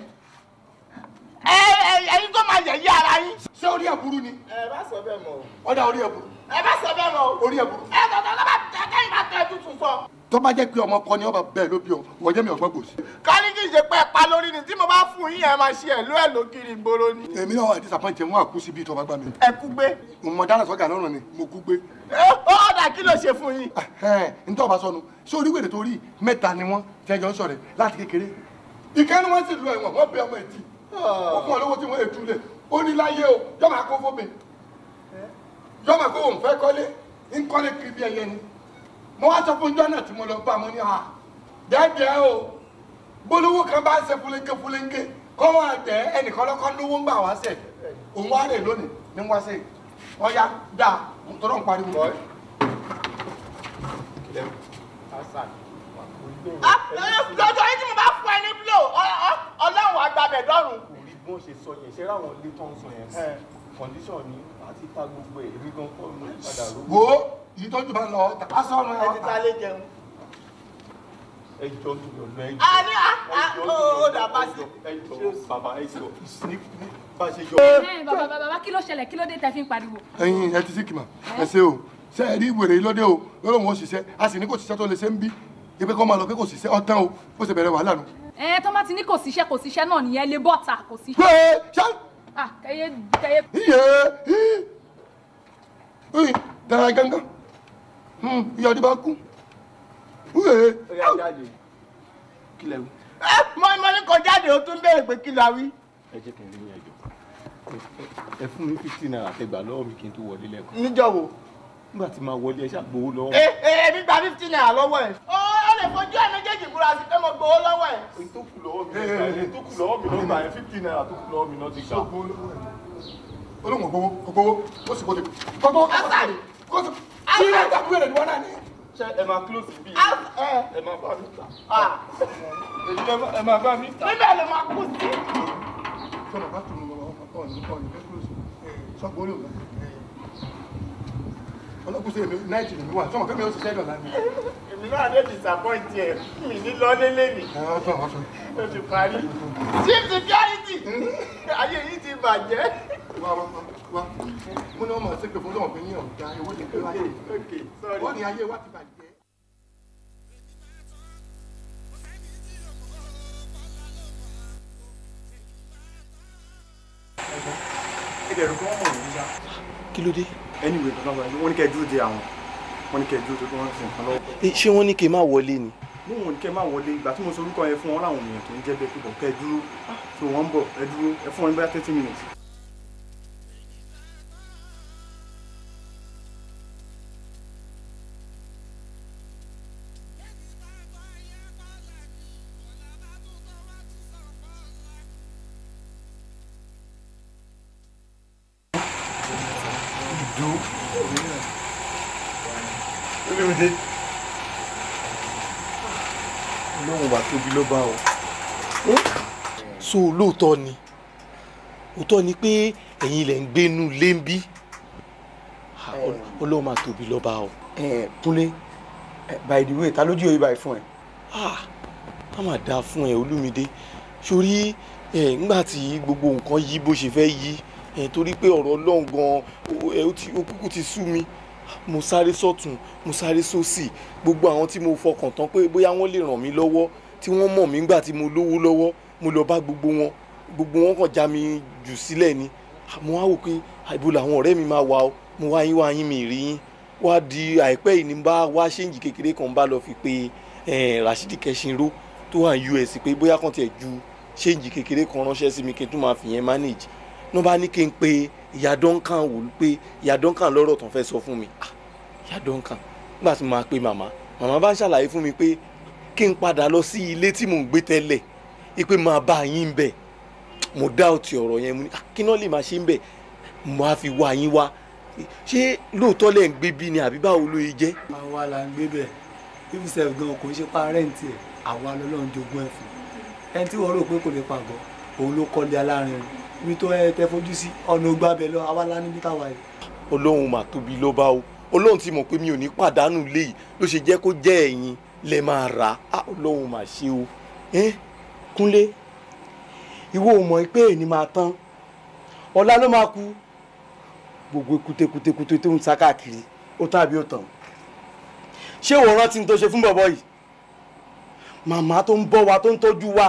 Eh, ẹyin tó máa yẹ̀ yí ara yín. ṣé orí ẹ̀ burú ni. ẹ bá sọ bẹ́ẹ̀ mọ́. ọ̀dà orí ẹ̀ burú. ẹ bá sọ bẹ́ẹ̀ mọ́. orí ẹ̀ burú. ẹ tọ̀tọ̀ lọ́ba tẹ̀ bá tẹ̀ tuntun sọ tó bá jẹ́ pé ọmọ kọ ni ọba bẹ́ẹ̀ ló bí ọ wọ́n jẹ́ mi ọ̀gbọ́n kò sí. kárí kì í ṣe pé ẹ̀pá lórí ni tí mo bá fún yín ẹ máa ṣe ẹ̀lú ẹ̀ lókiri ìgboro ni. èmi náà wà disappoint wọn àkú sí bíi tọba gbà mí. ẹ kú gbé. mo dáná sọgà lọ́rùn ni mo kú gbé. ó ọ̀dà kí ló ṣe fún yín. n tọ́ ọba sọnù ṣé oríwèrè tó rí mẹ́ta ni wọ́n tẹ́jọ́ ń sọ̀rẹ̀ láti kékeré. ìkẹ́ni wọ́n sì lu ẹ̀wọ̀n wọ́n bẹ ọmọ ètí ó fún ọ lówó tí wọ́n ètú lẹ̀ ó ní láyé o yọ́ọ̀ máa kó fómi yọ́ọ̀ máa kó òun fẹ́ kọ́lé ń kọ́lé kiri bí ẹyẹ ni mo wá sọ fún jọ́nà tí mo lọ bá mo ní ha ah, jẹ́jẹ́ o bolówó kan bá ṣe fúlẹ́ńgé fúlẹ́ńgé kọ́ wọn àtẹ ẹnìkan lọ́kọ́ lówó ń gbà wá sẹ̀ òun wá rè lónìí ní wá sẹ̀ ọ̀ya dà tọ́lọ́ ń pariwo. Ah, lọ́jọ́ yìí tí mo bá fún ẹ ní blo ọlọ́run àgbàbẹ̀ dọ́rùn. kò rí bí wọ́n ṣe sọ yẹn ṣe ráwọn ilé tó ń sọ yẹn kọ́ndíṣọ̀n eh. ni àti ta gbogbo ẹ̀ rí gan kọ́ ló padà lówó yìí tọ́jú bá lọ ọ̀tà aṣọ ọ̀nà ọ̀tà. ẹjọ́ tó lọ lọ ẹjọ́. a ní ó ẹjọ́ bàbá ẹjọ́ bá ṣe jọ. Eh, eh, bàbá bàbá kí ló ṣẹlẹ̀ kí ló dé tẹ́ fi ẹyin ẹ ti sí eh? ẹ ṣe o ṣe ẹ rí wèrè lóde o lọ́dọ̀ wọn ṣiṣẹ́ a sì ní kò ṣiṣẹ́ tó lè ṣe ń bí ibi kan máa lọ pé kò ṣiṣẹ́ ọ̀tán o bó ṣe bẹ̀rẹ̀ wàhálà nu. ẹ tó ti ní kò ṣiṣẹ́ kò ṣiṣẹ́ náà nìyẹn lè bọ́ ta kò ṣiṣẹ́. pé ṣá. Ah, kẹyẹ kẹyẹ. iye dára gángan. Hmm, ìyàdí bá kú. mọ́nìmọ́ ní kò jáde ó tún béèrè pé kí la wí. ẹ jẹ́ kí n ní ẹjọ́ ẹ fún mi fifty naira tẹgbà lọ́wọ́ mi kí n tó wọlé lẹ́kọ̀ọ́. níjọ́ wo. nígbà tí màá wọlé ẹ ṣáà gbowó lọ́wọ́. ẹ ẹ ẹbí gba fifty naira lọ́wọ́ ẹ. ó ó lè fojú ẹ méjèèjì búra sí pé mo gbowó lọ́wọ́ ẹ. èyí tó kù lọ́wọ́ mi èyí tó kù lọ́wọ́ mi lọ́gbà ẹ fifty naira tó kù lọ́wọ́ mi lọ́ ti gbà. olóhùn ògbówó ògbówó ó sì kó kó tó tí ẹ gbà pé ìrẹ̀lú wọn náà ni. ṣé ẹ máa close bí ẹ máa bá mi tà ah. Ah. èyí ẹ máa bá mi tà. bíbẹ̀ ló máa kú sí. sọ̀rọ̀ bá tún lọ ọ̀nì ọ̀nì fẹ́ close sọ́gbọ́n ló ń ọlọ́kùnrin sèmi náìtì lèmi wà sọ́mọ fẹ́mi ó ṣiṣẹ́ dọ̀la ni. èmi náà lè disappoint yẹ mi ní lọ́lélé ni. ọ̀sán ọ̀sán. o ti parí. chief security ayé yìí ti bàjẹ́ wá wá wá mo ní wọn máa ṣépè fún lọ́wọ́ pé yín ọ̀gá owó ti pé wáyé wọ́n ní ayé wa ti bàjẹ́. ìbẹ̀rù kí wọ́n mọ̀ lórí yá. kí ló dé. anyway bàbá wa wọ́n ní kẹ́ ẹ dúró de àwọn wọ́n ní kẹ́ dúró de wọ́n sì ń kan lọ́wọ́. Eh, ṣé wọ́n ní kí n má wọlé ni. ní wọn ní kẹ́ ẹ má wọlé ìgbà tí mo sọ orúkọ yẹn fún wọn láwọn èèyàn tó ń jẹ́ bẹ́ẹ̀ pípọ̀ kẹ́ ẹ dúró tó ah, wọ́n ń ẹ dúró ẹ fún wọn ní bá thirty minutes ló bá o. so lóòótọ́ ni òótọ́ ni pé ẹ̀yin lẹ̀ ń gbénu lẹ́ńbí ọlọ́run máa tóbi lọ́ba o. kúnlé by the way ta ló jí òye báyìí fún ẹ. a máa dáa fún ẹ olúmídé sórí nígbà tí gbogbo nǹkan yí bó ṣe fẹ́ yí torí pé ọ̀rọ̀ ọlọ́run gan-an ó kúkú ti sú mi mo sáré sọ́tún mo sáré sósì gbogbo àwọn tí mo fọkàn tán pé bóyá wọ́n lè ràn mí lọ́wọ́ tí wọ́n mọ̀ mí gbà tí mo lówó lọ́wọ́ mo lọ bá gbogbo wọn gbogbo wọn kàn já mi jù sílẹ̀ ni mo wá wò pé ibo làwọn ọ̀rẹ́ mi máa wà o mo wá yín wá yín mi rí yín wá di àìpẹ́ yìí ni bá wá ṣéǹjì kékeré kan bá lọ fi pe Rashidi Kẹsìnró tó wà ní US pé bóyá kàn tiẹ̀ ju ṣéǹjì kékeré kan ránṣẹ́ sí mi kí n tún máa fi yẹn manage ní wọ́n bá ní kí n pe ìyá duncan wò pé ìyá duncan lọ́rọ̀ tó ń fẹ́ sọ fún mi ah, ìyá duncan nígbà tí mo máa pe màmá màmá bá ń ṣàlàyé fún mi pé kí n padà lọ sí ilé tí mò ń gbé tẹ́lẹ̀ ipe máa bá yín bẹ̀ mo dá ọ̀rọ̀ yẹn mu ni kí náà lè máa ṣe ń bẹ̀ mo á fi wá yín wá ṣé lóòótọ́ lẹ̀ ń gbé bí ni àbí báwo ló yẹ jẹ́. àwa la ń gbé bẹ̀ if sef gan kò ń ṣe párẹ́ǹtì ẹ̀ àwa lọ́lọ́run jogún ẹ̀ fún ẹni tí wọ́n rò pé kò lè pàgọ́ òun ló kọ́lé alárinrin ibi tó tẹ fojú sí ọ̀nà ògbà bẹ̀ lọ àwa lá níbi táwa yìí. olóhùn mà tóbi ló bá o olóhùn ti mọ̀ pé mi ò ní pàdánù léyìí ló ṣe jẹ́ kó jẹ́ ẹ̀yin lè máa rà á lóhùn mà ṣe o kúnlé ìwọ ò mọ̀ pé èyí máa tán ọ̀la ló máa kú gbogbo kutekutekutu tó ń sá káàkiri ó tán àbí ó tán ṣé wọ́n rántí ní tó ṣe fún bọ̀bọ̀ yìí màmá tó ń bọ́ wa tó ń tọ́jú wa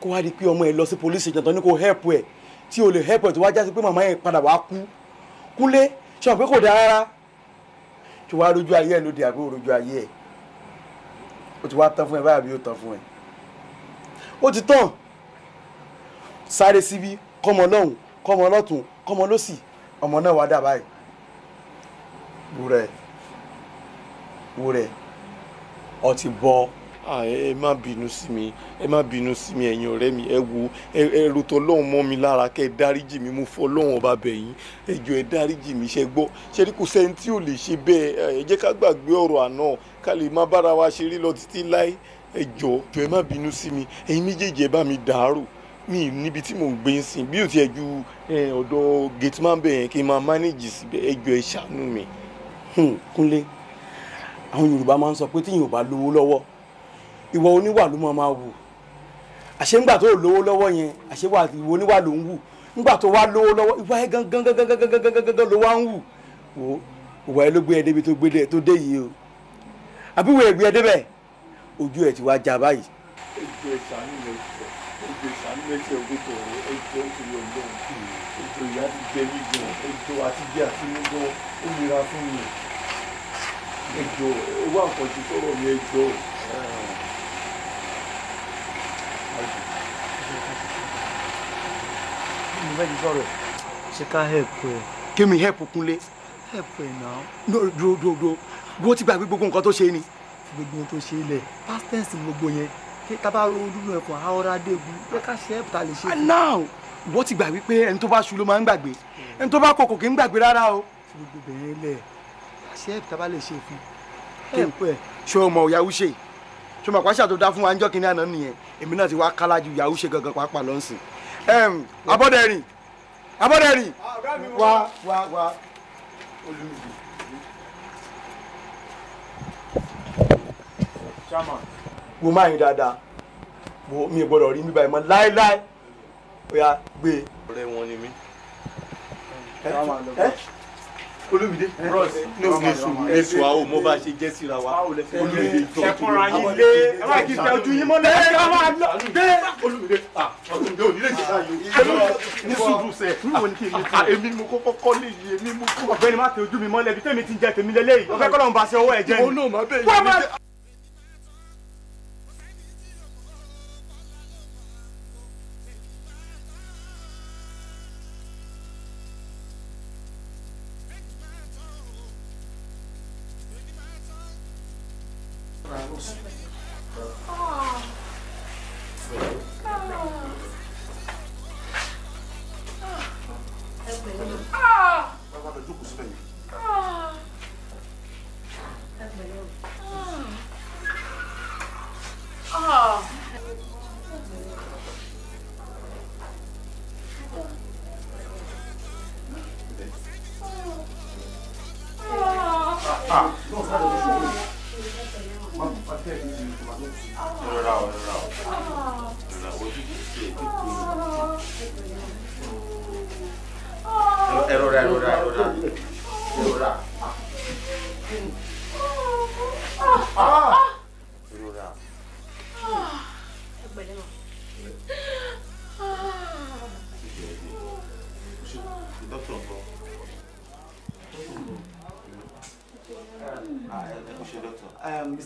kó wá di pé ọmọ ẹ lọ sí polisi ìjọba ní kò help ẹ tí o lè help ẹ tó wá jásí pé màmá yẹn padà wá kú kúnlé ṣe wọn pé kò dáa rárá tí wàá rojú ayé ẹ lóde àbí òrojú ayé ẹ ó ti wá tán fún ẹ báyà bí ó tán fún ẹ ó ti tán sáré síbi kọmọ lọ́hùn kọmọ lọ́tùn kọmọ lọ́sì ọmọ náà wá dà báyìí wúrẹ wúrẹ ọ bọ ẹ má bínú sí mi ẹ má bínú sí mi ẹ̀yin ọ̀rẹ́ mi ẹ wo ẹrù tó lọ́hùn mọ́ mi lára kẹ́ ẹ dáríjì mi mo fọ́ lọ́hùn ọba bẹ̀yìn ẹ jọ̀ọ́ ẹ dáríjì mi ṣe gbọ́ ṣe rí kò sẹ́ni tí ò lè ṣe bẹ́ẹ̀ ẹ jẹ́ ká gbàgbé ọ̀rọ̀ àná ká lè má bára wa ṣeré lọ títí láé ẹ jọ̀ọ́ jọ̀ọ́ ẹ má bínú sí mi ẹ̀yin méjèèjì ẹ bá mi dàárò mi níbi tí mò ń gbé sí bí ó ti ẹ̀ ju ọ̀dọ̀ gateman bẹ̀yẹn kí n máa manage síbẹ̀ ẹ ẹ ṣàánú mi. Hmm, Kúnlé àwọn Yorùbá máa ń sọ pé tí Yorùbá lówó lọ́wọ́ ìwọ oníwà ló máa máa wò àṣé ńgbà tó lówó lọ́wọ́ yẹn àṣé wà ìwọ oníwà ló ń wù ńgbà tó wá lówó lọ́wọ́ ìwà ẹ gangan gangan gangan gangan gangan ló wá ń wù wò ìwà ẹ ló gbé ẹ débi tó gbé tó dé o àbí ìwà ẹ gbé ẹ já báyìí. ojú ẹ mo fẹ́ ti sọ̀rọ̀ ẹ̀ ṣe ká help ẹ̀. kémi help Kúnlé. help ẹ̀ náà. no do do do bó ti gbàgbé gbogbo nǹkan tó ṣe ni. gbogbo tó ṣe ilẹ̀ past tense gbogbo yẹn tábà olúlo ẹ̀kọ́ ahọ́ra dégun pé ká ṣe help ta lè ṣe. now bó ti gbàgbé go ẹni tó bá ṣu ló máa ń gbàgbé ẹni tó bá kọkò kì í gbàgbé rárá o. gbogbo bẹ̀rẹ̀ lẹ̀ ṣe help ta bá lè help ẹ̀. ṣé o mọ̀ ọ̀yà tó mọ̀ pàṣà tó dá fún wa ń jọ́ kínní àná nìyẹn èmi náà ti wá kálájú yahoo ṣe gangan pàápàá lọ́sìn abọ́dẹ̀rìn abọ́dẹ̀rìn wá wá wá olùmìbì. wo máa yin dáadáa wo mi gbọ́dọ̀ rí mi báyìí mọ́ láéláé o yá gbé. E. ọ̀rẹ́ wọn ni mí. ẹ ẹ olómìdé bros ní oge sùnwó ẹ sùn àwọn ọmọ bá ṣe jẹ síra wa olómìdé jọ ẹkùnrin yín lé ẹ máa kí n ojú yín mọ́lẹ̀ ẹ ká máa lọ dé olómìdé ah olómìdé ò ní lè jẹ báyìí ní sùúrù sẹ ah, ah, èmi mo kọ́kọ́ kọ lè yé èmi mo kọ. ọ̀gbẹ́ni má tẹ ojú mi mọ́lẹ̀ ibi tẹmí ti jẹ tèmi lẹ́lẹ̀ yìí ọ̀gbẹ́ni bá ṣe ọwọ́ ẹ jẹ ni.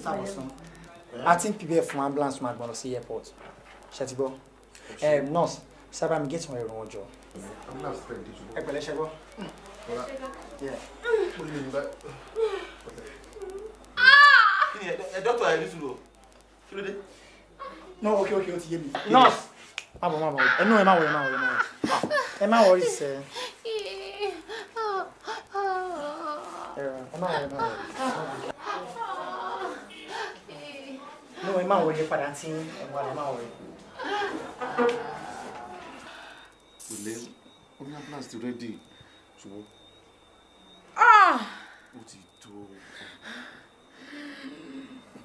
sista Bọ̀sán a ti ń prepare fún ambulance máa gbọ́n lọ sí airport ṣe ti gbọ́ eh, nurse sábà mi gẹ́tì wọn ẹ̀rọ wọn jọ. ẹ pẹ̀lẹ́ ṣe gbọ́. Ah! ẹ dọ́tọ̀ ẹ no okay okay o ti yé mi. nurse má bọ̀ má bọ̀ ẹnu ẹ má wọ̀ ẹ má wọ̀ ẹ má wọ̀ ah, ẹ má wọ̀ ẹ sẹ́ ẹ má wọ̀ ẹ no ẹ má wọlé padà tí ẹ wà ẹ má wọlé. kò lè omi ambulance ti rẹ́dì ṣùgbọ́n ó ti tó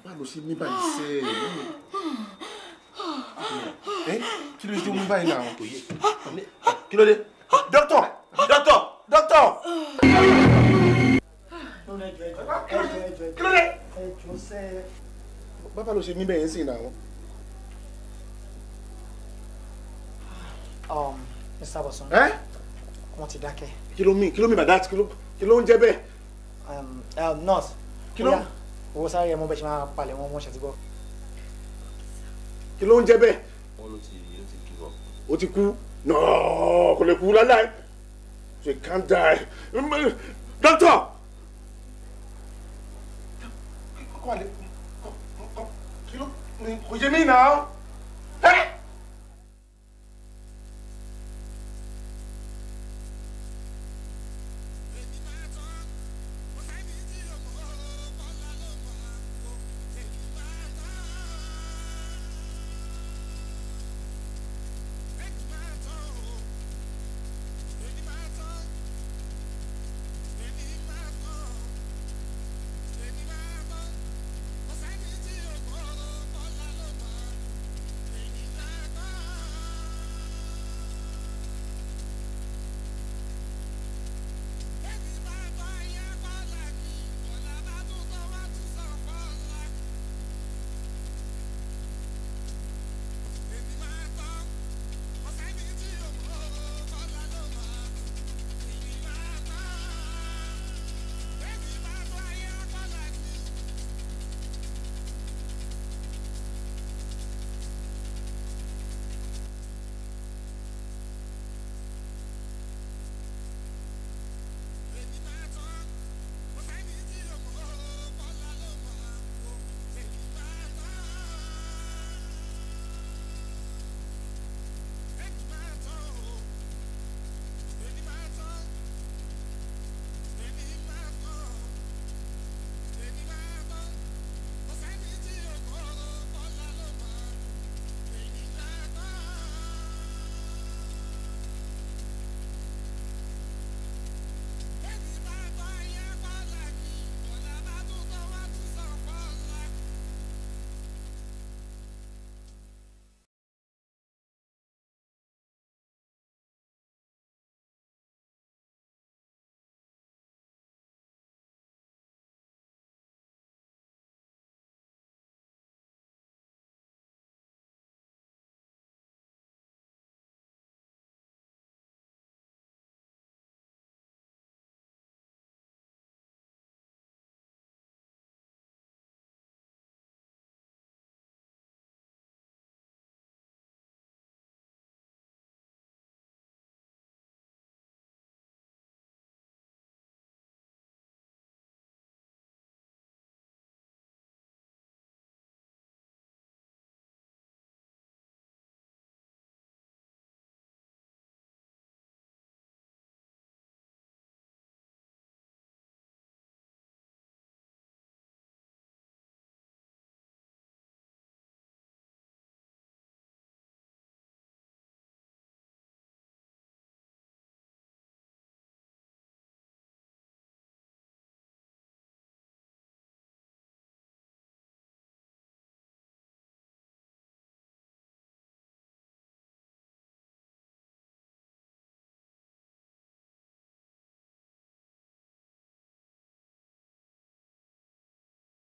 bá lọ sí ní báyìí sẹ́ ẹ kí ló dé mú báyìí náà kò yẹ kí ló dé dókítà dókítà dókítà. kí ló dé kí ló dé. ẹ jọ sẹ́ẹ̀ bàbá ló ṣe mí bẹ́ẹ̀ ń sìn náà. Mr. Bosun. ẹ. wọ́n ti dákẹ́. kí ló mean kí ló mean by that kí ló ń jẹ́ bẹ́ẹ̀. Um, um, nurse kí ló owó sáré ẹmọ bẹ́ẹ̀ ṣe máa palẹ̀ wọn wọ́n ṣàtìgbọ́. kí ló ń jẹ́ bẹ́ẹ̀. wọ́n ló ti ló ti kú ọ. ti kú nọ́ọ̀ kò lè kú láláì she can't die. doctor. 你回去么呢？哎！